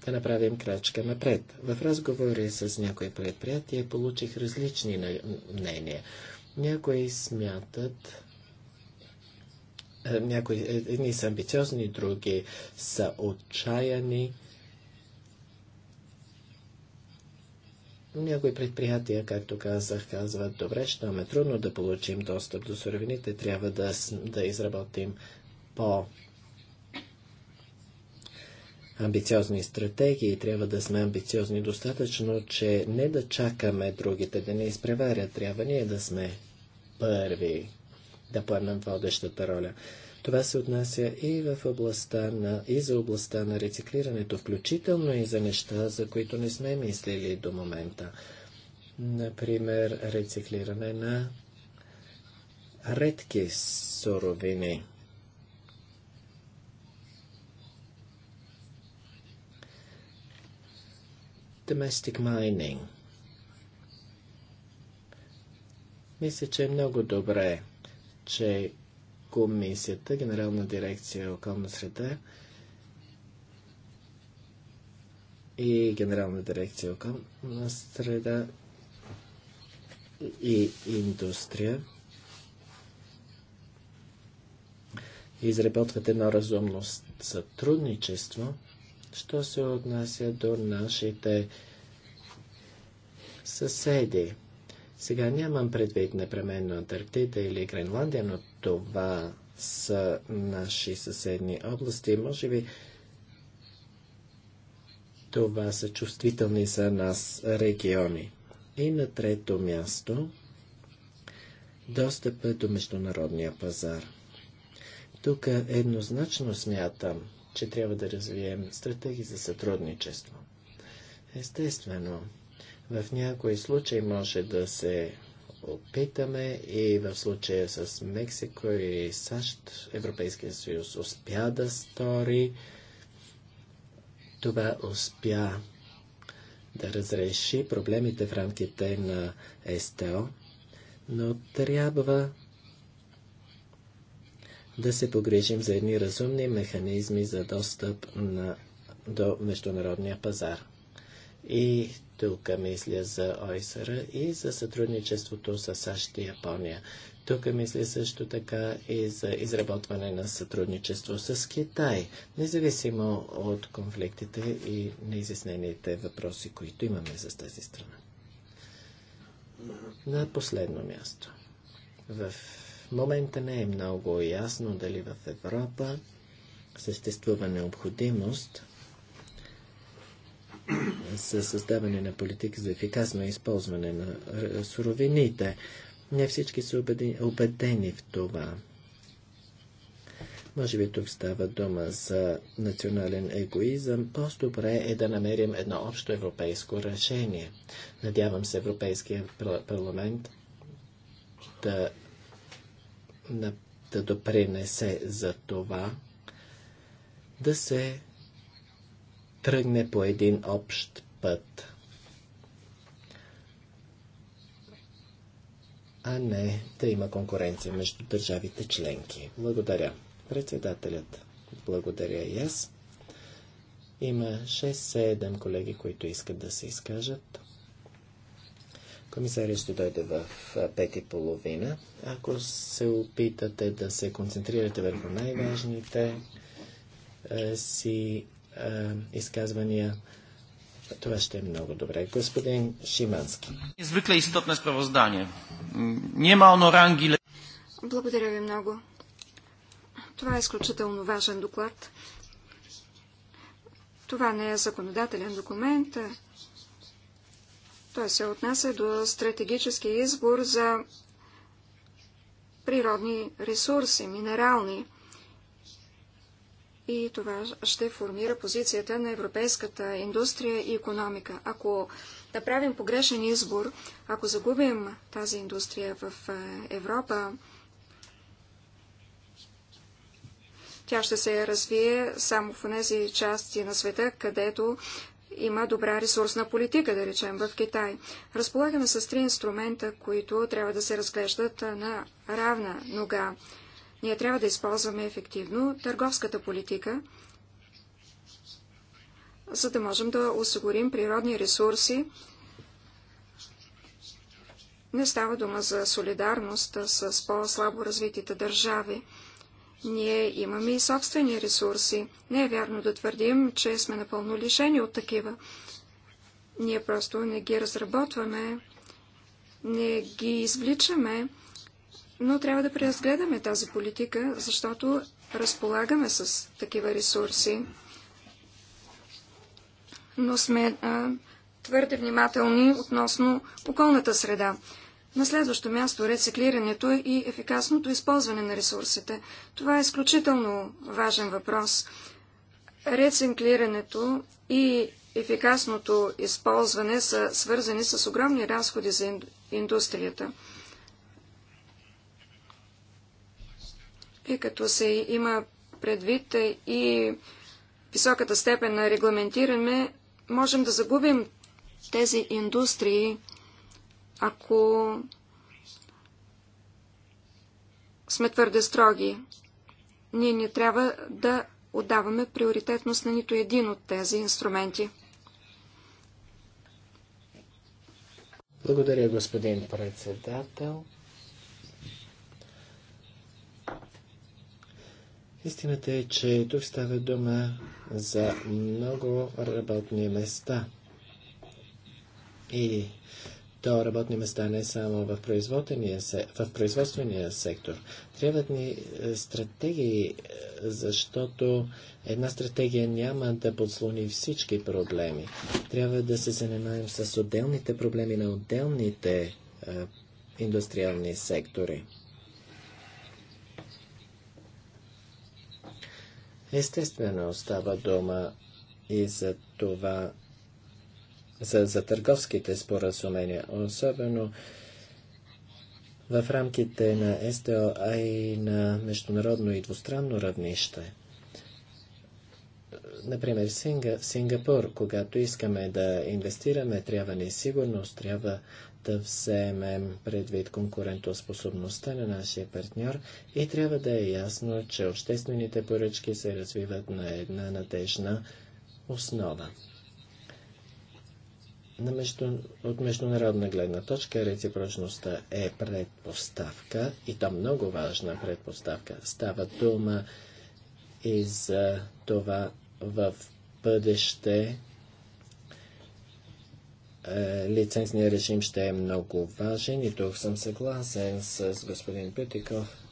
да направим крачка напред. В разговори с някои предприятия получих различни мнения. Някои смятат, е, някои е, едни са амбициозни, други са отчаяни. Някои предприятия, както казах, казват, добре, ще нам е трудно да получим достъп до суровините, трябва да, да изработим по- амбициозни стратегии, трябва да сме амбициозни достатъчно, че не да чакаме другите да ни изпреварят, трябва ние да сме първи, да поемем водещата роля. Това се отнася и, в областта на, и за областта на рециклирането, включително и за неща, за които не сме мислили до момента. Например, рециклиране на редки суровини. Domestic mining. Мисля, че е много добре, че комисията, Генерална дирекция околна среда и Генерална дирекция околна среда и индустрия изработват едно разумно сътрудничество – Що се отнася до нашите съседи? Сега нямам предвид непременно Антарктида или Гренландия, но това са наши съседни области. Може би това са чувствителни за нас региони. И на трето място достъпът до международния пазар. Тук еднозначно смятам, че трябва да развием стратегии за сътрудничество. Естествено, в някои случаи може да се опитаме и в случая с Мексико и САЩ Европейския съюз успя да стори. Това успя да разреши проблемите в рамките на СТО, но трябва да се погрижим за едни разумни механизми за достъп на, до международния пазар. И тук мисля за ОИСР и за сътрудничеството с САЩ и Япония. Тук мисля също така и за изработване на сътрудничество с Китай, независимо от конфликтите и неизяснените въпроси, които имаме за тази страна. На последно място. В в момента не е много ясно дали в Европа съществува необходимост за създаване на политика за ефикасно използване на е, суровините. Не всички са убедени в това. Може би тук става дума за национален егоизъм. По-добре е да намерим едно общо европейско решение. Надявам се Европейския парламент да да допринесе за това да се тръгне по един общ път, а не да има конкуренция между държавите членки. Благодаря. Председателят, благодаря и аз. Има 6-7 колеги, които искат да се изкажат. Комисария ще дойде в пет и половина. Ако се опитате да се концентрирате върху най-важните си изказвания, това ще е много добре. Господин Шимански. Извикле изтъпне справоздание. Няма оно ранги... Благодаря ви много. Това е изключително важен доклад. Това не е законодателен документ, той се отнася до стратегически избор за природни ресурси, минерални. И това ще формира позицията на европейската индустрия и економика. Ако направим погрешен избор, ако загубим тази индустрия в е, Европа, тя ще се развие само в тези части на света, където има добра ресурсна политика, да речем, в Китай. Разполагаме с три инструмента, които трябва да се разглеждат на равна нога. Ние трябва да използваме ефективно търговската политика, за да можем да осигурим природни ресурси. Не става дума за солидарност с по-слабо развитите държави. Ние имаме и собствени ресурси. Не е вярно да твърдим, че сме напълно лишени от такива. Ние просто не ги разработваме, не ги извличаме, но трябва да преразгледаме тази политика, защото разполагаме с такива ресурси. Но сме а, твърде внимателни относно околната среда. На следващо място рециклирането и ефикасното използване на ресурсите. Това е изключително важен въпрос. Рециклирането и ефикасното използване са свързани с огромни разходи за индустрията. И като се има предвид и високата степен на регламентиране, можем да загубим тези индустрии, ако сме твърде строги. Ние не трябва да отдаваме приоритетност на нито един от тези инструменти. Благодаря, господин председател. Истината е, че тук става дума за много работни места. И до работни места не само в производствения, в производствения сектор. Трябват ни е, стратегии, е, защото една стратегия няма да подслони всички проблеми. Трябва да се занимаем с отделните проблеми на отделните е, индустриални сектори. Естествено, става дума и за това за, за търговските споразумения, особено в рамките на СТО, а и на международно и двустранно равнище. Например, Синга, Сингапур, когато искаме да инвестираме, трябва ни сигурност, трябва да вземем предвид конкурентоспособността на нашия партньор и трябва да е ясно, че обществените поръчки се развиват на една надежна основа на между, от международна гледна точка реципрочността е предпоставка и то много важна предпоставка. Става дума и за това в бъдеще е, лицензния режим ще е много важен и тук съм съгласен с господин Пютиков.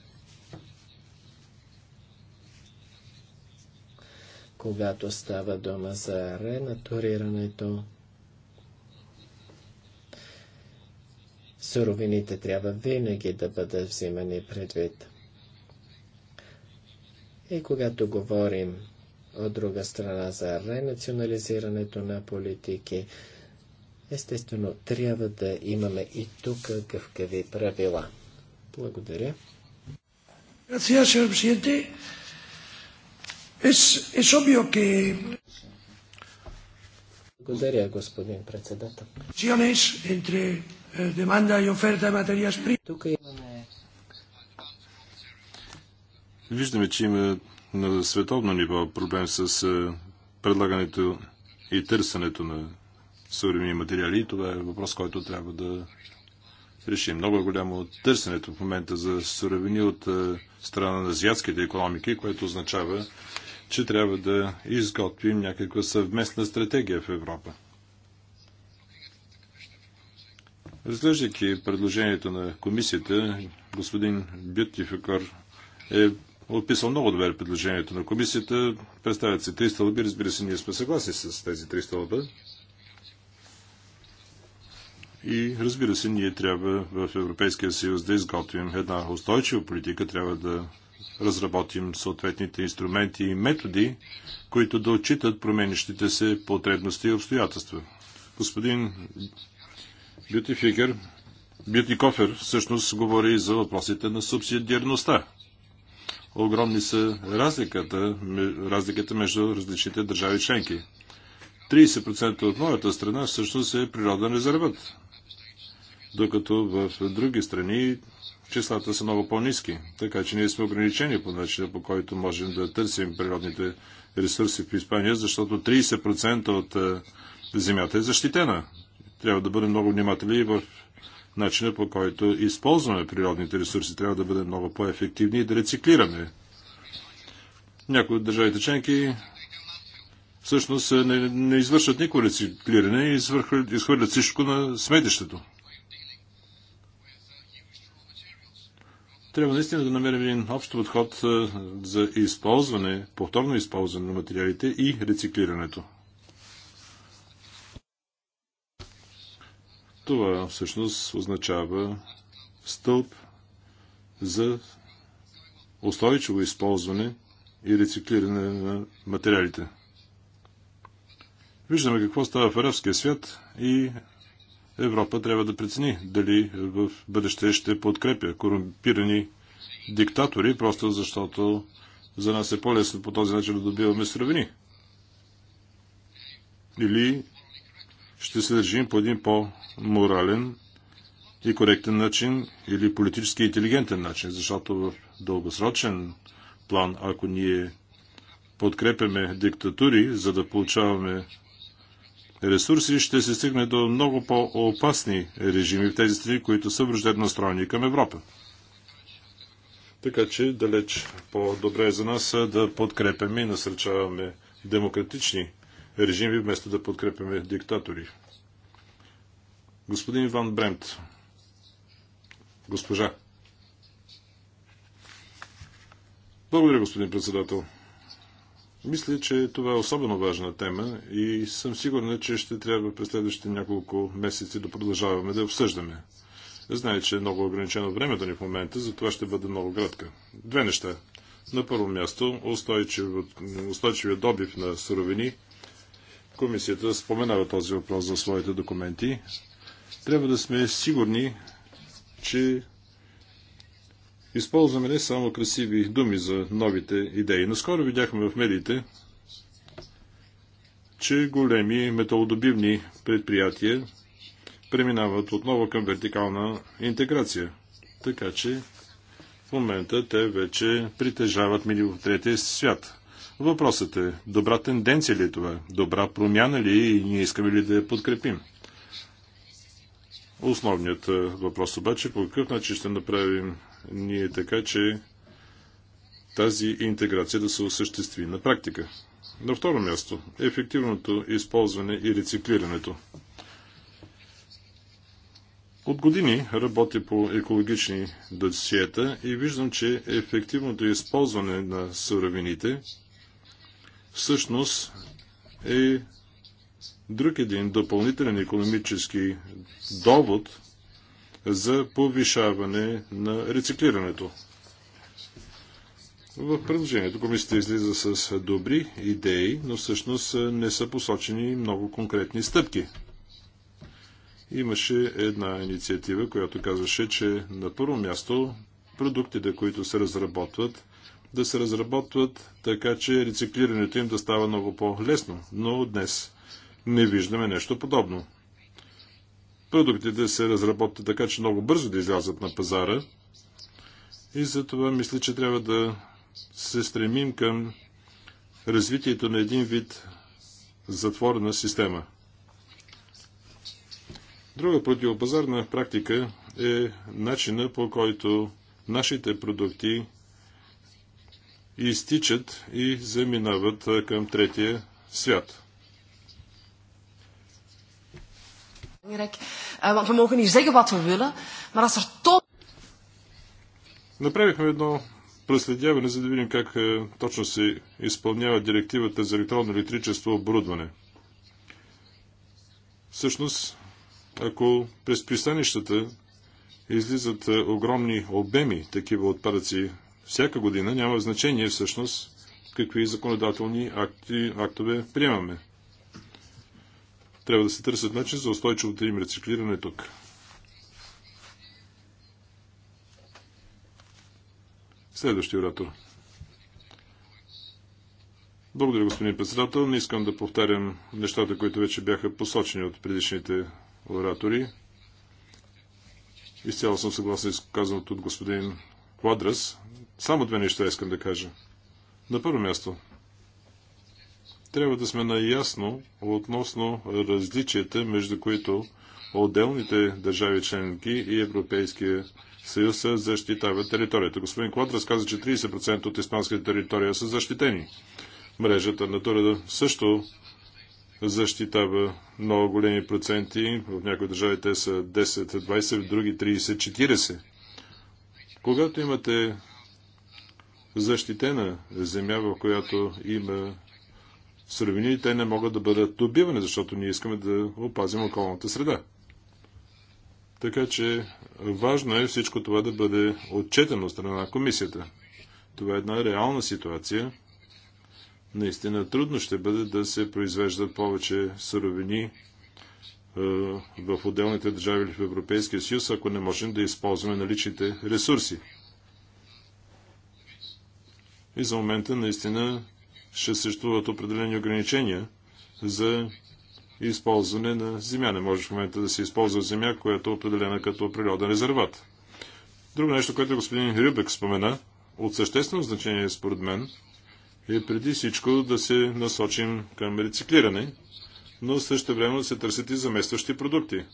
Когато става дума за ренатурирането, суровините трябва винаги да бъдат взимани предвид. И когато говорим от друга страна за ренационализирането на политики, естествено трябва да имаме и тук гъвкави правила. Благодаря. Благодаря, господин председател. Eh, demanda y oferta de materias primas. Виждаме, че има на световно ниво проблем с е, предлагането и търсенето на съвремени материали. И това е въпрос, който трябва да решим. Много е голямо търсенето в момента за суровини от е, страна на азиатските економики, което означава, че трябва да изготвим някаква съвместна стратегия в Европа. Разглеждайки предложението на комисията, господин Бютификор е описал много добре предложението на комисията. Представят се три стълби, разбира се, ние сме съгласни с тези три стълба. И разбира се, ние трябва в Европейския съюз да изготвим една устойчива политика, трябва да разработим съответните инструменти и методи, които да отчитат променящите се потребности и обстоятелства. Господин Бюти Фикер, Бюти Кофер всъщност говори за въпросите на субсидиарността. Огромни са разликата, разликата между различните държави членки. 30% от моята страна всъщност е природен резерват, докато в други страни числата са много по-низки. Така че ние сме ограничени по начина, по който можем да търсим природните ресурси в Испания, защото 30% от е, земята е защитена. Трябва да бъдем много внимателни в начина по който използваме природните ресурси. Трябва да бъдем много по-ефективни и да рециклираме. Някои от държавите членки всъщност не, не извършват никакво рециклиране и изхвърлят всичко на сметището. Трябва наистина да намерим един общ подход за използване, повторно използване на материалите и рециклирането. Това всъщност означава стълб за устойчиво използване и рециклиране на материалите. Виждаме какво става в арабския свят и Европа трябва да прецени дали в бъдеще ще подкрепя корумпирани диктатори, просто защото за нас е по-лесно по този начин да добиваме сравни. Или ще се държим по един по-морален и коректен начин или политически интелигентен начин, защото в дългосрочен план, ако ние подкрепяме диктатури, за да получаваме ресурси, ще се стигне до много по-опасни режими в тези страни, които са враждебно настроени към Европа. Така че далеч по-добре е за нас да подкрепяме и насърчаваме демократични режими, вместо да подкрепяме диктатори. Господин Иван Бремт. Госпожа. Благодаря, господин председател. Мисля, че това е особено важна тема и съм сигурен, че ще трябва през следващите няколко месеци да продължаваме да обсъждаме. Знае, че е много ограничено времето ни в момента, затова ще бъде много градка. Две неща. На първо място, устойчивият добив на суровини Комисията споменава този въпрос за своите документи. Трябва да сме сигурни, че използваме не само красиви думи за новите идеи. Наскоро видяхме в медиите, че големи металодобивни предприятия преминават отново към вертикална интеграция. Така че в момента те вече притежават мили в третия свят. Въпросът е, добра тенденция ли е това? Добра промяна ли е и ние искаме ли да я подкрепим? Основният въпрос обаче, по какъв начин ще направим ние така, че тази интеграция да се осъществи на практика. На второ място, ефективното използване и рециклирането. От години работя по екологични досиета и виждам, че ефективното използване на суровините всъщност е друг един допълнителен економически довод за повишаване на рециклирането. В предложението комисията излиза с добри идеи, но всъщност не са посочени много конкретни стъпки. Имаше една инициатива, която казваше, че на първо място продуктите, които се разработват, да се разработват така, че рециклирането им да става много по-лесно. Но днес не виждаме нещо подобно. Продуктите се разработват така, че много бързо да излязат на пазара и затова мисля, че трябва да се стремим към развитието на един вид затворена система. Друга противопазарна практика е начина по който нашите продукти изтичат и заминават към третия свят. Направихме едно проследяване, за да видим как е, точно се изпълнява директивата за електронно електричество оборудване. Всъщност, ако през пристанищата излизат е, огромни обеми такива отпадъци всяка година няма значение всъщност какви законодателни акти, актове приемаме. Трябва да се търсят начин за устойчивото им рециклиране тук. Следващия оратор. Благодаря, господин председател. Не искам да повтарям нещата, които вече бяха посочени от предишните оратори. Изцяло съм съгласен с казаното от господин Квадрас. Само две неща искам да кажа. На първо място, трябва да сме наясно относно различията, между които отделните държави членки и Европейския съюз защитават територията. Господин Клад разказа, че 30% от испанската територия са защитени. Мрежата на Турада също защитава много големи проценти. В някои държави те са 10-20, в други 30-40. Когато имате защитена земя, в която има сървини и те не могат да бъдат добивани, защото ние искаме да опазим околната среда. Така че важно е всичко това да бъде отчетено от страна на комисията. Това е една реална ситуация. Наистина трудно ще бъде да се произвеждат повече суровини е, в отделните държави или в Европейския съюз, ако не можем да използваме наличните ресурси. И за момента наистина ще съществуват определени ограничения за използване на земя. Не може в момента да се използва земя, която е определена като природен резерват. Друго нещо, което господин Рюбек спомена, от съществено значение според мен, е преди всичко да се насочим към рециклиране, но също време да се търсят и заместващи продукти.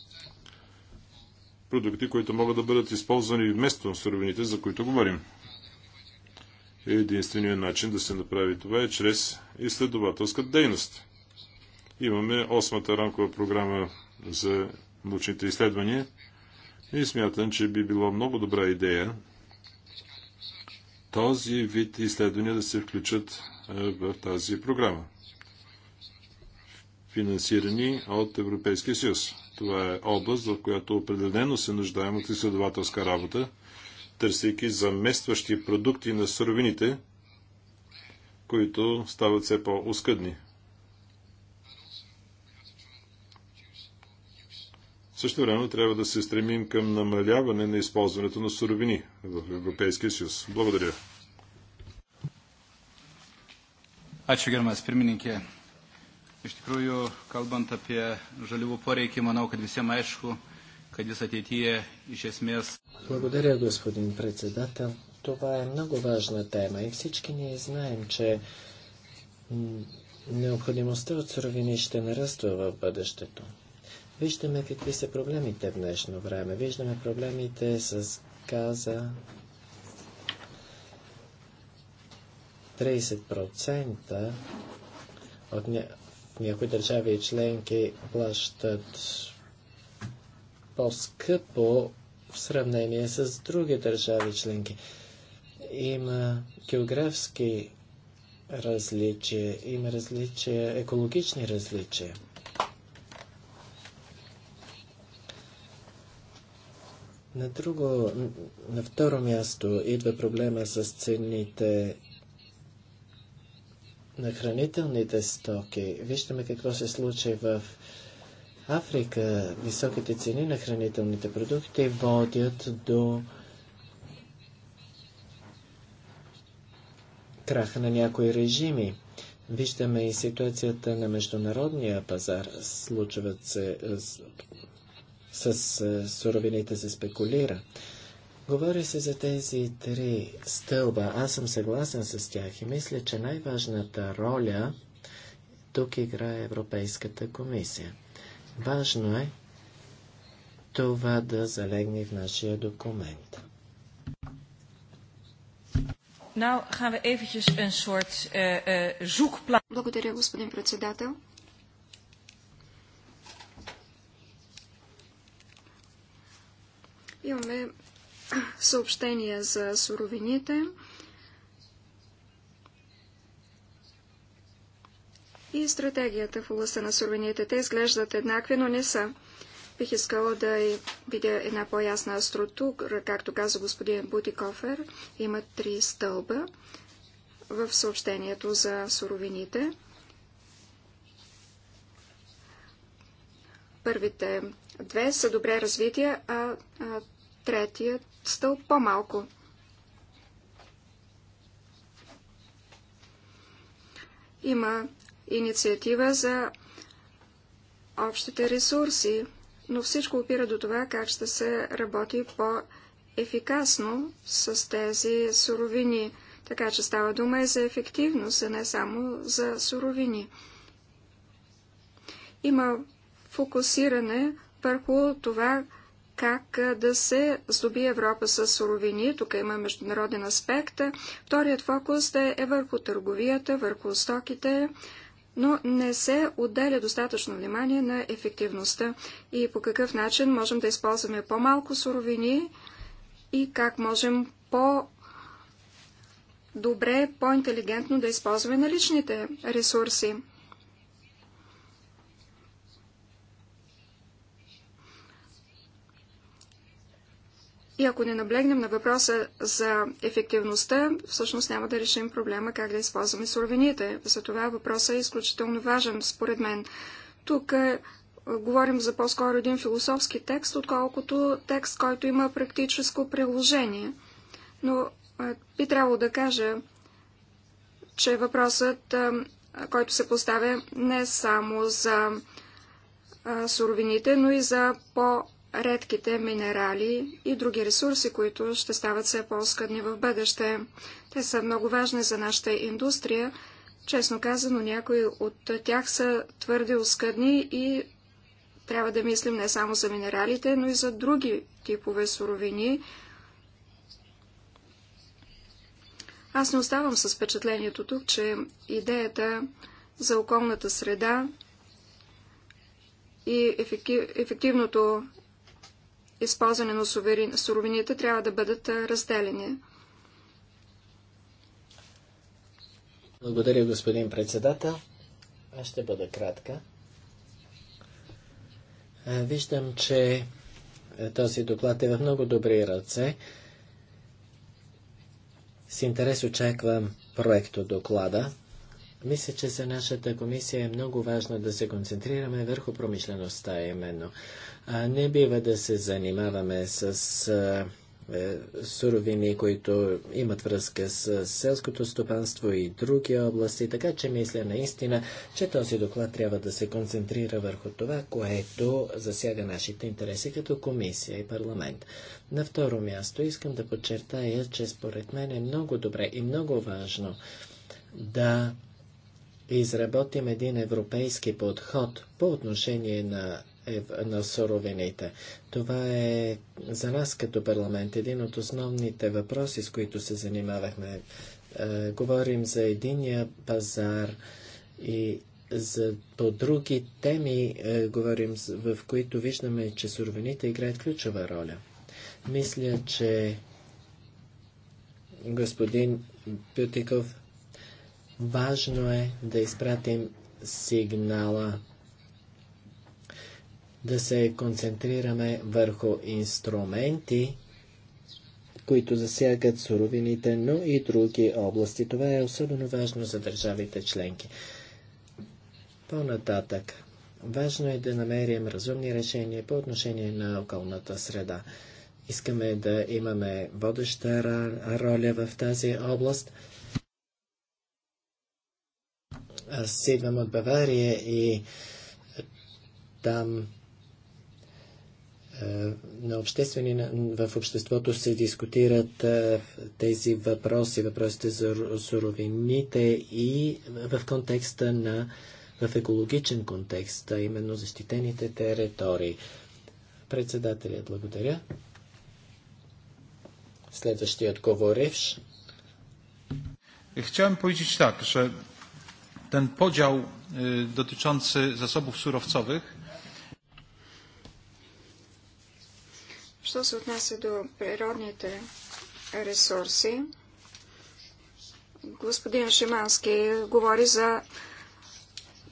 Продукти, които могат да бъдат използвани вместо суровините, за които говорим. Единственият начин да се направи това е чрез изследователска дейност. Имаме осмата рамкова програма за научните изследвания и смятам, че би било много добра идея този вид изследвания да се включат е, в тази програма, финансирани от Европейския съюз. Това е област, в която определено се нуждаем от изследователска работа търсейки заместващи продукти на суровините, които стават все по-оскъдни. Също време трябва да се стремим към намаляване на използването на суровини в Европейския съюз. Благодаря. Ačiū gerbiamas pirmininkė. Iš tikrųjų, kalbant apie žaliavų poreikį, manau, kad visiems aišku, kad jis ateityje iš esmės. Благодаря, господин председател. Това е много важна тема и всички ние знаем, че необходимостта от суровини ще нараства в бъдещето. Виждаме какви са проблемите в днешно време. Виждаме проблемите с каза, 30% от ня... някои държави и членки плащат по-скъпо в сравнение с други държави членки. Има географски различия, има различия, екологични различия. На друго, на второ място идва проблема с цените на хранителните стоки. Виждаме какво се случи в Африка високите цени на хранителните продукти водят до краха на някои режими. Виждаме и ситуацията на международния пазар. Случват се е, с, с е, суровините се спекулира. Говори се за тези три стълба. Аз съм съгласен с тях и мисля, че най-важната роля тук играе Европейската комисия. Важно е това да залегне в нашия документ. Nou gaan we eventjes een soort uh, eh, uh, eh, zoekplaats. Благодаря, господин председател. Имаме съобщения за суровините. и стратегията в областта на суровините. Те изглеждат еднакви, но не са. Бих искала да видя една по-ясна структура, както каза господин Бутикофер. Има три стълба в съобщението за суровините. Първите две са добре развитие, а, а третият стълб по-малко. Има инициатива за общите ресурси, но всичко опира до това как ще се работи по-ефикасно с тези суровини. Така че става дума и за ефективност, а не само за суровини. Има фокусиране върху това, как да се здоби Европа с суровини. Тук има международен аспект. Вторият фокус да е, е върху търговията, върху стоките, но не се отделя достатъчно внимание на ефективността и по какъв начин можем да използваме по-малко суровини и как можем по- добре, по-интелигентно да използваме наличните ресурси. И ако не наблегнем на въпроса за ефективността, всъщност няма да решим проблема как да използваме суровините. Затова въпросът е изключително важен, според мен. Тук е, говорим за по-скоро един философски текст, отколкото текст, който има практическо приложение. Но е, би трябвало да кажа, че въпросът, е, който се поставя не само за суровините, но и за по редките минерали и други ресурси, които ще стават все по-скъдни в бъдеще. Те са много важни за нашата индустрия. Честно казано, някои от тях са твърде оскъдни и трябва да мислим не само за минералите, но и за други типове суровини. Аз не оставам с впечатлението тук, че идеята за околната среда и ефективното използване на суровините трябва да бъдат разделени. Благодаря, господин председател. Аз ще бъда кратка. Виждам, че този доклад е в много добри ръце. С интерес очаквам проекто доклада. Мисля, че за нашата комисия е много важно да се концентрираме върху промишлеността именно. А не бива да се занимаваме с а, е, суровини, които имат връзка с селското стопанство и други области, така че мисля наистина, че този доклад трябва да се концентрира върху това, което засяга нашите интереси като комисия и парламент. На второ място искам да подчертая, че според мен е много добре и много важно да изработим един европейски подход по отношение на, на суровините. Това е за нас като парламент един от основните въпроси, с които се занимавахме. Е, говорим за единия пазар и за, по други теми е, говорим, в които виждаме, че суровините играят ключова роля. Мисля, че господин Пютиков. Важно е да изпратим сигнала, да се концентрираме върху инструменти, които засягат суровините, но и други области. Това е особено важно за държавите членки. По-нататък. Важно е да намерим разумни решения по отношение на околната среда. Искаме да имаме водеща роля в тази област – аз идвам от Бавария и е, там е, на обществени, в обществото се дискутират е, тези въпроси, въпросите за суровините и в контекста на, в екологичен контекст, а именно защитените територии. Председателя, благодаря. Следващият говоривш. Chciałem powiedzieć tak, że ten podział dotyczący zasobów surowcowych. Що се отнася до природните ресурси, господин Шимански говори за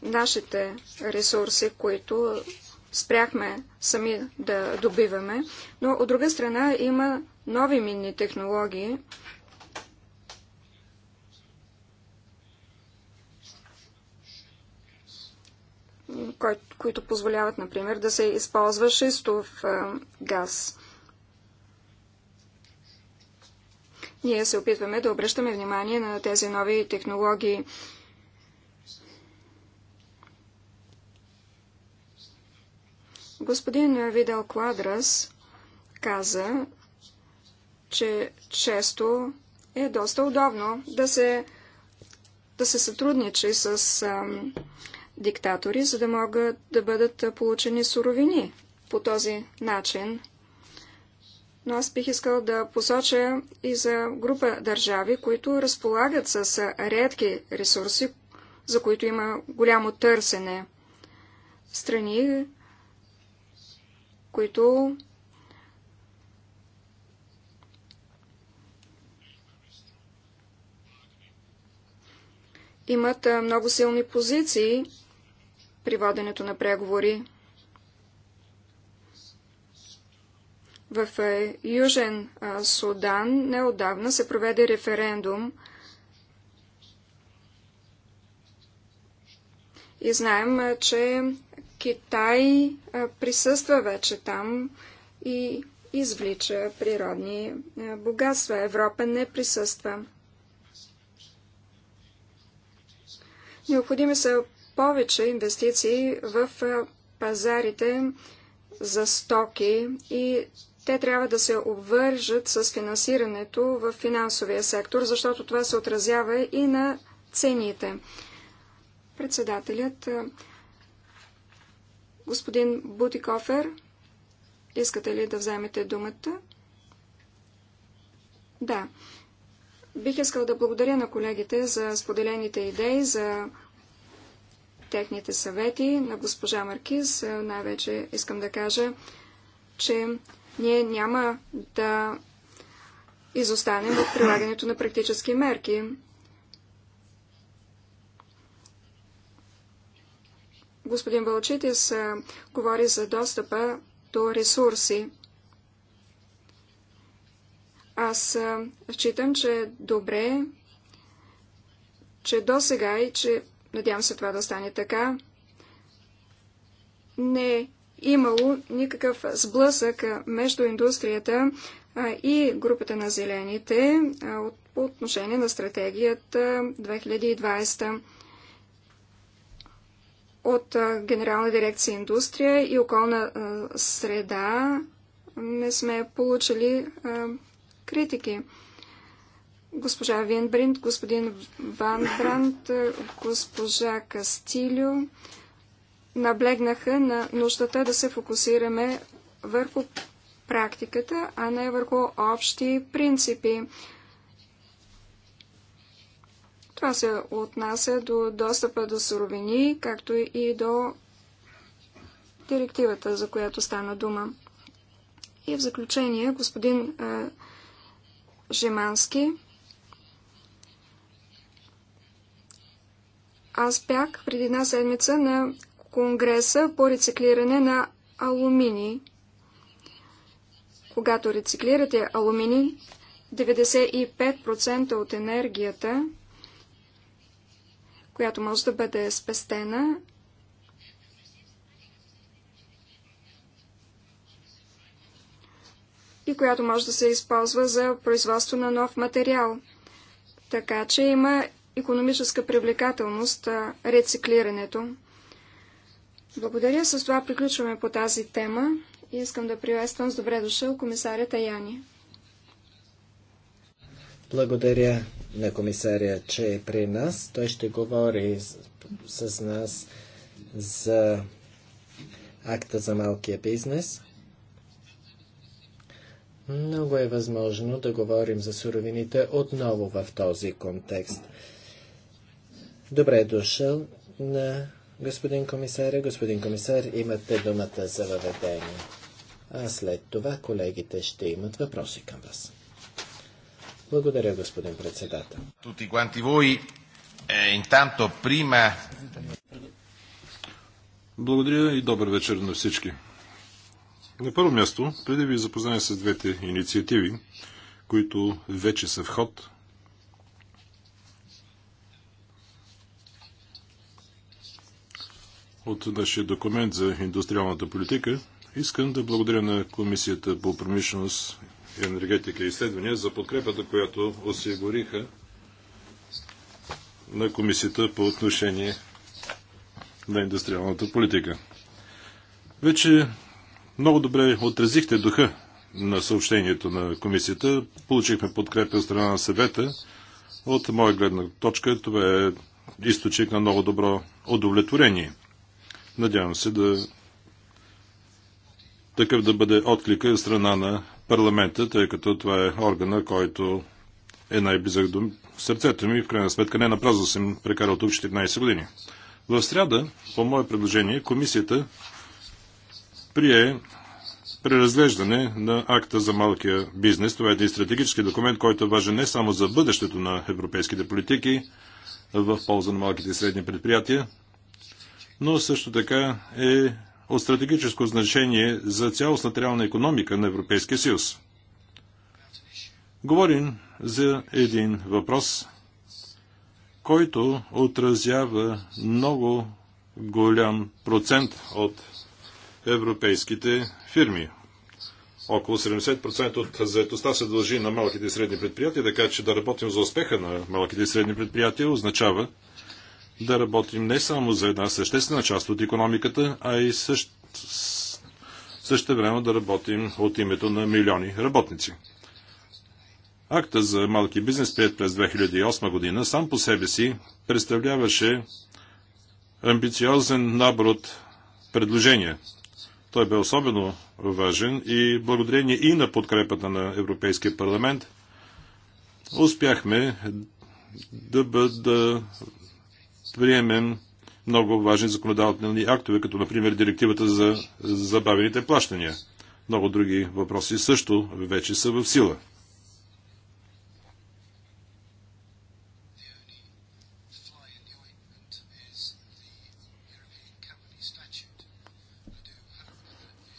нашите ресурси, които спряхме сами да добиваме, но от друга страна има нови минни технологии, които позволяват, например, да се използва шестов газ. Ние се опитваме да обръщаме внимание на тези нови технологии. Господин Видал Квадрас каза, че често е доста удобно да се, да се сътрудничи с диктатори, за да могат да бъдат получени суровини по този начин. Но аз бих искал да посоча и за група държави, които разполагат с редки ресурси, за които има голямо търсене. Страни, които имат много силни позиции при воденето на преговори. В е, Южен Судан неодавна се проведе референдум и знаем, че Китай присъства вече там и извлича природни богатства. Европа не присъства. Необходими са повече инвестиции в пазарите за стоки и те трябва да се обвържат с финансирането в финансовия сектор, защото това се отразява и на цените. Председателят господин Бутикофер, искате ли да вземете думата? Да. Бих искал да благодаря на колегите за споделените идеи, за техните съвети на госпожа Маркиз. Е, най-вече искам да кажа, че ние няма да изостанем от прилагането на практически мерки. Господин Балчитис е, говори за достъпа до ресурси. Аз е, считам, че е добре, че до сега и че Надявам се това да стане така. Не е имало никакъв сблъсък между индустрията и групата на зелените по отношение на стратегията 2020 от Генерална дирекция индустрия и околна среда не сме получили критики госпожа Винбринт, господин Ван Брант, госпожа Кастилио наблегнаха на нуждата да се фокусираме върху практиката, а не върху общи принципи. Това се отнася до достъпа до суровини, както и до директивата, за която стана дума. И в заключение, господин е, Жемански Аз бях преди една седмица на Конгреса по рециклиране на алумини. Когато рециклирате алумини, 95% от енергията, която може да бъде спестена, и която може да се използва за производство на нов материал. Така че има економическа привлекателност рециклирането. Благодаря. С това приключваме по тази тема и искам да приветствам с добре дошъл комисаря Таяни. Благодаря на комисаря, че е при нас. Той ще говори с, с нас за акта за малкия бизнес. Много е възможно да говорим за суровините отново в този контекст. Добре е дошъл на господин комисаря. Господин комисар, имате думата за въведение. А след това колегите ще имат въпроси към вас. Благодаря, господин председател. Тути quanti voi, е, интанто прима... Благодаря и добър вечер на всички. На първо място, преди ви запозная с двете инициативи, които вече са в ход, от нашия документ за индустриалната политика. Искам да благодаря на Комисията по промишленост, енергетика и изследвания за подкрепата, която осигуриха на Комисията по отношение на индустриалната политика. Вече много добре отразихте духа на съобщението на комисията. Получихме подкрепа от страна на съвета. От моя гледна точка това е източник на много добро удовлетворение. Надявам се да такъв да бъде отклика от страна на парламента, тъй като това е органа, който е най-близък до сърцето ми и в крайна сметка не напразно съм прекарал тук 14 години. В сряда, по мое предложение, комисията прие преразглеждане на акта за малкия бизнес. Това е един стратегически документ, който е важен не само за бъдещето на европейските политики в полза на малките и средни предприятия, но също така е от стратегическо значение за цялостната реална економика на Европейския съюз. Говорим за един въпрос, който отразява много голям процент от европейските фирми. Около 70% от заетостта се дължи на малките и средни предприятия, така че да работим за успеха на малките и средни предприятия означава да работим не само за една съществена част от економиката, а и също, също време да работим от името на милиони работници. Акта за малки бизнес, прият през 2008 година, сам по себе си представляваше амбициозен набор от предложения. Той бе особено важен и благодарение и на подкрепата на Европейския парламент успяхме да, бъдат. да приемем много важни законодателни актове, като например директивата за забавените плащания. Много други въпроси също вече са в сила.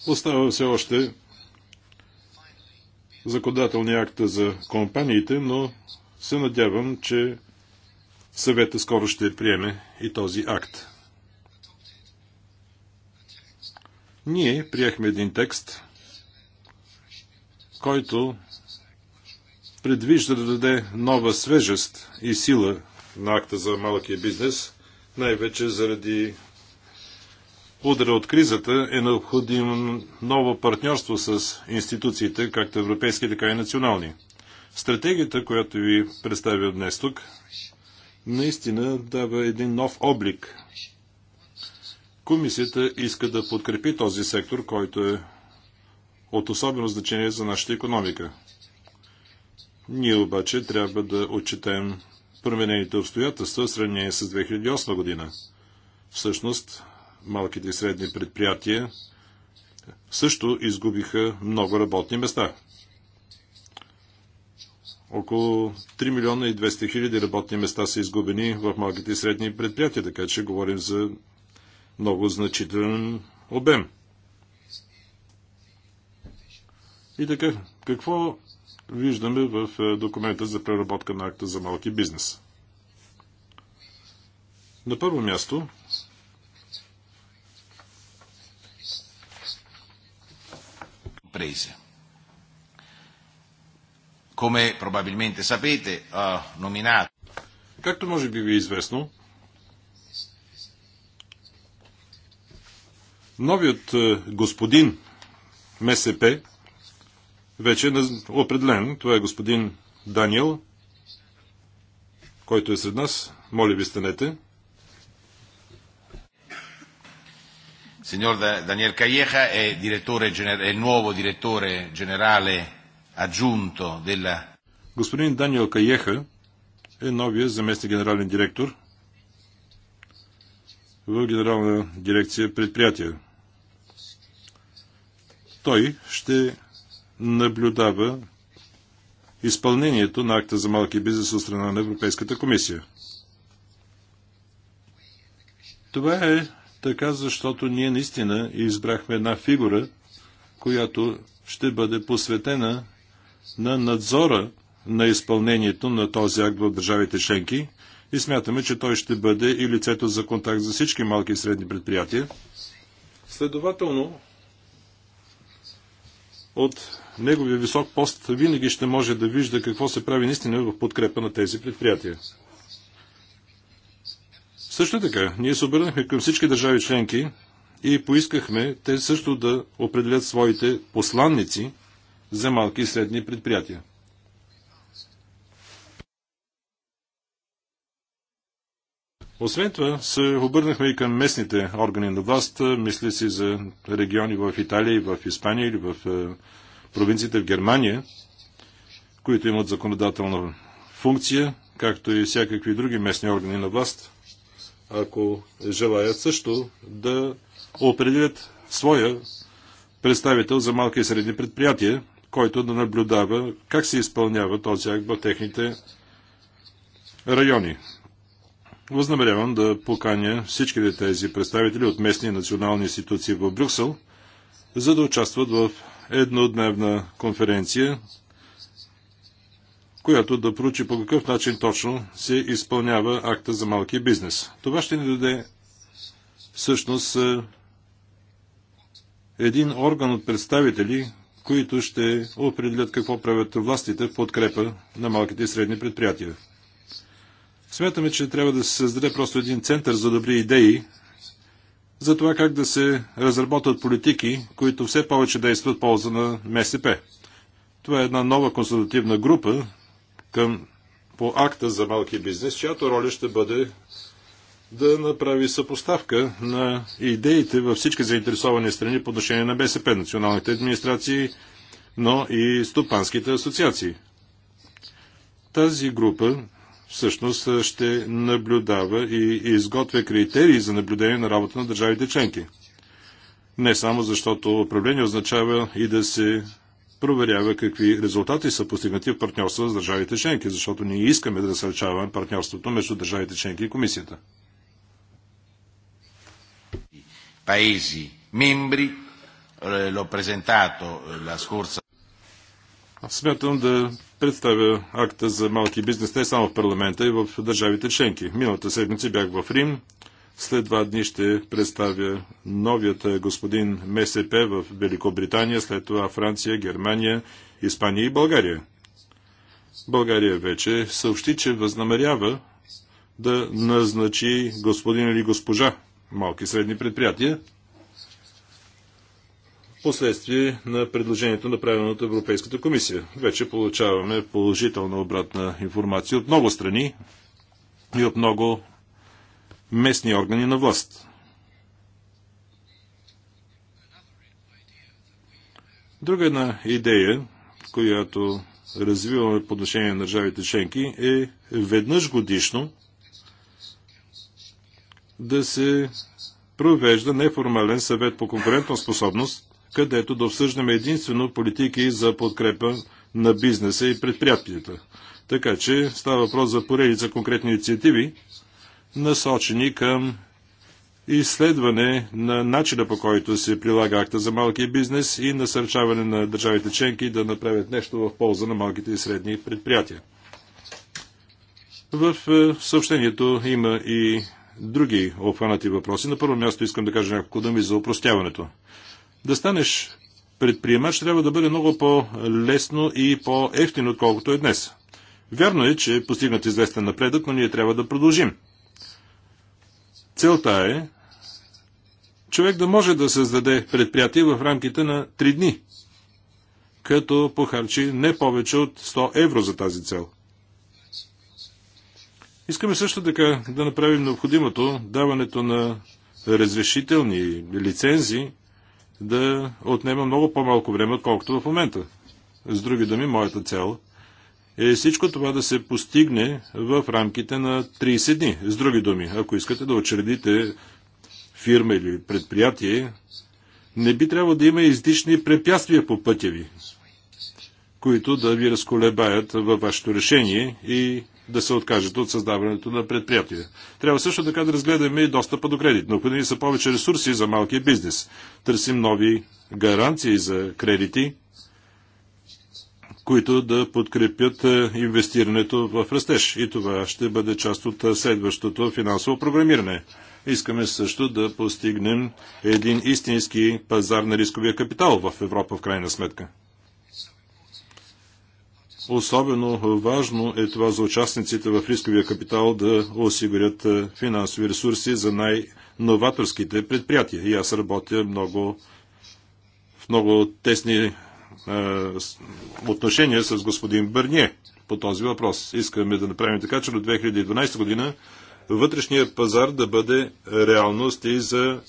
Остава все още законодателния акт за компаниите, но се надявам, че съвета скоро ще приеме и този акт. Ние приехме един текст, който предвижда да даде нова свежест и сила на акта за малкия бизнес, най-вече заради удара от кризата е необходимо ново партньорство с институциите, както европейски, така и национални. Стратегията, която ви представя днес тук, наистина дава един нов облик. Комисията иска да подкрепи този сектор, който е от особено значение за нашата економика. Ние обаче трябва да отчетем променените обстоятелства в сравнение с 2008 година. Всъщност, малките и средни предприятия също изгубиха много работни места – около 3 милиона и 200 хиляди работни места са изгубени в малките и средни предприятия, така че говорим за много значителен обем. И така, какво виждаме в е, документа за преработка на акта за малки бизнес? На първо място Презе. Come probabilmente sapete, ha nominato. Както може би ви е известно, новият е, господин МСП вече е определен. Това е господин Даниел, който е сред нас. Моля ви, станете. Сеньор Даниел Каеха е direttore, è il nuovo direttore aggiunto della... Господин Даниел Каеха е новия заместник генерален директор в Генерална дирекция предприятия. Той ще наблюдава изпълнението на акта за малки бизнес от страна на Европейската комисия. Това е така, защото ние наистина избрахме една фигура, която ще бъде посветена на надзора на изпълнението на този акт в държавите членки и смятаме, че той ще бъде и лицето за контакт за всички малки и средни предприятия. Следователно, от неговия висок пост винаги ще може да вижда какво се прави наистина в подкрепа на тези предприятия. Също така, ние се обърнахме към всички държави членки и поискахме те също да определят своите посланници – за малки и средни предприятия. Освен това, се обърнахме и към местните органи на власт, мисли си за региони в Италия и в Испания или в провинциите в Германия, които имат законодателна функция, както и всякакви други местни органи на власт, ако желаят също да определят своя представител за малки и средни предприятия, който да наблюдава как се изпълнява този акт в техните райони. Възнамерявам да поканя всичките тези представители от местни и национални институции в Брюксел, за да участват в еднодневна конференция, която да проучи по какъв начин точно се изпълнява акта за малки бизнес. Това ще ни даде всъщност е, един орган от представители, които ще определят какво правят властите в подкрепа на малките и средни предприятия. Смятаме, че трябва да се създаде просто един център за добри идеи за това как да се разработят политики, които все повече действат полза на МСП. Това е една нова консултативна група към, по акта за малки бизнес, чиято роля ще бъде да направи съпоставка на идеите във всички заинтересовани страни по отношение на БСП, националните администрации, но и стопанските асоциации. Тази група всъщност ще наблюдава и изготвя критерии за наблюдение на работа на държавите членки. Не само защото управление означава и да се проверява какви резултати са постигнати в партньорство с държавите членки, защото ние искаме да насърчаваме партньорството между държавите членки и комисията. Paesi membri. Eh, l'ho presentato eh, la scorsa. смятам да представя акта за малки бизнес не само в парламента и в държавите членки. Миналата седмица бях в Рим. След два дни ще представя новият е, господин МСП в Великобритания, след това Франция, Германия, Испания и България. България вече съобщи, че възнамерява да назначи господин или госпожа малки и средни предприятия, последствие на предложението направено от Европейската комисия. Вече получаваме положителна обратна информация от много страни и от много местни органи на власт. Друга една идея, която развиваме по отношение на държавите членки е веднъж годишно – да се провежда неформален съвет по конкурентна способност, където да обсъждаме единствено политики за подкрепа на бизнеса и предприятията. Така че става въпрос за поредица конкретни инициативи, насочени към изследване на начина по който се прилага акта за малкия бизнес и насърчаване на държавите членки да направят нещо в полза на малките и средни предприятия. В е, съобщението има и други обхванати въпроси. На първо място искам да кажа няколко думи за упростяването. Да станеш предприемач трябва да бъде много по-лесно и по ефтин отколкото е днес. Вярно е, че е постигнат известен напредък, но ние трябва да продължим. Целта е човек да може да създаде предприятие в рамките на 3 дни, като похарчи не повече от 100 евро за тази цел – Искаме също така да направим необходимото даването на разрешителни лицензии да отнема много по-малко време, отколкото в момента. С други думи, моята цел е всичко това да се постигне в рамките на 30 дни. С други думи, ако искате да очредите фирма или предприятие, не би трябвало да има излишни препятствия по пътя ви, които да ви разколебаят във вашето решение и да се откажат от създаването на предприятия. Трябва също така да разгледаме и достъпа до кредит. Необходими са повече ресурси за малкия бизнес. Търсим нови гаранции за кредити, които да подкрепят е, инвестирането в растеж. И това ще бъде част от е, следващото финансово програмиране. Искаме също да постигнем един истински пазар на рисковия капитал в Европа в крайна сметка. Особено важно е това за участниците в рисковия капитал да осигурят е, финансови ресурси за най-новаторските предприятия. И аз работя много, в много тесни е, отношения с господин Бърние по този въпрос. Искаме да направим така, че до 2012 година вътрешният пазар да бъде реалност и за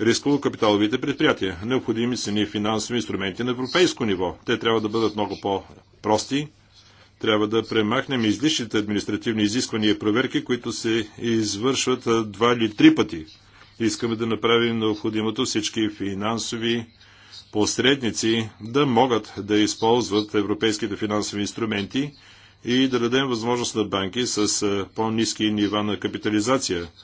рисково-капиталовите предприятия. Необходими са ни финансови инструменти на европейско ниво. Те трябва да бъдат много по прости. Трябва да премахнем излишните административни изисквания и проверки, които се извършват два или три пъти. Искаме да направим необходимото всички финансови посредници да могат да използват европейските финансови инструменти и да дадем възможност на банки с по-низки нива на капитализация –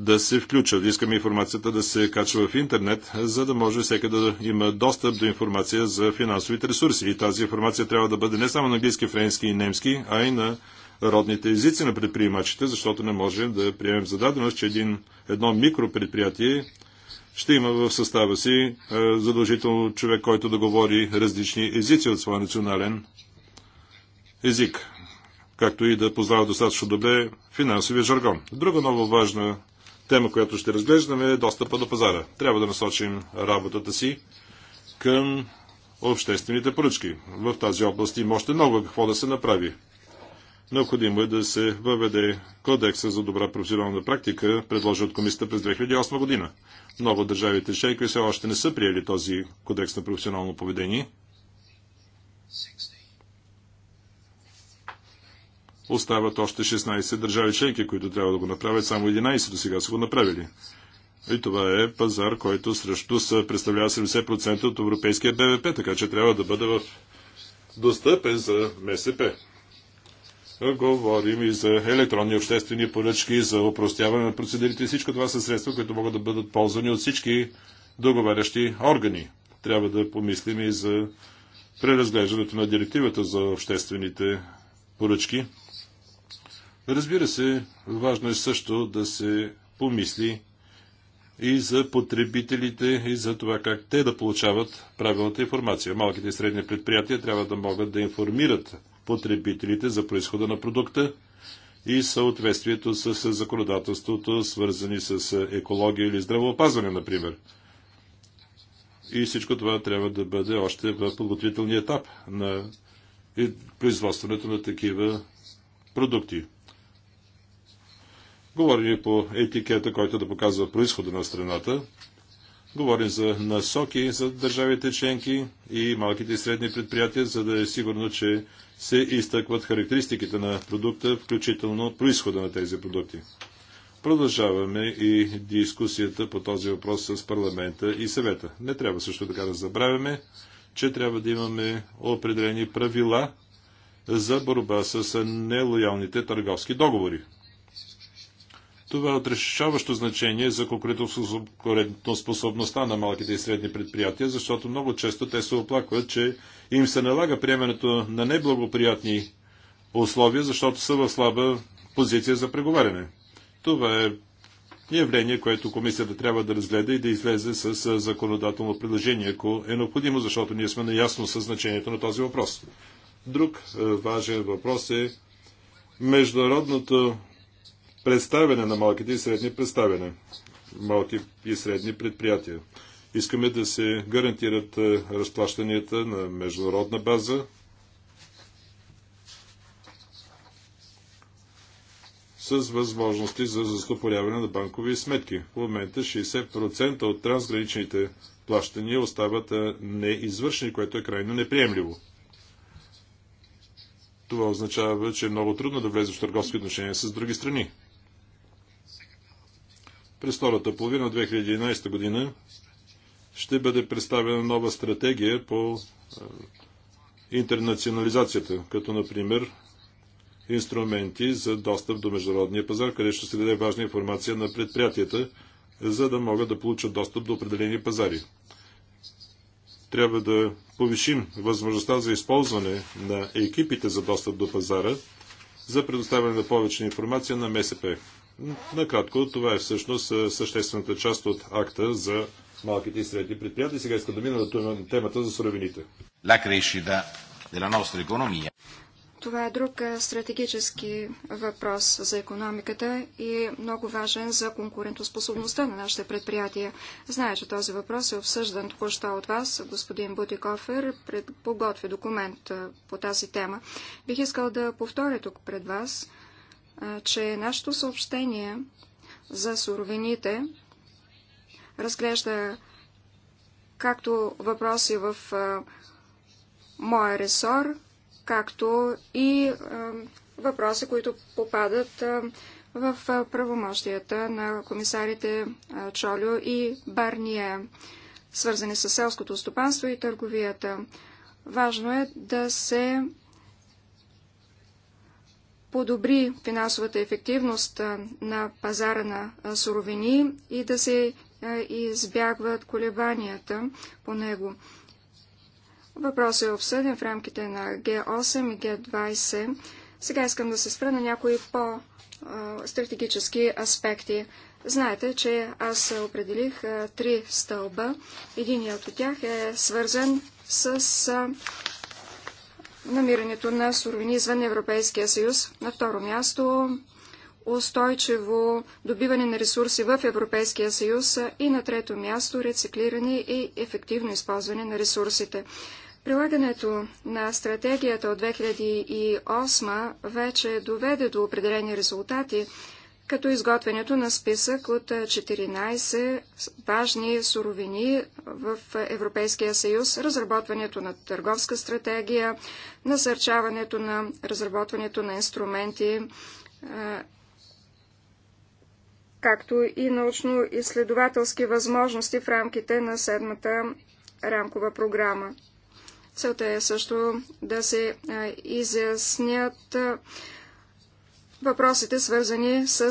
да се включат. Искаме информацията да се качва в интернет, за да може всеки да има достъп до информация за финансовите ресурси. И тази информация трябва да бъде не само на английски, френски и немски, а и на родните езици на предприемачите, защото не можем да приемем зададеност, че един, едно микропредприятие ще има в състава си е, задължително човек, който да говори различни езици от своя национален език, както и да познава достатъчно добре финансовия жаргон. Друга много важна тема, която ще разглеждаме е достъпа до пазара. Трябва да насочим работата си към обществените поръчки. В тази област има още много какво да се направи. Необходимо е да се въведе кодекса за добра професионална практика, предложен от комисията през 2008 година. Много държавите шейки все още не са приели този кодекс на професионално поведение – Остават още 16 държави членки, които трябва да го направят. Само 11 до сега са го направили. И това е пазар, който срещу са представлява 70% от европейския БВП, така че трябва да бъде в достъпен за МСП. Говорим и за електронни обществени поръчки, за упростяване на процедурите. Всичко това са средства, които могат да бъдат ползвани от всички договарящи органи. Трябва да помислим и за преразглеждането на директивата за обществените поръчки, Разбира се, важно е също да се помисли и за потребителите, и за това как те да получават правилната информация. Малките и средни предприятия трябва да могат да информират потребителите за происхода на продукта и съответствието с законодателството, свързани с екология или здравеопазване, например. И всичко това трябва да бъде още в подготвителния етап на производството на такива продукти. Говорим и по етикета, който да показва происхода на страната. Говорим за насоки за държавите членки и малките и средни предприятия, за да е сигурно, че се изтъкват характеристиките на продукта, включително происхода на тези продукти. Продължаваме и дискусията по този въпрос с парламента и съвета. Не трябва също така да забравяме, че трябва да имаме определени правила за борба с нелоялните търговски договори. Това е отрешаващо значение за конкурентоспособността на малките и средни предприятия, защото много често те се оплакват, че им се налага приемането на неблагоприятни условия, защото са в слаба позиция за преговаряне. Това е явление, което комисията трябва да разгледа и да излезе с законодателно предложение, ако е необходимо, защото ние сме наясно със значението на този въпрос. Друг важен въпрос е международното представяне на малките и средни представяне, малки и средни предприятия. Искаме да се гарантират е, разплащанията на международна база. с възможности за застопоряване на банкови сметки. В момента 60% от трансграничните плащания остават е, неизвършени, което е крайно неприемливо. Това означава, че е много трудно да влезеш в търговски отношения с други страни. През втората половина 2011 година ще бъде представена нова стратегия по е, интернационализацията, като например инструменти за достъп до международния пазар, къде ще се даде важна информация на предприятията, за да могат да получат достъп до определени пазари. Трябва да повишим възможността за използване на екипите за достъп до пазара за предоставяне на повече информация на МСП. Накратко, това е всъщност е, съществената част от акта за малките и средни предприятия. Сега искам да мина на темата за суровините. Това е друг е, стратегически въпрос за економиката и е много важен за конкурентоспособността на нашите предприятия. Знае, че този въпрос е обсъждан току-що от вас. Господин Бутикофер подготви документ по тази тема. Бих искал да повторя тук пред вас, че нашето съобщение за суровините разглежда както въпроси в моя ресор, както и въпроси, които попадат в правомощията на комисарите Чолю и Барния, свързани с селското стопанство и търговията. Важно е да се подобри финансовата ефективност на пазара на суровини и да се избягват колебанията по него. Въпросът е обсъден в рамките на Г8 и Г20. Сега искам да се спра на някои по-стратегически аспекти. Знаете, че аз определих три стълба. Единият от тях е свързан с намирането на суровини извън Европейския съюз. На второ място устойчиво добиване на ресурси в Европейския съюз и на трето място рециклиране и ефективно използване на ресурсите. Прилагането на стратегията от 2008 вече доведе до определени резултати, като изготвянето на списък от 14 е, важни суровини в е, Европейския съюз, разработването на търговска стратегия, насърчаването на разработването на инструменти, е, както и научно-изследователски възможности в рамките на седмата рамкова програма. Целта е също да се изяснят въпросите, свързани с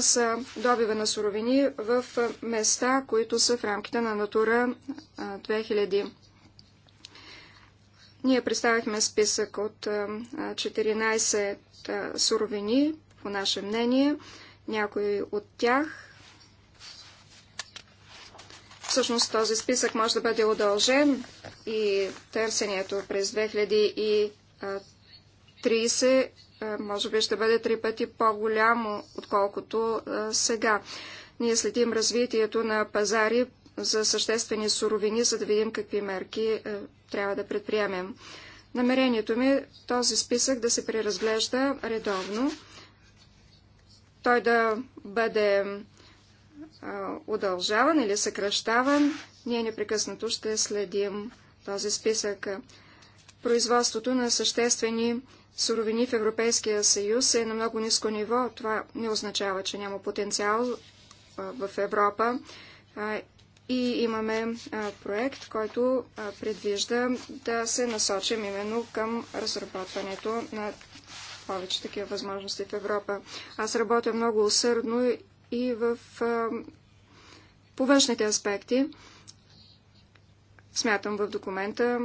добива на суровини в места, които са в рамките на Натура 2000. Ние представихме списък от 14 суровини, по наше мнение. Някои от тях Всъщност този списък може да бъде удължен и търсението през 2030 е, може би ще бъде три пъти по-голямо, отколкото е, сега. Ние следим развитието на пазари за съществени суровини, за да видим какви мерки е, трябва да предприемем. Намерението ми е този списък да се преразглежда редовно, той да бъде удължаван или съкръщаван. Ние непрекъснато ще следим този списък. Производството на съществени суровини в Европейския съюз е на много ниско ниво. Това не означава, че няма потенциал в Европа. И имаме проект, който предвижда да се насочим именно към разработването на повече такива възможности в Европа. Аз работя много усърдно и в повършните аспекти. Смятам в документа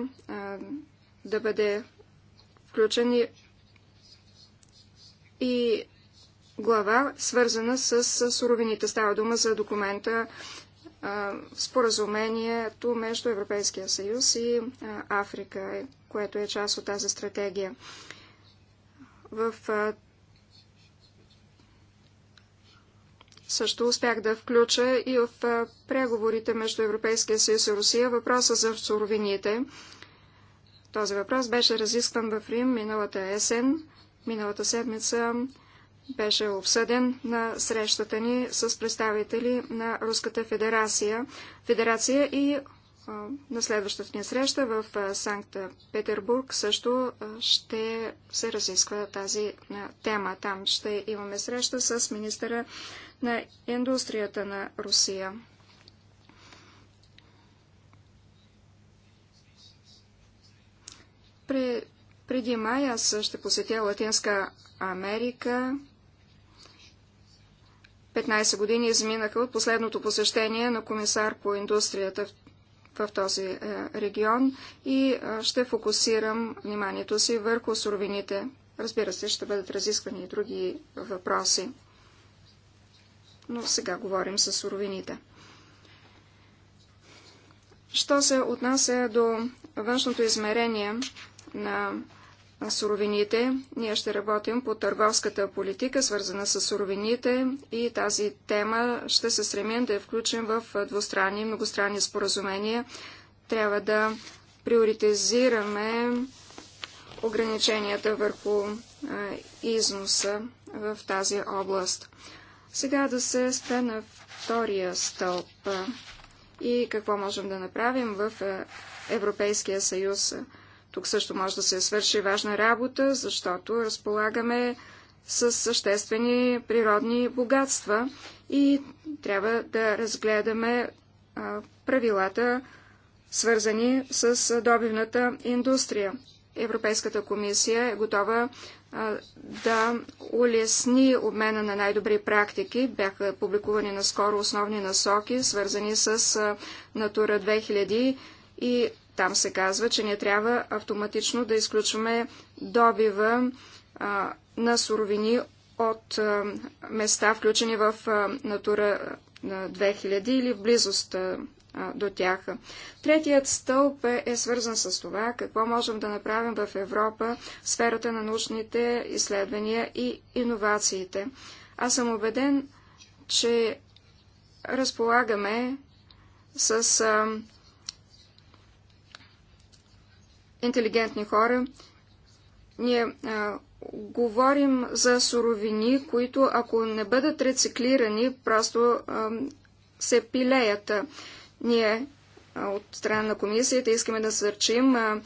да бъде включени и, глава, свързана с, суровините. Става дума за документа споразумението между Европейския съюз и Африка, е, което е част от тази стратегия. В също успях да включа и в преговорите между Европейския съюз и Русия въпроса за суровините. Този въпрос беше разискван в Рим миналата есен, миналата седмица беше обсъден на срещата ни с представители на Руската федерация, федерация и на следващата ни среща в Санкт-Петербург също ще се разисква тази тема. Там ще имаме среща с министъра на индустрията на Русия. преди май аз ще посетя Латинска Америка. 15 години изминаха от последното посещение на комисар по индустрията в, в този е, регион и е, ще фокусирам вниманието си върху суровините. Разбира се, ще бъдат разисквани и други въпроси. Но сега говорим с суровините. Що се отнася до външното измерение, на суровините. Ние ще работим по търговската политика, свързана с суровините и тази тема ще се стремим да я включим в двустранни и многостранни споразумения. Трябва да приоритизираме ограниченията върху износа в тази област. Сега да се спре на втория стълб и какво можем да направим в Европейския съюз. Тук също може да се свърши важна работа, защото разполагаме с съществени природни богатства и трябва да разгледаме правилата, свързани с добивната индустрия. Европейската комисия е готова да улесни обмена на най-добри практики. Бяха публикувани наскоро основни насоки, свързани с Натура 2000 и там се казва, че не трябва автоматично да изключваме добива а, на суровини от а, места, включени в а, Натура 2000 или в близост до тях. Третият стълб е, е свързан с това, какво можем да направим в Европа в сферата на научните изследвания и иновациите. Аз съм убеден, че разполагаме с а, интелигентни хора. Ние а, говорим за суровини, които ако не бъдат рециклирани, просто а, се пилеят. Ние а, от страна на комисията искаме да сърчим а,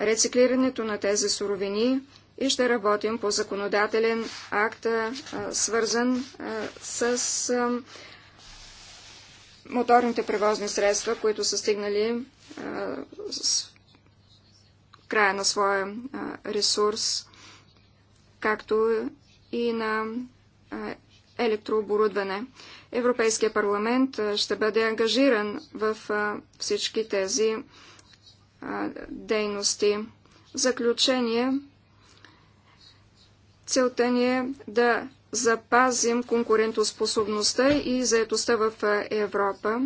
рециклирането на тези суровини и ще работим по законодателен акт, а, свързан а, с а, моторните превозни средства, които са стигнали с края на своя ресурс, както и на електрооборудване. Европейския парламент ще бъде ангажиран в всички тези дейности. В заключение, целта ни е да запазим конкурентоспособността и заетостта в Европа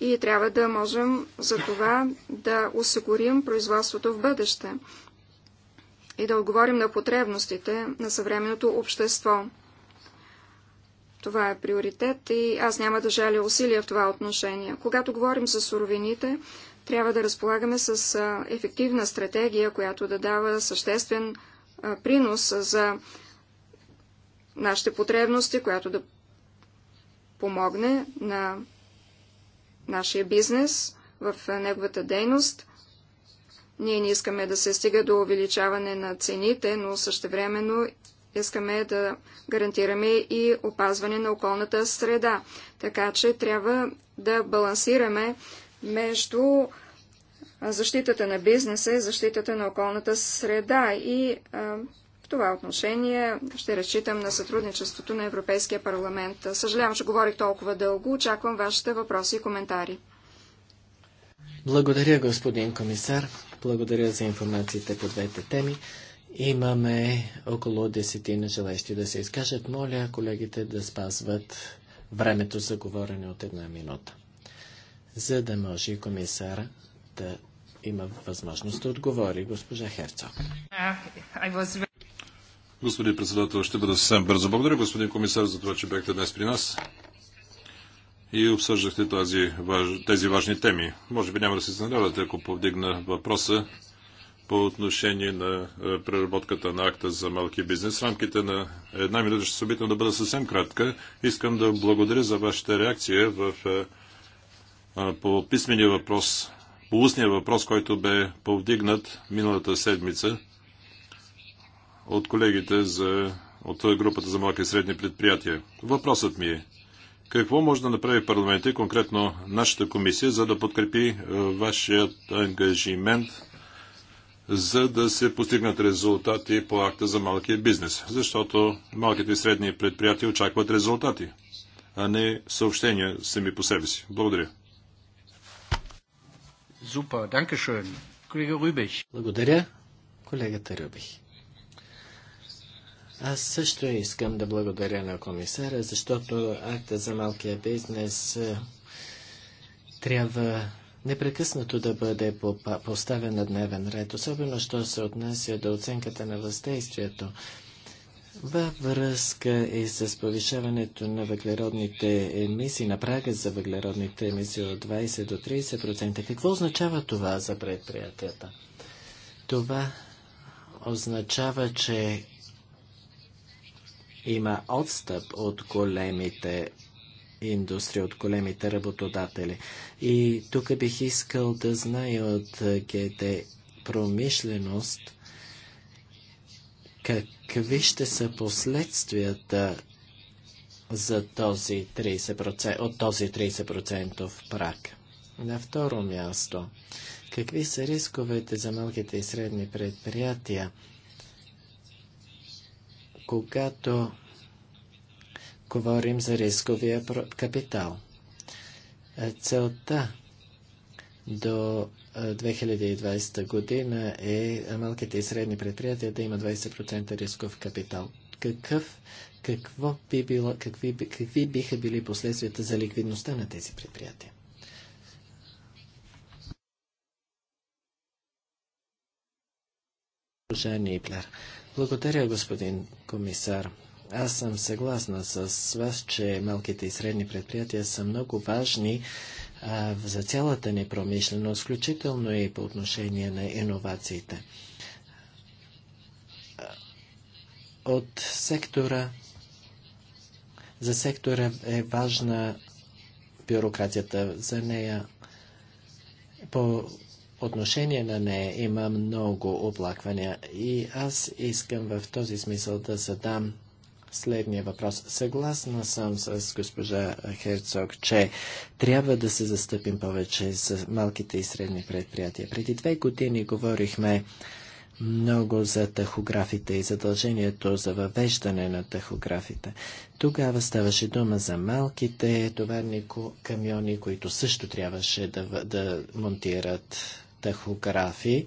и трябва да можем за това да осигурим производството в бъдеще и да отговорим на потребностите на съвременното общество. Това е приоритет и аз няма да жаля усилия в това отношение. Когато говорим за суровините, трябва да разполагаме с ефективна стратегия, която да дава съществен принос за нашите потребности, която да помогне на нашия бизнес, в неговата дейност. Ние не искаме да се стига до увеличаване на цените, но същевременно искаме да гарантираме и опазване на околната среда. Така че трябва да балансираме между защитата на бизнеса и защитата на околната среда и а, това отношение ще разчитам на сътрудничеството на Европейския парламент. Съжалявам, че говорих толкова дълго. Очаквам вашите въпроси и коментари. Благодаря, господин комисар. Благодаря за информациите по двете теми. Имаме около десетина желащи да се изкажат. Моля колегите да спазват времето за говорене от една минута, за да може и комисара да има възможност да отговори госпожа Херцог. Uh, Господин председател, ще бъда съвсем бързо. Благодаря, господин комисар, за това, че бяхте днес при нас и обсъждахте тази, тези важни теми. Може би няма да се изненадавате, ако повдигна въпроса по отношение на е, преработката на акта за малки бизнес. В рамките на една минута ще се опитам да бъда съвсем кратка. Искам да благодаря за вашата реакция в, е, е, по писмения въпрос, по устния въпрос, който бе повдигнат миналата седмица – от колегите за, от групата за малки и средни предприятия. Въпросът ми е, какво може да направи парламент и конкретно нашата комисия, за да подкрепи е, вашият ангажимент за да се постигнат резултати по акта за малкия бизнес. Защото малките и средни предприятия очакват резултати, а не съобщения сами по себе си. Благодаря. Супер, Благодаря, колегата Рюбих. Аз също искам да благодаря на комисара, защото акта за малкия бизнес е, трябва непрекъснато да бъде поставен на дневен ред, особено що се отнася до оценката на въздействието. Във връзка и с повишаването на въглеродните емисии, на прага за въглеродните емисии от 20 до 30%, какво означава това за предприятията? Това означава, че има отстъп от големите индустрия, от големите работодатели. И тук бих искал да знае от ГД промишленост какви ще са последствията за този 30%, от този 30% прак. На второ място, какви са рисковете за малките и средни предприятия? когато говорим за рисковия капитал. Е, целта до 2020 е, година е малките и средни предприятия да има 20% рисков капитал. Какъв, какво би било, какви, какви биха били последствията за ликвидността на тези предприятия? Жан Ипляр, благодаря, господин комисар. Аз съм съгласна с вас, че малките и средни предприятия са много важни а, за цялата ни промишленост, включително и по отношение на иновациите. От сектора за сектора е важна бюрокрацията. За нея по отношение на нея има много оплаквания и аз искам в този смисъл да задам следния въпрос. Съгласна съм с госпожа Херцог, че трябва да се застъпим повече за малките и средни предприятия. Преди две години говорихме много за тахографите и задължението за въвеждане на тахографите. Тогава ставаше дума за малките товарни камиони, които също трябваше да, да монтират тахографи.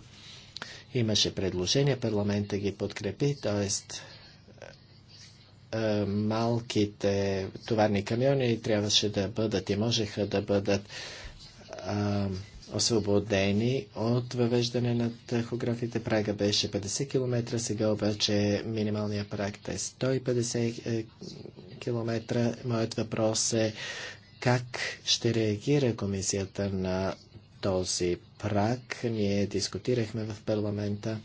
Имаше предложение, парламента ги подкрепи, т.е. Е, малките товарни камиони трябваше да бъдат и можеха да бъдат а, е, освободени от въвеждане на тахографите. Прага беше 50 км, сега обаче минималният праг е 150 е, км. Моят въпрос е как ще реагира комисията на този прак. Ние дискутирахме в парламента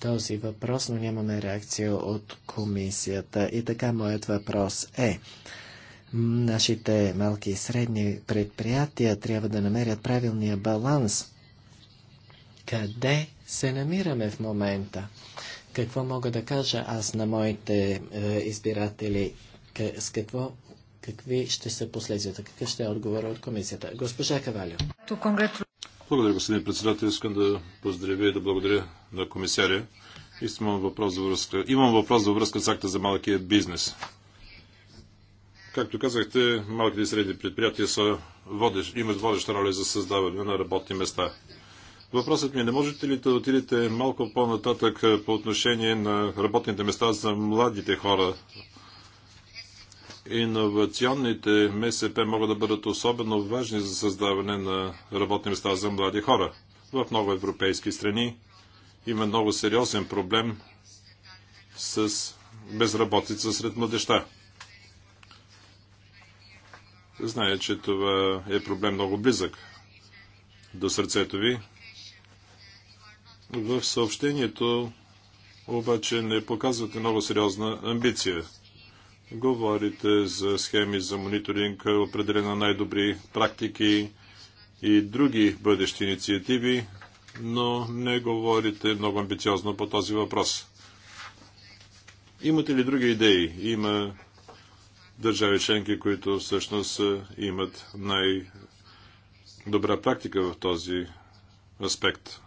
този въпрос, но нямаме реакция от комисията. И така моят въпрос е, нашите малки и средни предприятия трябва да намерят правилния баланс. Къде се намираме в момента? Какво мога да кажа аз на моите е, избиратели? С какво какви ще са последствията, какъв ще е отговор от комисията. Госпожа Кавалио. Благодаря, господин председател. Искам да поздравя и да благодаря на комисаря. Имам въпрос за връзка, Имам въпрос за връзка с акта за малкия бизнес. Както казахте, малките и средни предприятия са водещ, имат водеща роля за създаване на работни места. Въпросът ми е, не можете ли да отидете малко по-нататък по отношение на работните места за младите хора Иновационните МСП могат да бъдат особено важни за създаване на работни места за млади хора. В много европейски страни има много сериозен проблем с безработица сред младеща. Зная, че това е проблем много близък до сърцето ви. В съобщението обаче не показвате много сериозна амбиция. Говорите за схеми за мониторинг, определена най-добри практики и други бъдещи инициативи, но не говорите много амбициозно по този въпрос. Имате ли други идеи? Има държави членки, които всъщност е, имат най-добра практика в този аспект.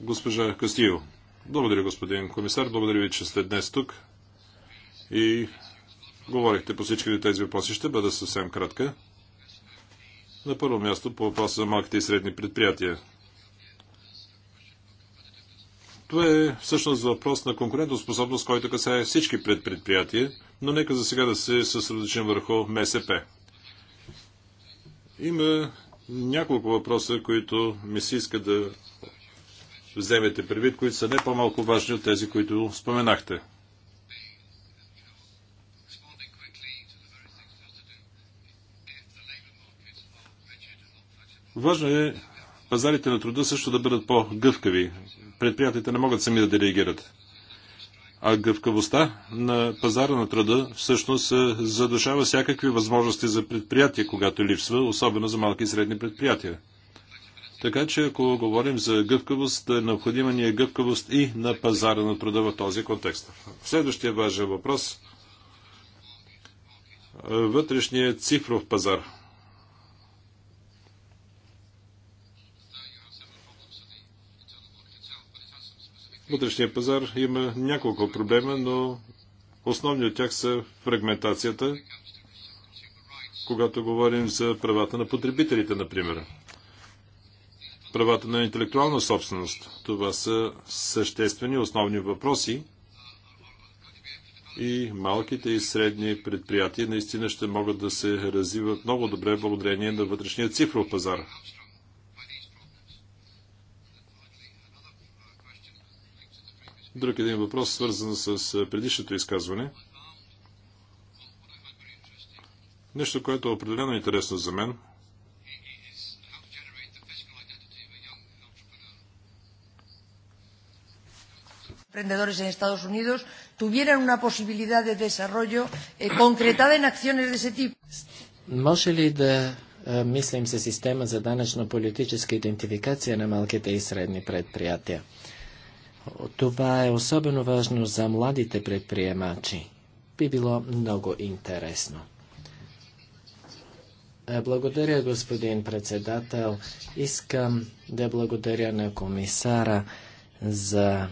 Госпожа Кастио, Благодаря, господин комисар. Благодаря ви, че сте днес тук и говорихте по всички тези въпроси. Ще бъда съвсем кратка. На първо място по въпроса за малките и средни предприятия. Това е всъщност въпрос на конкурентоспособност, който касае всички предприятия, но нека за сега да се съсредоточим върху МСП. Има няколко въпроса, които ми се иска да вземете предвид, които са не по-малко важни от тези, които споменахте. Важно е пазарите на труда също да бъдат по-гъвкави. Предприятията не могат сами да реагират. А гъвкавостта на пазара на труда всъщност е, задушава всякакви възможности за предприятия, когато липсва, особено за малки и средни предприятия. Така че ако говорим за гъвкавост, е необходима ни е гъвкавост и на пазара на труда в този контекст. Следващия важен въпрос вътрешният цифров пазар. Вътрешният пазар има няколко проблема, но основни от тях са фрагментацията, когато говорим за правата на потребителите, например правата на интелектуална собственост. Това са съществени основни въпроси и малките и средни предприятия наистина ще могат да се развиват много добре благодарение на вътрешния цифров пазар. Друг един въпрос, свързан с предишното изказване. Нещо, което е определено интересно за мен – emprendedores en Estados Unidos tuvieran una posibilidad de desarrollo eh, concretada en acciones de ese tipo. Може ли да е, мислим за система за данъчно-политическа идентификация на малките и средни предприятия? Това е особено важно за младите предприемачи. Би било много интересно. Е, благодаря, господин председател. Искам да благодаря на комисара за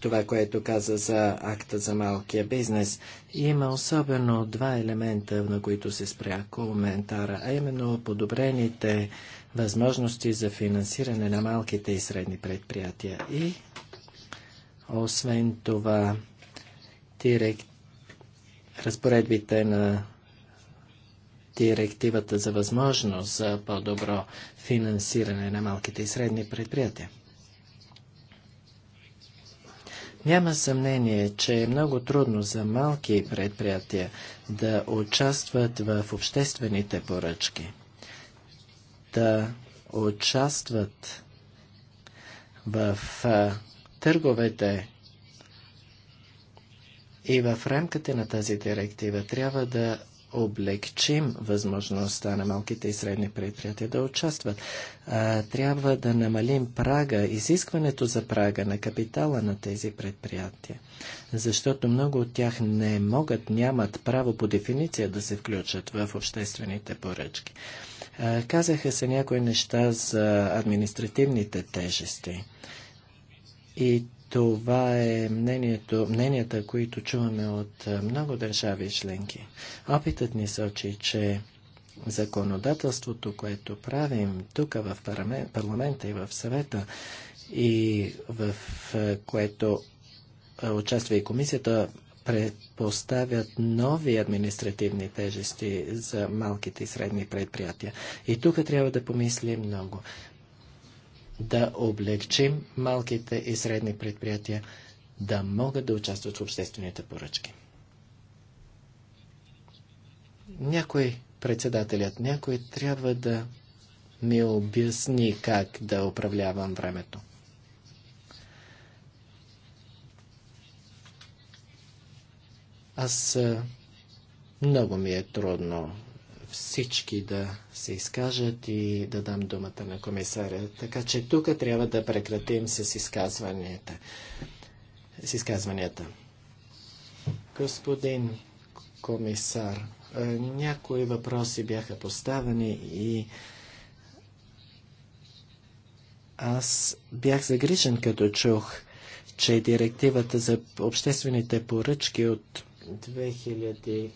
това, което каза за акта за малкия бизнес. Има особено два елемента, на които се спря коментара, а именно подобрените възможности за финансиране на малките и средни предприятия. И освен това, директ... разпоредбите на директивата за възможност за по-добро финансиране на малките и средни предприятия. Няма съмнение, че е много трудно за малки предприятия да участват в обществените поръчки, да участват в а, търговете и в рамките на тази директива трябва да облегчим възможността на малките и средни предприятия да участват. А, трябва да намалим прага, изискването за прага на капитала на тези предприятия, защото много от тях не могат, нямат право по дефиниция да се включат в обществените поръчки. А, казаха се някои неща за административните тежести. И това е мнението, мненията, които чуваме от много държави членки. Опитът ни сочи, че законодателството, което правим тук в парламента и в съвета и в което участва и комисията, предпоставят нови административни тежести за малките и средни предприятия. И тук трябва да помислим много да облегчим малките и средни предприятия да могат да участват в обществените поръчки. Някой председателят, някой трябва да ми обясни как да управлявам времето. Аз много ми е трудно всички да се изкажат и да дам думата на комисаря. Така че тук трябва да прекратим с изказванията. С изказванията. Господин комисар, е, някои въпроси бяха поставени и аз бях загрижен, като чух, че директивата за обществените поръчки от 2000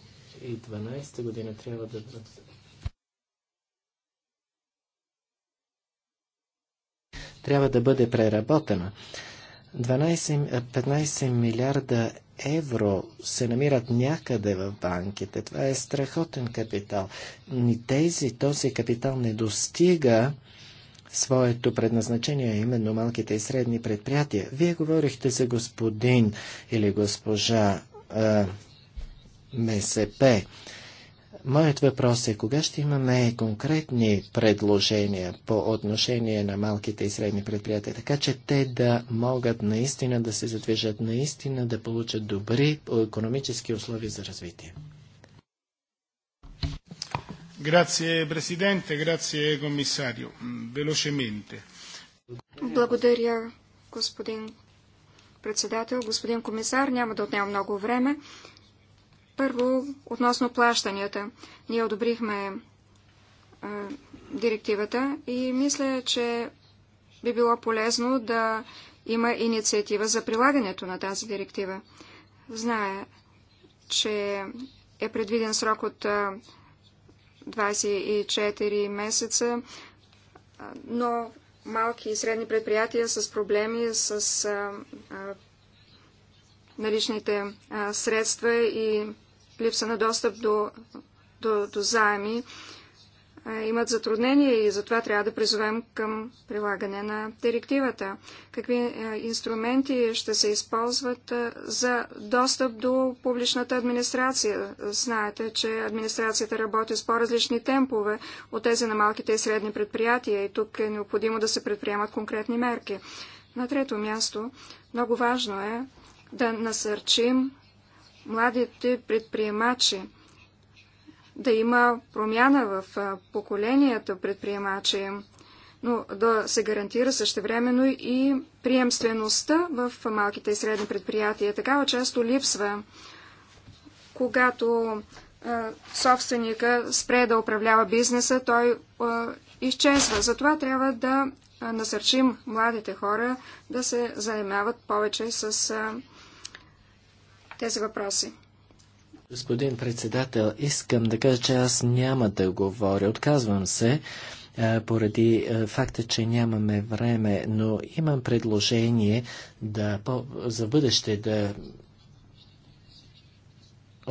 2012 година трябва да трябва да бъде преработена. 12, 15 милиарда евро се намират някъде в банките. Това е страхотен капитал. Ни тези, този капитал не достига своето предназначение, именно малките и средни предприятия. Вие говорихте за господин или госпожа а, МСП. Моят въпрос е, кога ще имаме конкретни предложения по отношение на малките и средни предприятия, така че те да могат наистина да се задвижат, наистина да получат добри економически условия за развитие? Грация, президенте, грация, комисарио. Велошементе. Благодаря, господин председател, господин комисар. Няма да отнема много време. Първо, относно плащанията. Ние одобрихме а, е, директивата и мисля, че би било полезно да има инициатива за прилагането на тази директива. Знае, че е предвиден срок от 24 е, месеца, е, но малки и средни предприятия с проблеми с наличните средства и липса на достъп до, до, до заеми, имат затруднения и затова трябва да призовем към прилагане на директивата. Какви инструменти ще се използват за достъп до публичната администрация? Знаете, че администрацията работи с по-различни темпове от тези на малките и средни предприятия и тук е необходимо да се предприемат конкретни мерки. На трето място, много важно е да насърчим младите предприемачи, да има промяна в поколенията предприемачи, но да се гарантира същевременно и приемствеността в малките и средни предприятия. Такава често липсва, когато собственика спре да управлява бизнеса, той изчезва. Затова трябва да насърчим младите хора да се занимават повече с а, тези въпроси. Господин председател, искам да кажа, че аз няма да говоря. Отказвам се поради факта, че нямаме време, но имам предложение да, по, за бъдеще да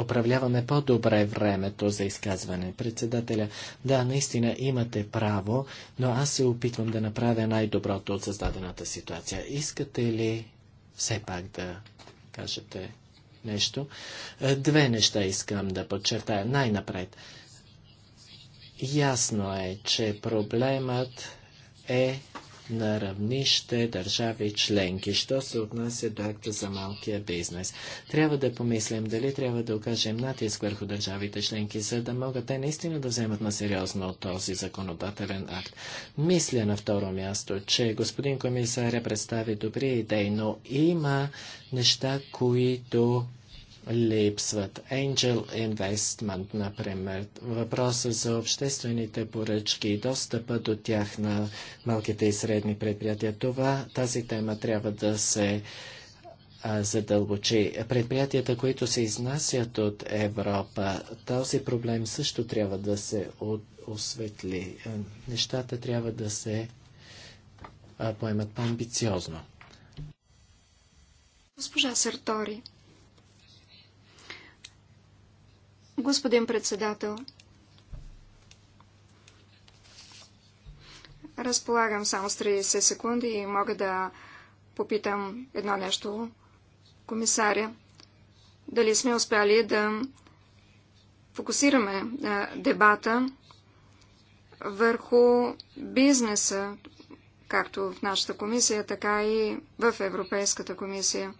управляваме по-добре времето за изказване. Председателя, да, наистина имате право, но аз се опитвам да направя най-доброто от създадената ситуация. Искате ли все пак да кажете нещо. Е, две неща искам да подчертая най-напред. Ясно е, че проблемът е на равнище държави членки. Що се отнася до акта за малкия бизнес? Трябва да помислим дали трябва да окажем натиск върху държавите членки, за да могат те наистина да вземат на сериозно този законодателен акт. Мисля на второ място, че господин комисаря представи добри идеи, но има неща, които липсват. Angel Investment, например, въпроса за обществените поръчки и достъпа до тях на малките и средни предприятия. Това, тази тема трябва да се задълбочи. Предприятията, които се изнасят от Европа, този проблем също трябва да се осветли. Е, нещата трябва да се поемат по-амбициозно. Госпожа Сартори. Господин председател, разполагам само с 30 секунди и мога да попитам едно нещо комисаря. Дали сме успяли да фокусираме дебата върху бизнеса, както в нашата комисия, така и в Европейската комисия.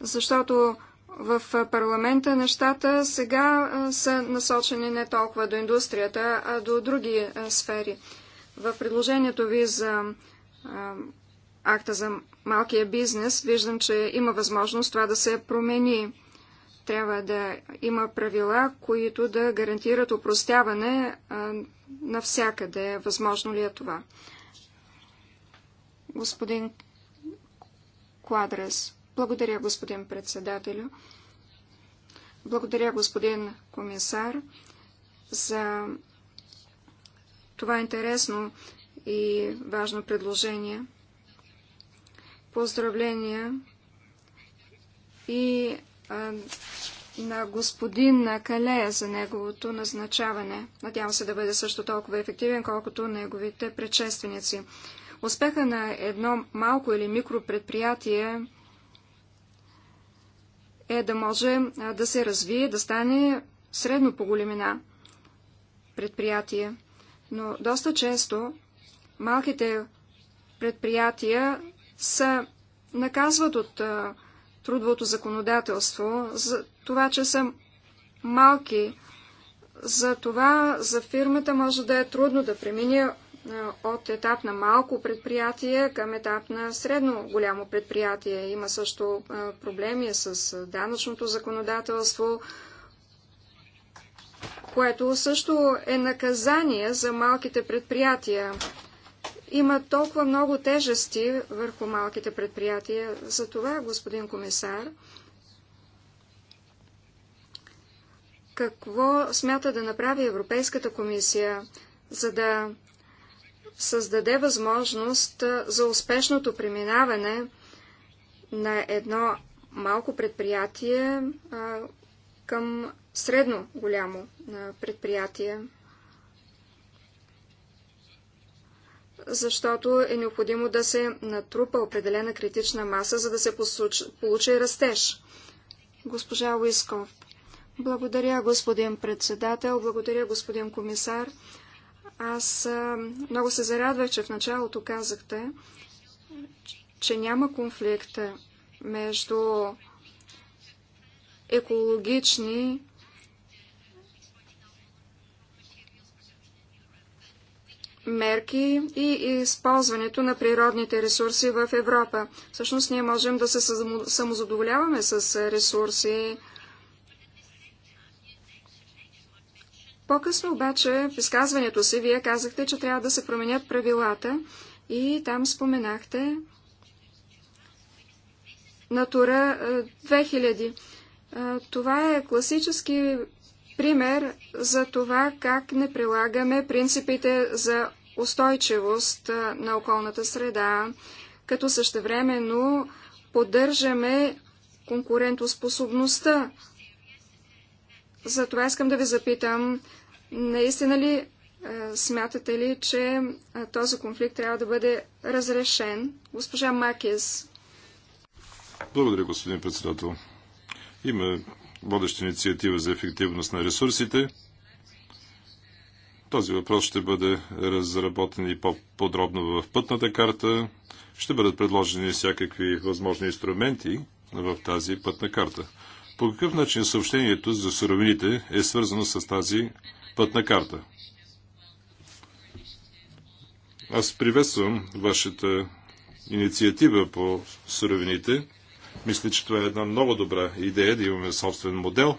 Защото в парламента нещата сега са насочени не толкова до индустрията, а до други сфери. В предложението ви за акта за малкия бизнес виждам, че има възможност това да се промени. Трябва да има правила, които да гарантират упростяване навсякъде. Възможно ли е това? Господин Квадрес. Благодаря, господин председателю. Благодаря, господин комисар, за това интересно и важно предложение. Поздравления и а, на господин Калея за неговото назначаване. Надявам се да бъде също толкова ефективен, колкото неговите предшественици. Успеха на едно малко или микропредприятие предприятие е да може да се развие, да стане средно по големина предприятие. Но доста често малките предприятия са наказват от трудовото законодателство за това, че са малки. За това за фирмата може да е трудно да премине от етап на малко предприятие към етап на средно голямо предприятие. Има също проблеми с данъчното законодателство, което също е наказание за малките предприятия. Има толкова много тежести върху малките предприятия. За това, господин комисар, какво смята да направи Европейската комисия, за да създаде възможност за успешното преминаване на едно малко предприятие към средно голямо предприятие. Защото е необходимо да се натрупа определена критична маса, за да се получи растеж. Госпожа Уисков. Благодаря, господин председател. Благодаря, господин комисар. Аз много се зарадвах, че в началото казахте, че няма конфликт между екологични мерки и използването на природните ресурси в Европа. Всъщност ние можем да се самозадоволяваме с ресурси, По-късно обаче в изказването си вие казахте, че трябва да се променят правилата и там споменахте Натура 2000. Е, е, това е класически пример за това как не прилагаме принципите за устойчивост е, на околната среда, като същевременно поддържаме конкурентоспособността. Затова искам да ви запитам, Наистина ли е, смятате ли, че е, този конфликт трябва да бъде разрешен? Госпожа Макес. Благодаря, господин председател. Има водеща инициатива за ефективност на ресурсите. Този въпрос ще бъде разработен и по-подробно в пътната карта. Ще бъдат предложени всякакви възможни инструменти в тази пътна карта. По какъв начин съобщението за суровините е свързано с тази пътна карта. Аз приветствам вашата инициатива по суровините. Мисля, че това е една много добра идея да имаме собствен модел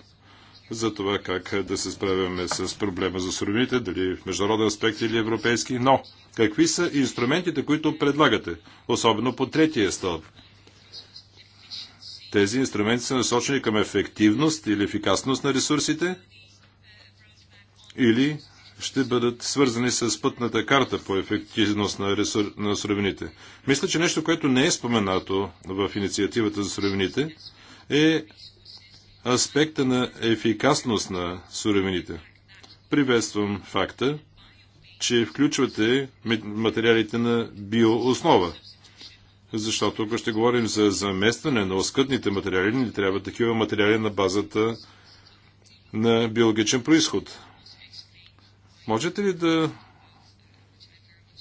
за това как да се справяме с проблема за суровините, дали в международен аспект или европейски. Но какви са инструментите, които предлагате, особено по третия стълб? Тези инструменти са насочени към ефективност или ефикасност на ресурсите – или ще бъдат свързани с пътната карта по ефективност на, ресур... на суровините. Мисля, че нещо, което не е споменато в инициативата за суровините, е аспекта на ефикасност на суровините. Приветствам факта, че включвате материалите на биооснова. Защото ако ще говорим за заместване на оскъдните материали, ни трябва такива материали на базата на биологичен происход. Можете ли да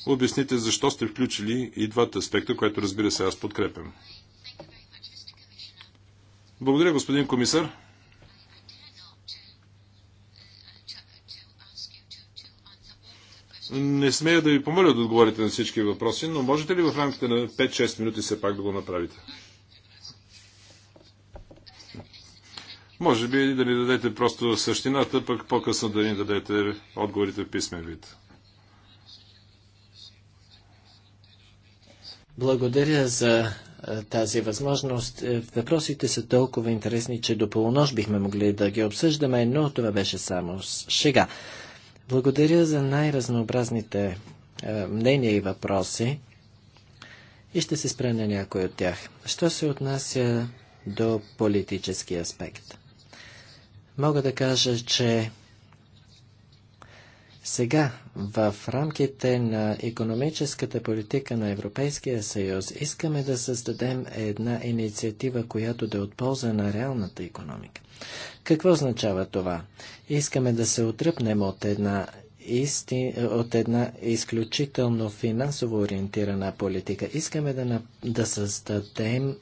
обясните защо сте включили и двата аспекта, което разбира се аз подкрепям? Благодаря, господин комисар. Не смея да ви помоля да отговорите на всички въпроси, но можете ли в рамките на 5-6 минути все пак да го направите? Може би да ни дадете просто същината, пък по-късно да ни дадете отговорите в писмен вид. Благодаря за тази възможност. Е, въпросите са толкова интересни, че до полунощ бихме могли да ги обсъждаме, но това беше само шега. Благодаря за най-разнообразните е, мнения и въпроси и ще се спра на някой от тях. Що се отнася до политически аспект? мога да кажа, че сега, в рамките на економическата политика на Европейския съюз, искаме да създадем една инициатива, която да е от полза на реалната економика. Какво означава това? Искаме да се отръпнем от една исти, от една изключително финансово ориентирана политика. Искаме да, на, да създадем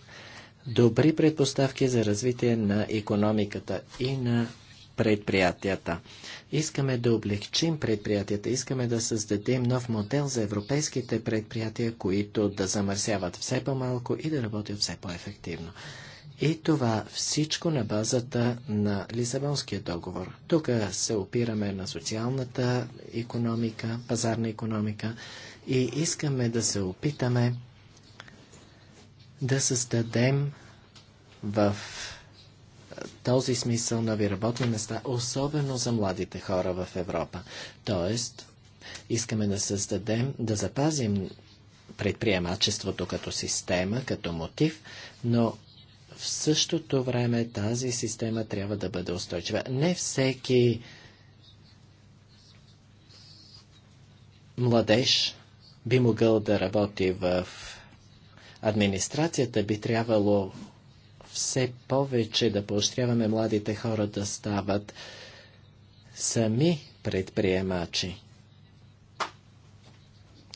добри предпоставки за развитие на економиката и на предприятията. Искаме да облегчим предприятията, искаме да създадем нов модел за европейските предприятия, които да замърсяват все по-малко и да работят все по-ефективно. И това всичко на базата на Лисабонския договор. Тук се опираме на социалната економика, пазарна економика и искаме да се опитаме да създадем в този смисъл нови работни места, особено за младите хора в Европа. Тоест, искаме да създадем, да запазим предприемачеството като система, като мотив, но в същото време тази система трябва да бъде устойчива. Не всеки младеж би могъл да работи в администрацията би трябвало все повече да поощряваме младите хора да стават сами предприемачи.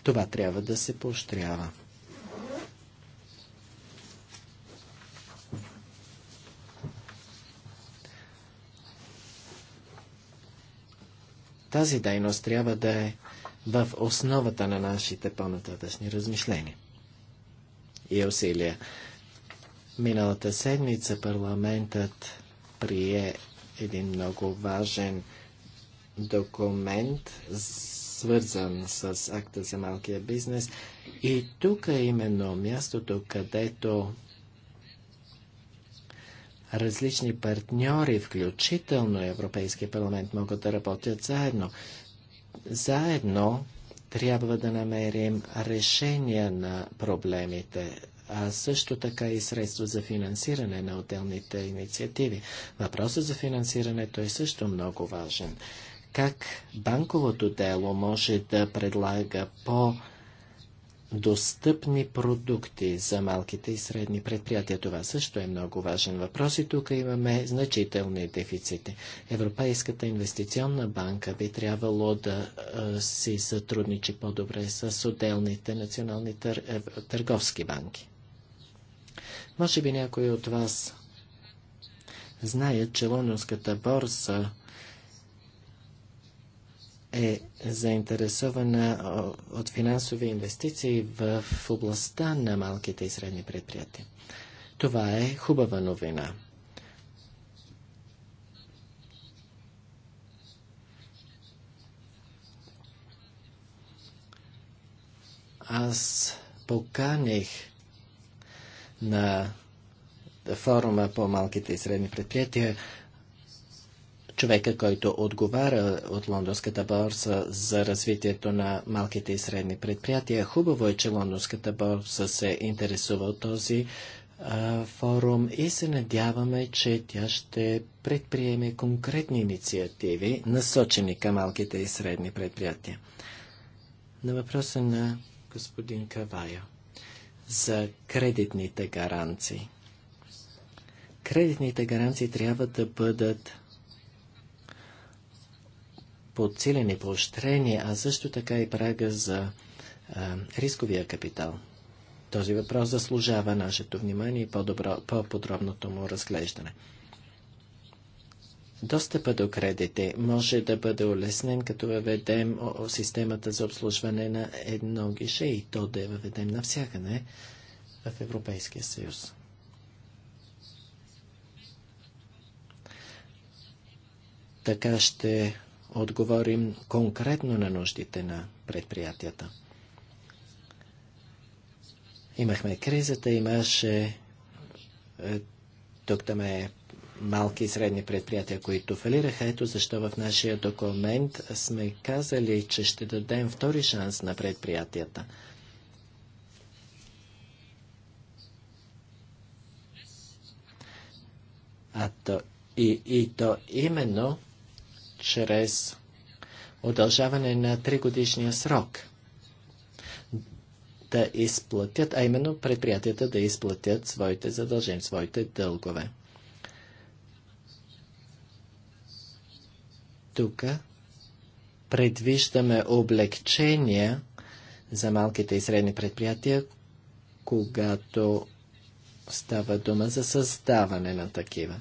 Това трябва да се поощрява. Тази дейност трябва да е в основата на нашите по-нататъчни размишления и усилия. Миналата седмица парламентът прие един много важен документ, свързан с акта за малкия бизнес. И тук е именно мястото, където различни партньори, включително Европейския парламент, могат да работят заедно. Заедно трябва да намерим решения на проблемите, а също така и средства за финансиране на отделните инициативи. Въпросът за финансирането е също много важен. Как банковото дело може да предлага по- достъпни продукти за малките и средни предприятия. Това също е много важен въпрос и тук имаме значителни дефицити. Европейската инвестиционна банка би трябвало да си сътрудничи по-добре с отделните национални тър, е, търговски банки. Може би някои от вас знаят, че Лондонската борса е заинтересована от финансови инвестиции в областта на малките и средни предприятия. Това е хубава новина. Аз поканих на форума по малките и средни предприятия човека, който отговаря от Лондонската борса за развитието на малките и средни предприятия. Хубаво е, че Лондонската борса се интересува от този а, форум и се надяваме, че тя ще предприеме конкретни инициативи, насочени към малките и средни предприятия. На въпроса на господин Кавайо за кредитните гаранции. Кредитните гаранции трябва да бъдат подсилени поощрения, а също така и прага за а, рисковия капитал. Този въпрос заслужава нашето внимание и по-подробното по му разглеждане. Достъпа до кредити може да бъде улеснен, като въведем системата за обслужване на едно гише и то да я е въведем навсякъде в Европейския съюз. Така ще отговорим конкретно на нуждите на предприятията. Имахме кризата, имаше е, тук там е малки и средни предприятия, които фалираха. Ето защо в нашия документ сме казали, че ще дадем втори шанс на предприятията. А то, и, и то именно чрез удължаване на 3 годишния срок да изплатят, а именно предприятията да изплатят своите задължения, своите дългове. Тук предвиждаме облегчения за малките и средни предприятия, когато става дума за създаване на такива.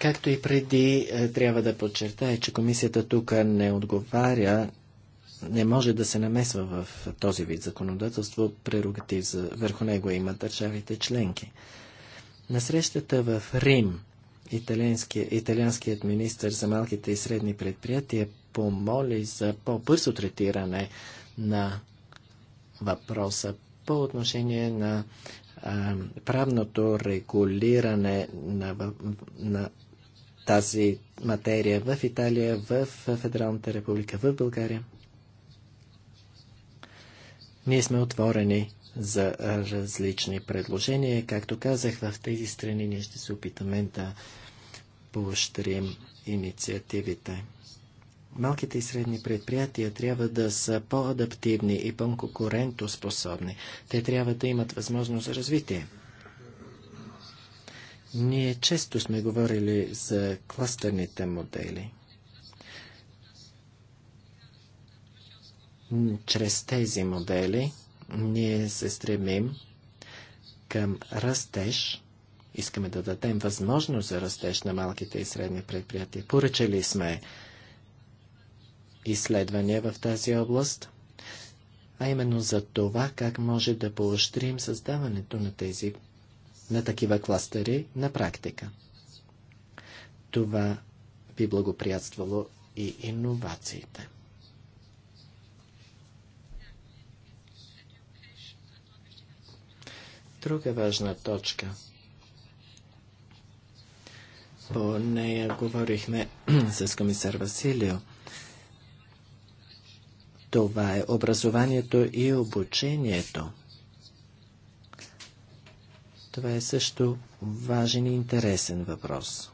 Както и преди, е, трябва да подчертая, че комисията тук не отговаря, не може да се намесва в този вид законодателство, прерогатив за, върху него имат държавите членки. На срещата в Рим, италианския, италианският министр за малките и средни предприятия помоли за по-бързо третиране на въпроса по отношение на правното регулиране на, на тази материя в Италия, в Федералната република, в България. Ние сме отворени за различни предложения. Както казах, в тези страни ние ще се опитаме да поощрим инициативите. Малките и средни предприятия трябва да са по-адаптивни и по-конкурентоспособни. Те трябва да имат възможност за развитие. Ние често сме говорили за кластърните модели. Чрез тези модели ние се стремим към растеж. Искаме да дадем възможност за растеж на малките и средни предприятия. Поръчали сме изследвания в тази област, а именно за това как може да поощрим създаването на тези на такива кластери на практика. Това би благоприятствало и иновациите. Друга важна точка. По нея говорихме с комисар Василио. Това е образованието и обучението. Това е също важен и интересен въпрос.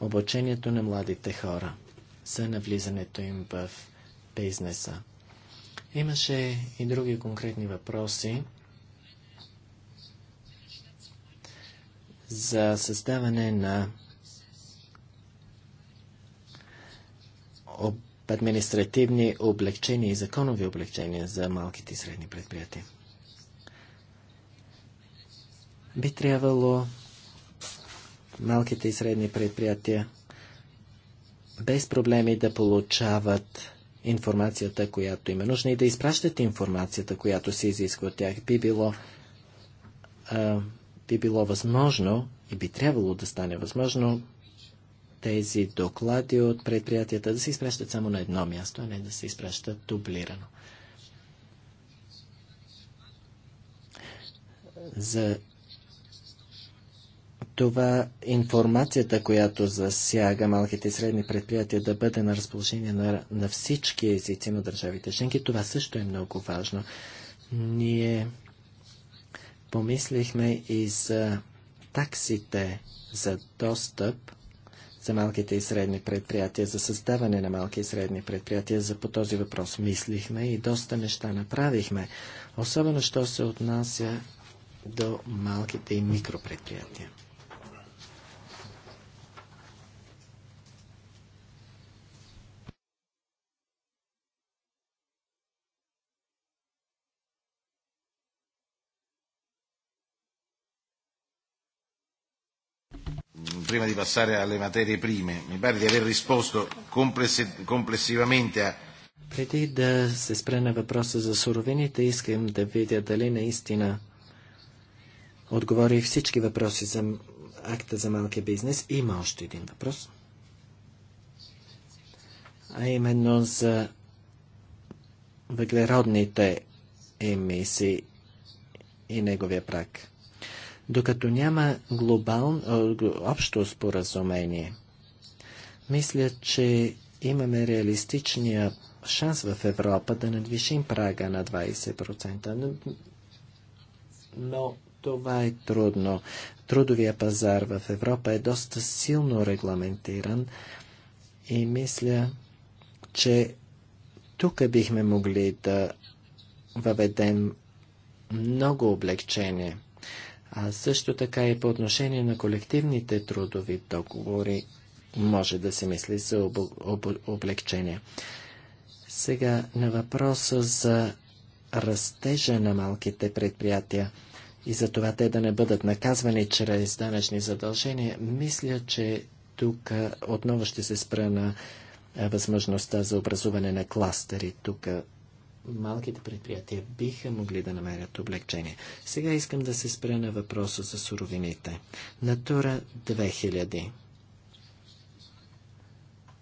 Обучението на младите хора за навлизането им в бизнеса. Имаше и други конкретни въпроси за създаване на административни облегчения и законови облегчения за малките и средни предприятия. Би трябвало малките и средни предприятия без проблеми да получават информацията, която им е нужна и да изпращат информацията, която се изисква от тях. Би било, а, би било възможно и би трябвало да стане възможно тези доклади от предприятията да се изпращат само на едно място, а не да се изпращат дублирано. За това информацията, която засяга малките и средни предприятия да бъде на разположение на, на всички езици на държавите членки, това също е много важно. Ние помислихме и за таксите за достъп за малките и средни предприятия, за създаване на малки и средни предприятия. За по този въпрос мислихме и доста неща направихме. Особено, що се отнася до малките и микропредприятия. prima di passare alle materie prime. Mi pare di aver risposto complessivamente a. Преди да се спре на въпроса за суровините, искам да видя дали наистина отговорих всички въпроси за акта за малкия бизнес. Има още един въпрос. А именно за въглеродните емисии и неговия прак докато няма глобално общо споразумение. Мисля, че имаме реалистичния шанс в Европа да надвишим прага на 20%. Но това е трудно. Трудовия пазар в Европа е доста силно регламентиран и мисля, че тук бихме могли да въведем много облегчение – а също така и по отношение на колективните трудови договори може да се мисли за об, об, облегчение. Сега на въпроса за растежа на малките предприятия и за това те да не бъдат наказвани чрез данъчни задължения, мисля, че тук отново ще се спра на възможността за образуване на кластери. Тук малките предприятия биха могли да намерят облегчение. Сега искам да се спра на въпроса за суровините. Натура 2000.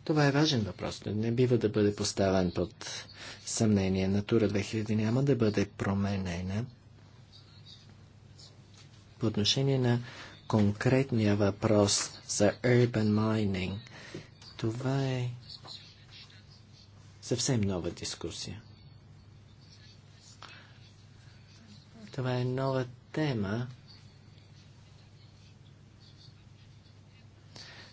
Това е важен въпрос. Не бива да бъде поставен под съмнение. Натура 2000 няма да бъде променена по отношение на конкретния въпрос за urban mining. Това е съвсем нова дискусия. Това е нова тема.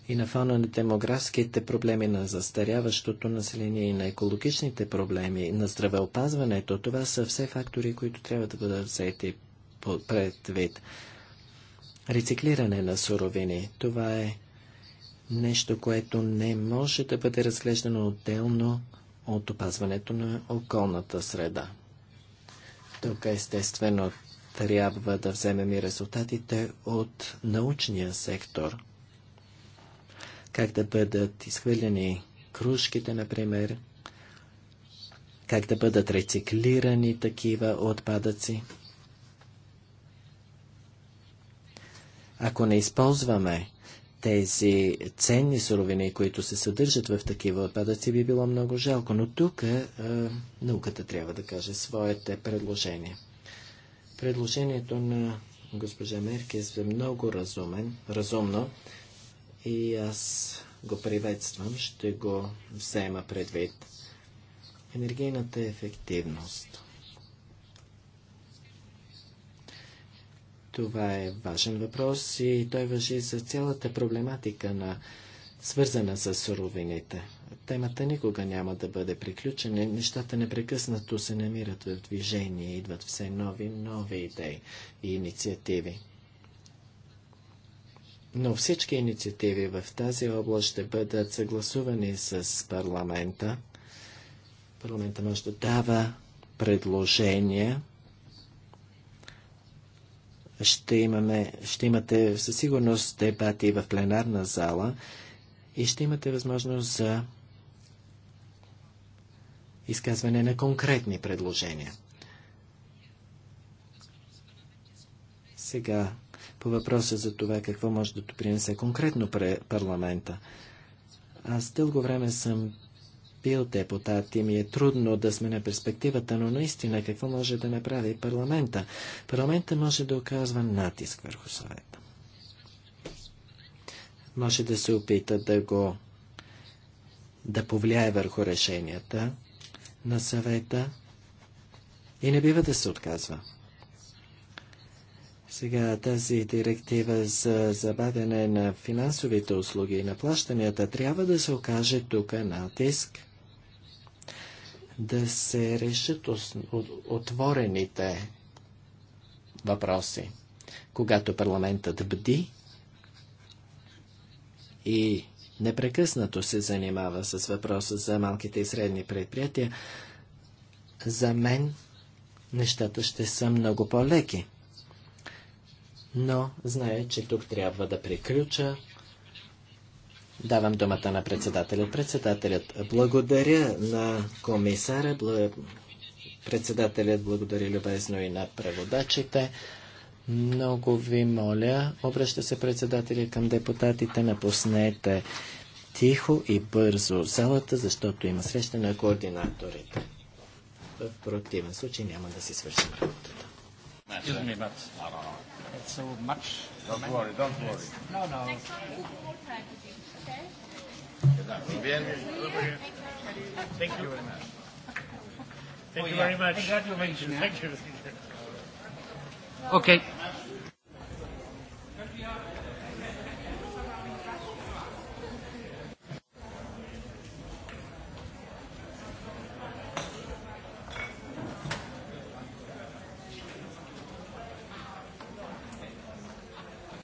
И на фона на демографските проблеми, на застаряващото население и на екологичните проблеми, на здравеопазването, това са все фактори, които трябва да бъдат взети предвид. Рециклиране на суровини. Това е нещо, което не може да бъде разглеждано отделно от опазването на околната среда. Тук естествено трябва да вземем и резултатите от научния сектор. Как да бъдат изхвърлени кружките, например, как да бъдат рециклирани такива отпадъци. Ако не използваме тези ценни суровини, които се съдържат в такива отпадъци, би било много жалко. Но тук е, науката трябва да каже своите предложения. Предложението на госпожа Меркес е много разумен, разумно и аз го приветствам, ще го взема предвид. Енергийната ефективност. Това е важен въпрос и той въжи за цялата проблематика на свързана с суровините. Темата никога няма да бъде приключена. Нещата непрекъснато се намират в движение, идват все нови, нови идеи и инициативи. Но всички инициативи в тази област ще бъдат съгласувани с парламента. Парламента може да дава предложения ще, имаме, ще имате със сигурност дебати в пленарна зала и ще имате възможност за изказване на конкретни предложения. Сега по въпроса за това какво може да допринесе конкретно парламента. Аз дълго време съм бил депутат и ми е трудно да сме на перспективата, но наистина какво може да направи парламента? Парламента може да оказва натиск върху съвета. Може да се опита да го да повлияе върху решенията на съвета и не бива да се отказва. Сега тази директива за забавяне на финансовите услуги и на плащанията трябва да се окаже тук натиск да се решат отворените въпроси. Когато парламентът бди и непрекъснато се занимава с въпроса за малките и средни предприятия, за мен нещата ще са много по-леки. Но зная, че тук трябва да приключа. Давам думата на председателя. Председателят, благодаря на комисаря, председателят благодаря любезно и на преводачите. Много ви моля, обръща се председателя към депутатите, напуснете тихо и бързо залата, защото има среща на координаторите. В противен случай няма да си свършим работата. Excuse me, but it's so much. Don't worry, don't worry. No, no. Bien. Thank you very much. Thank you very much. Congratulations. Thank you. Okay.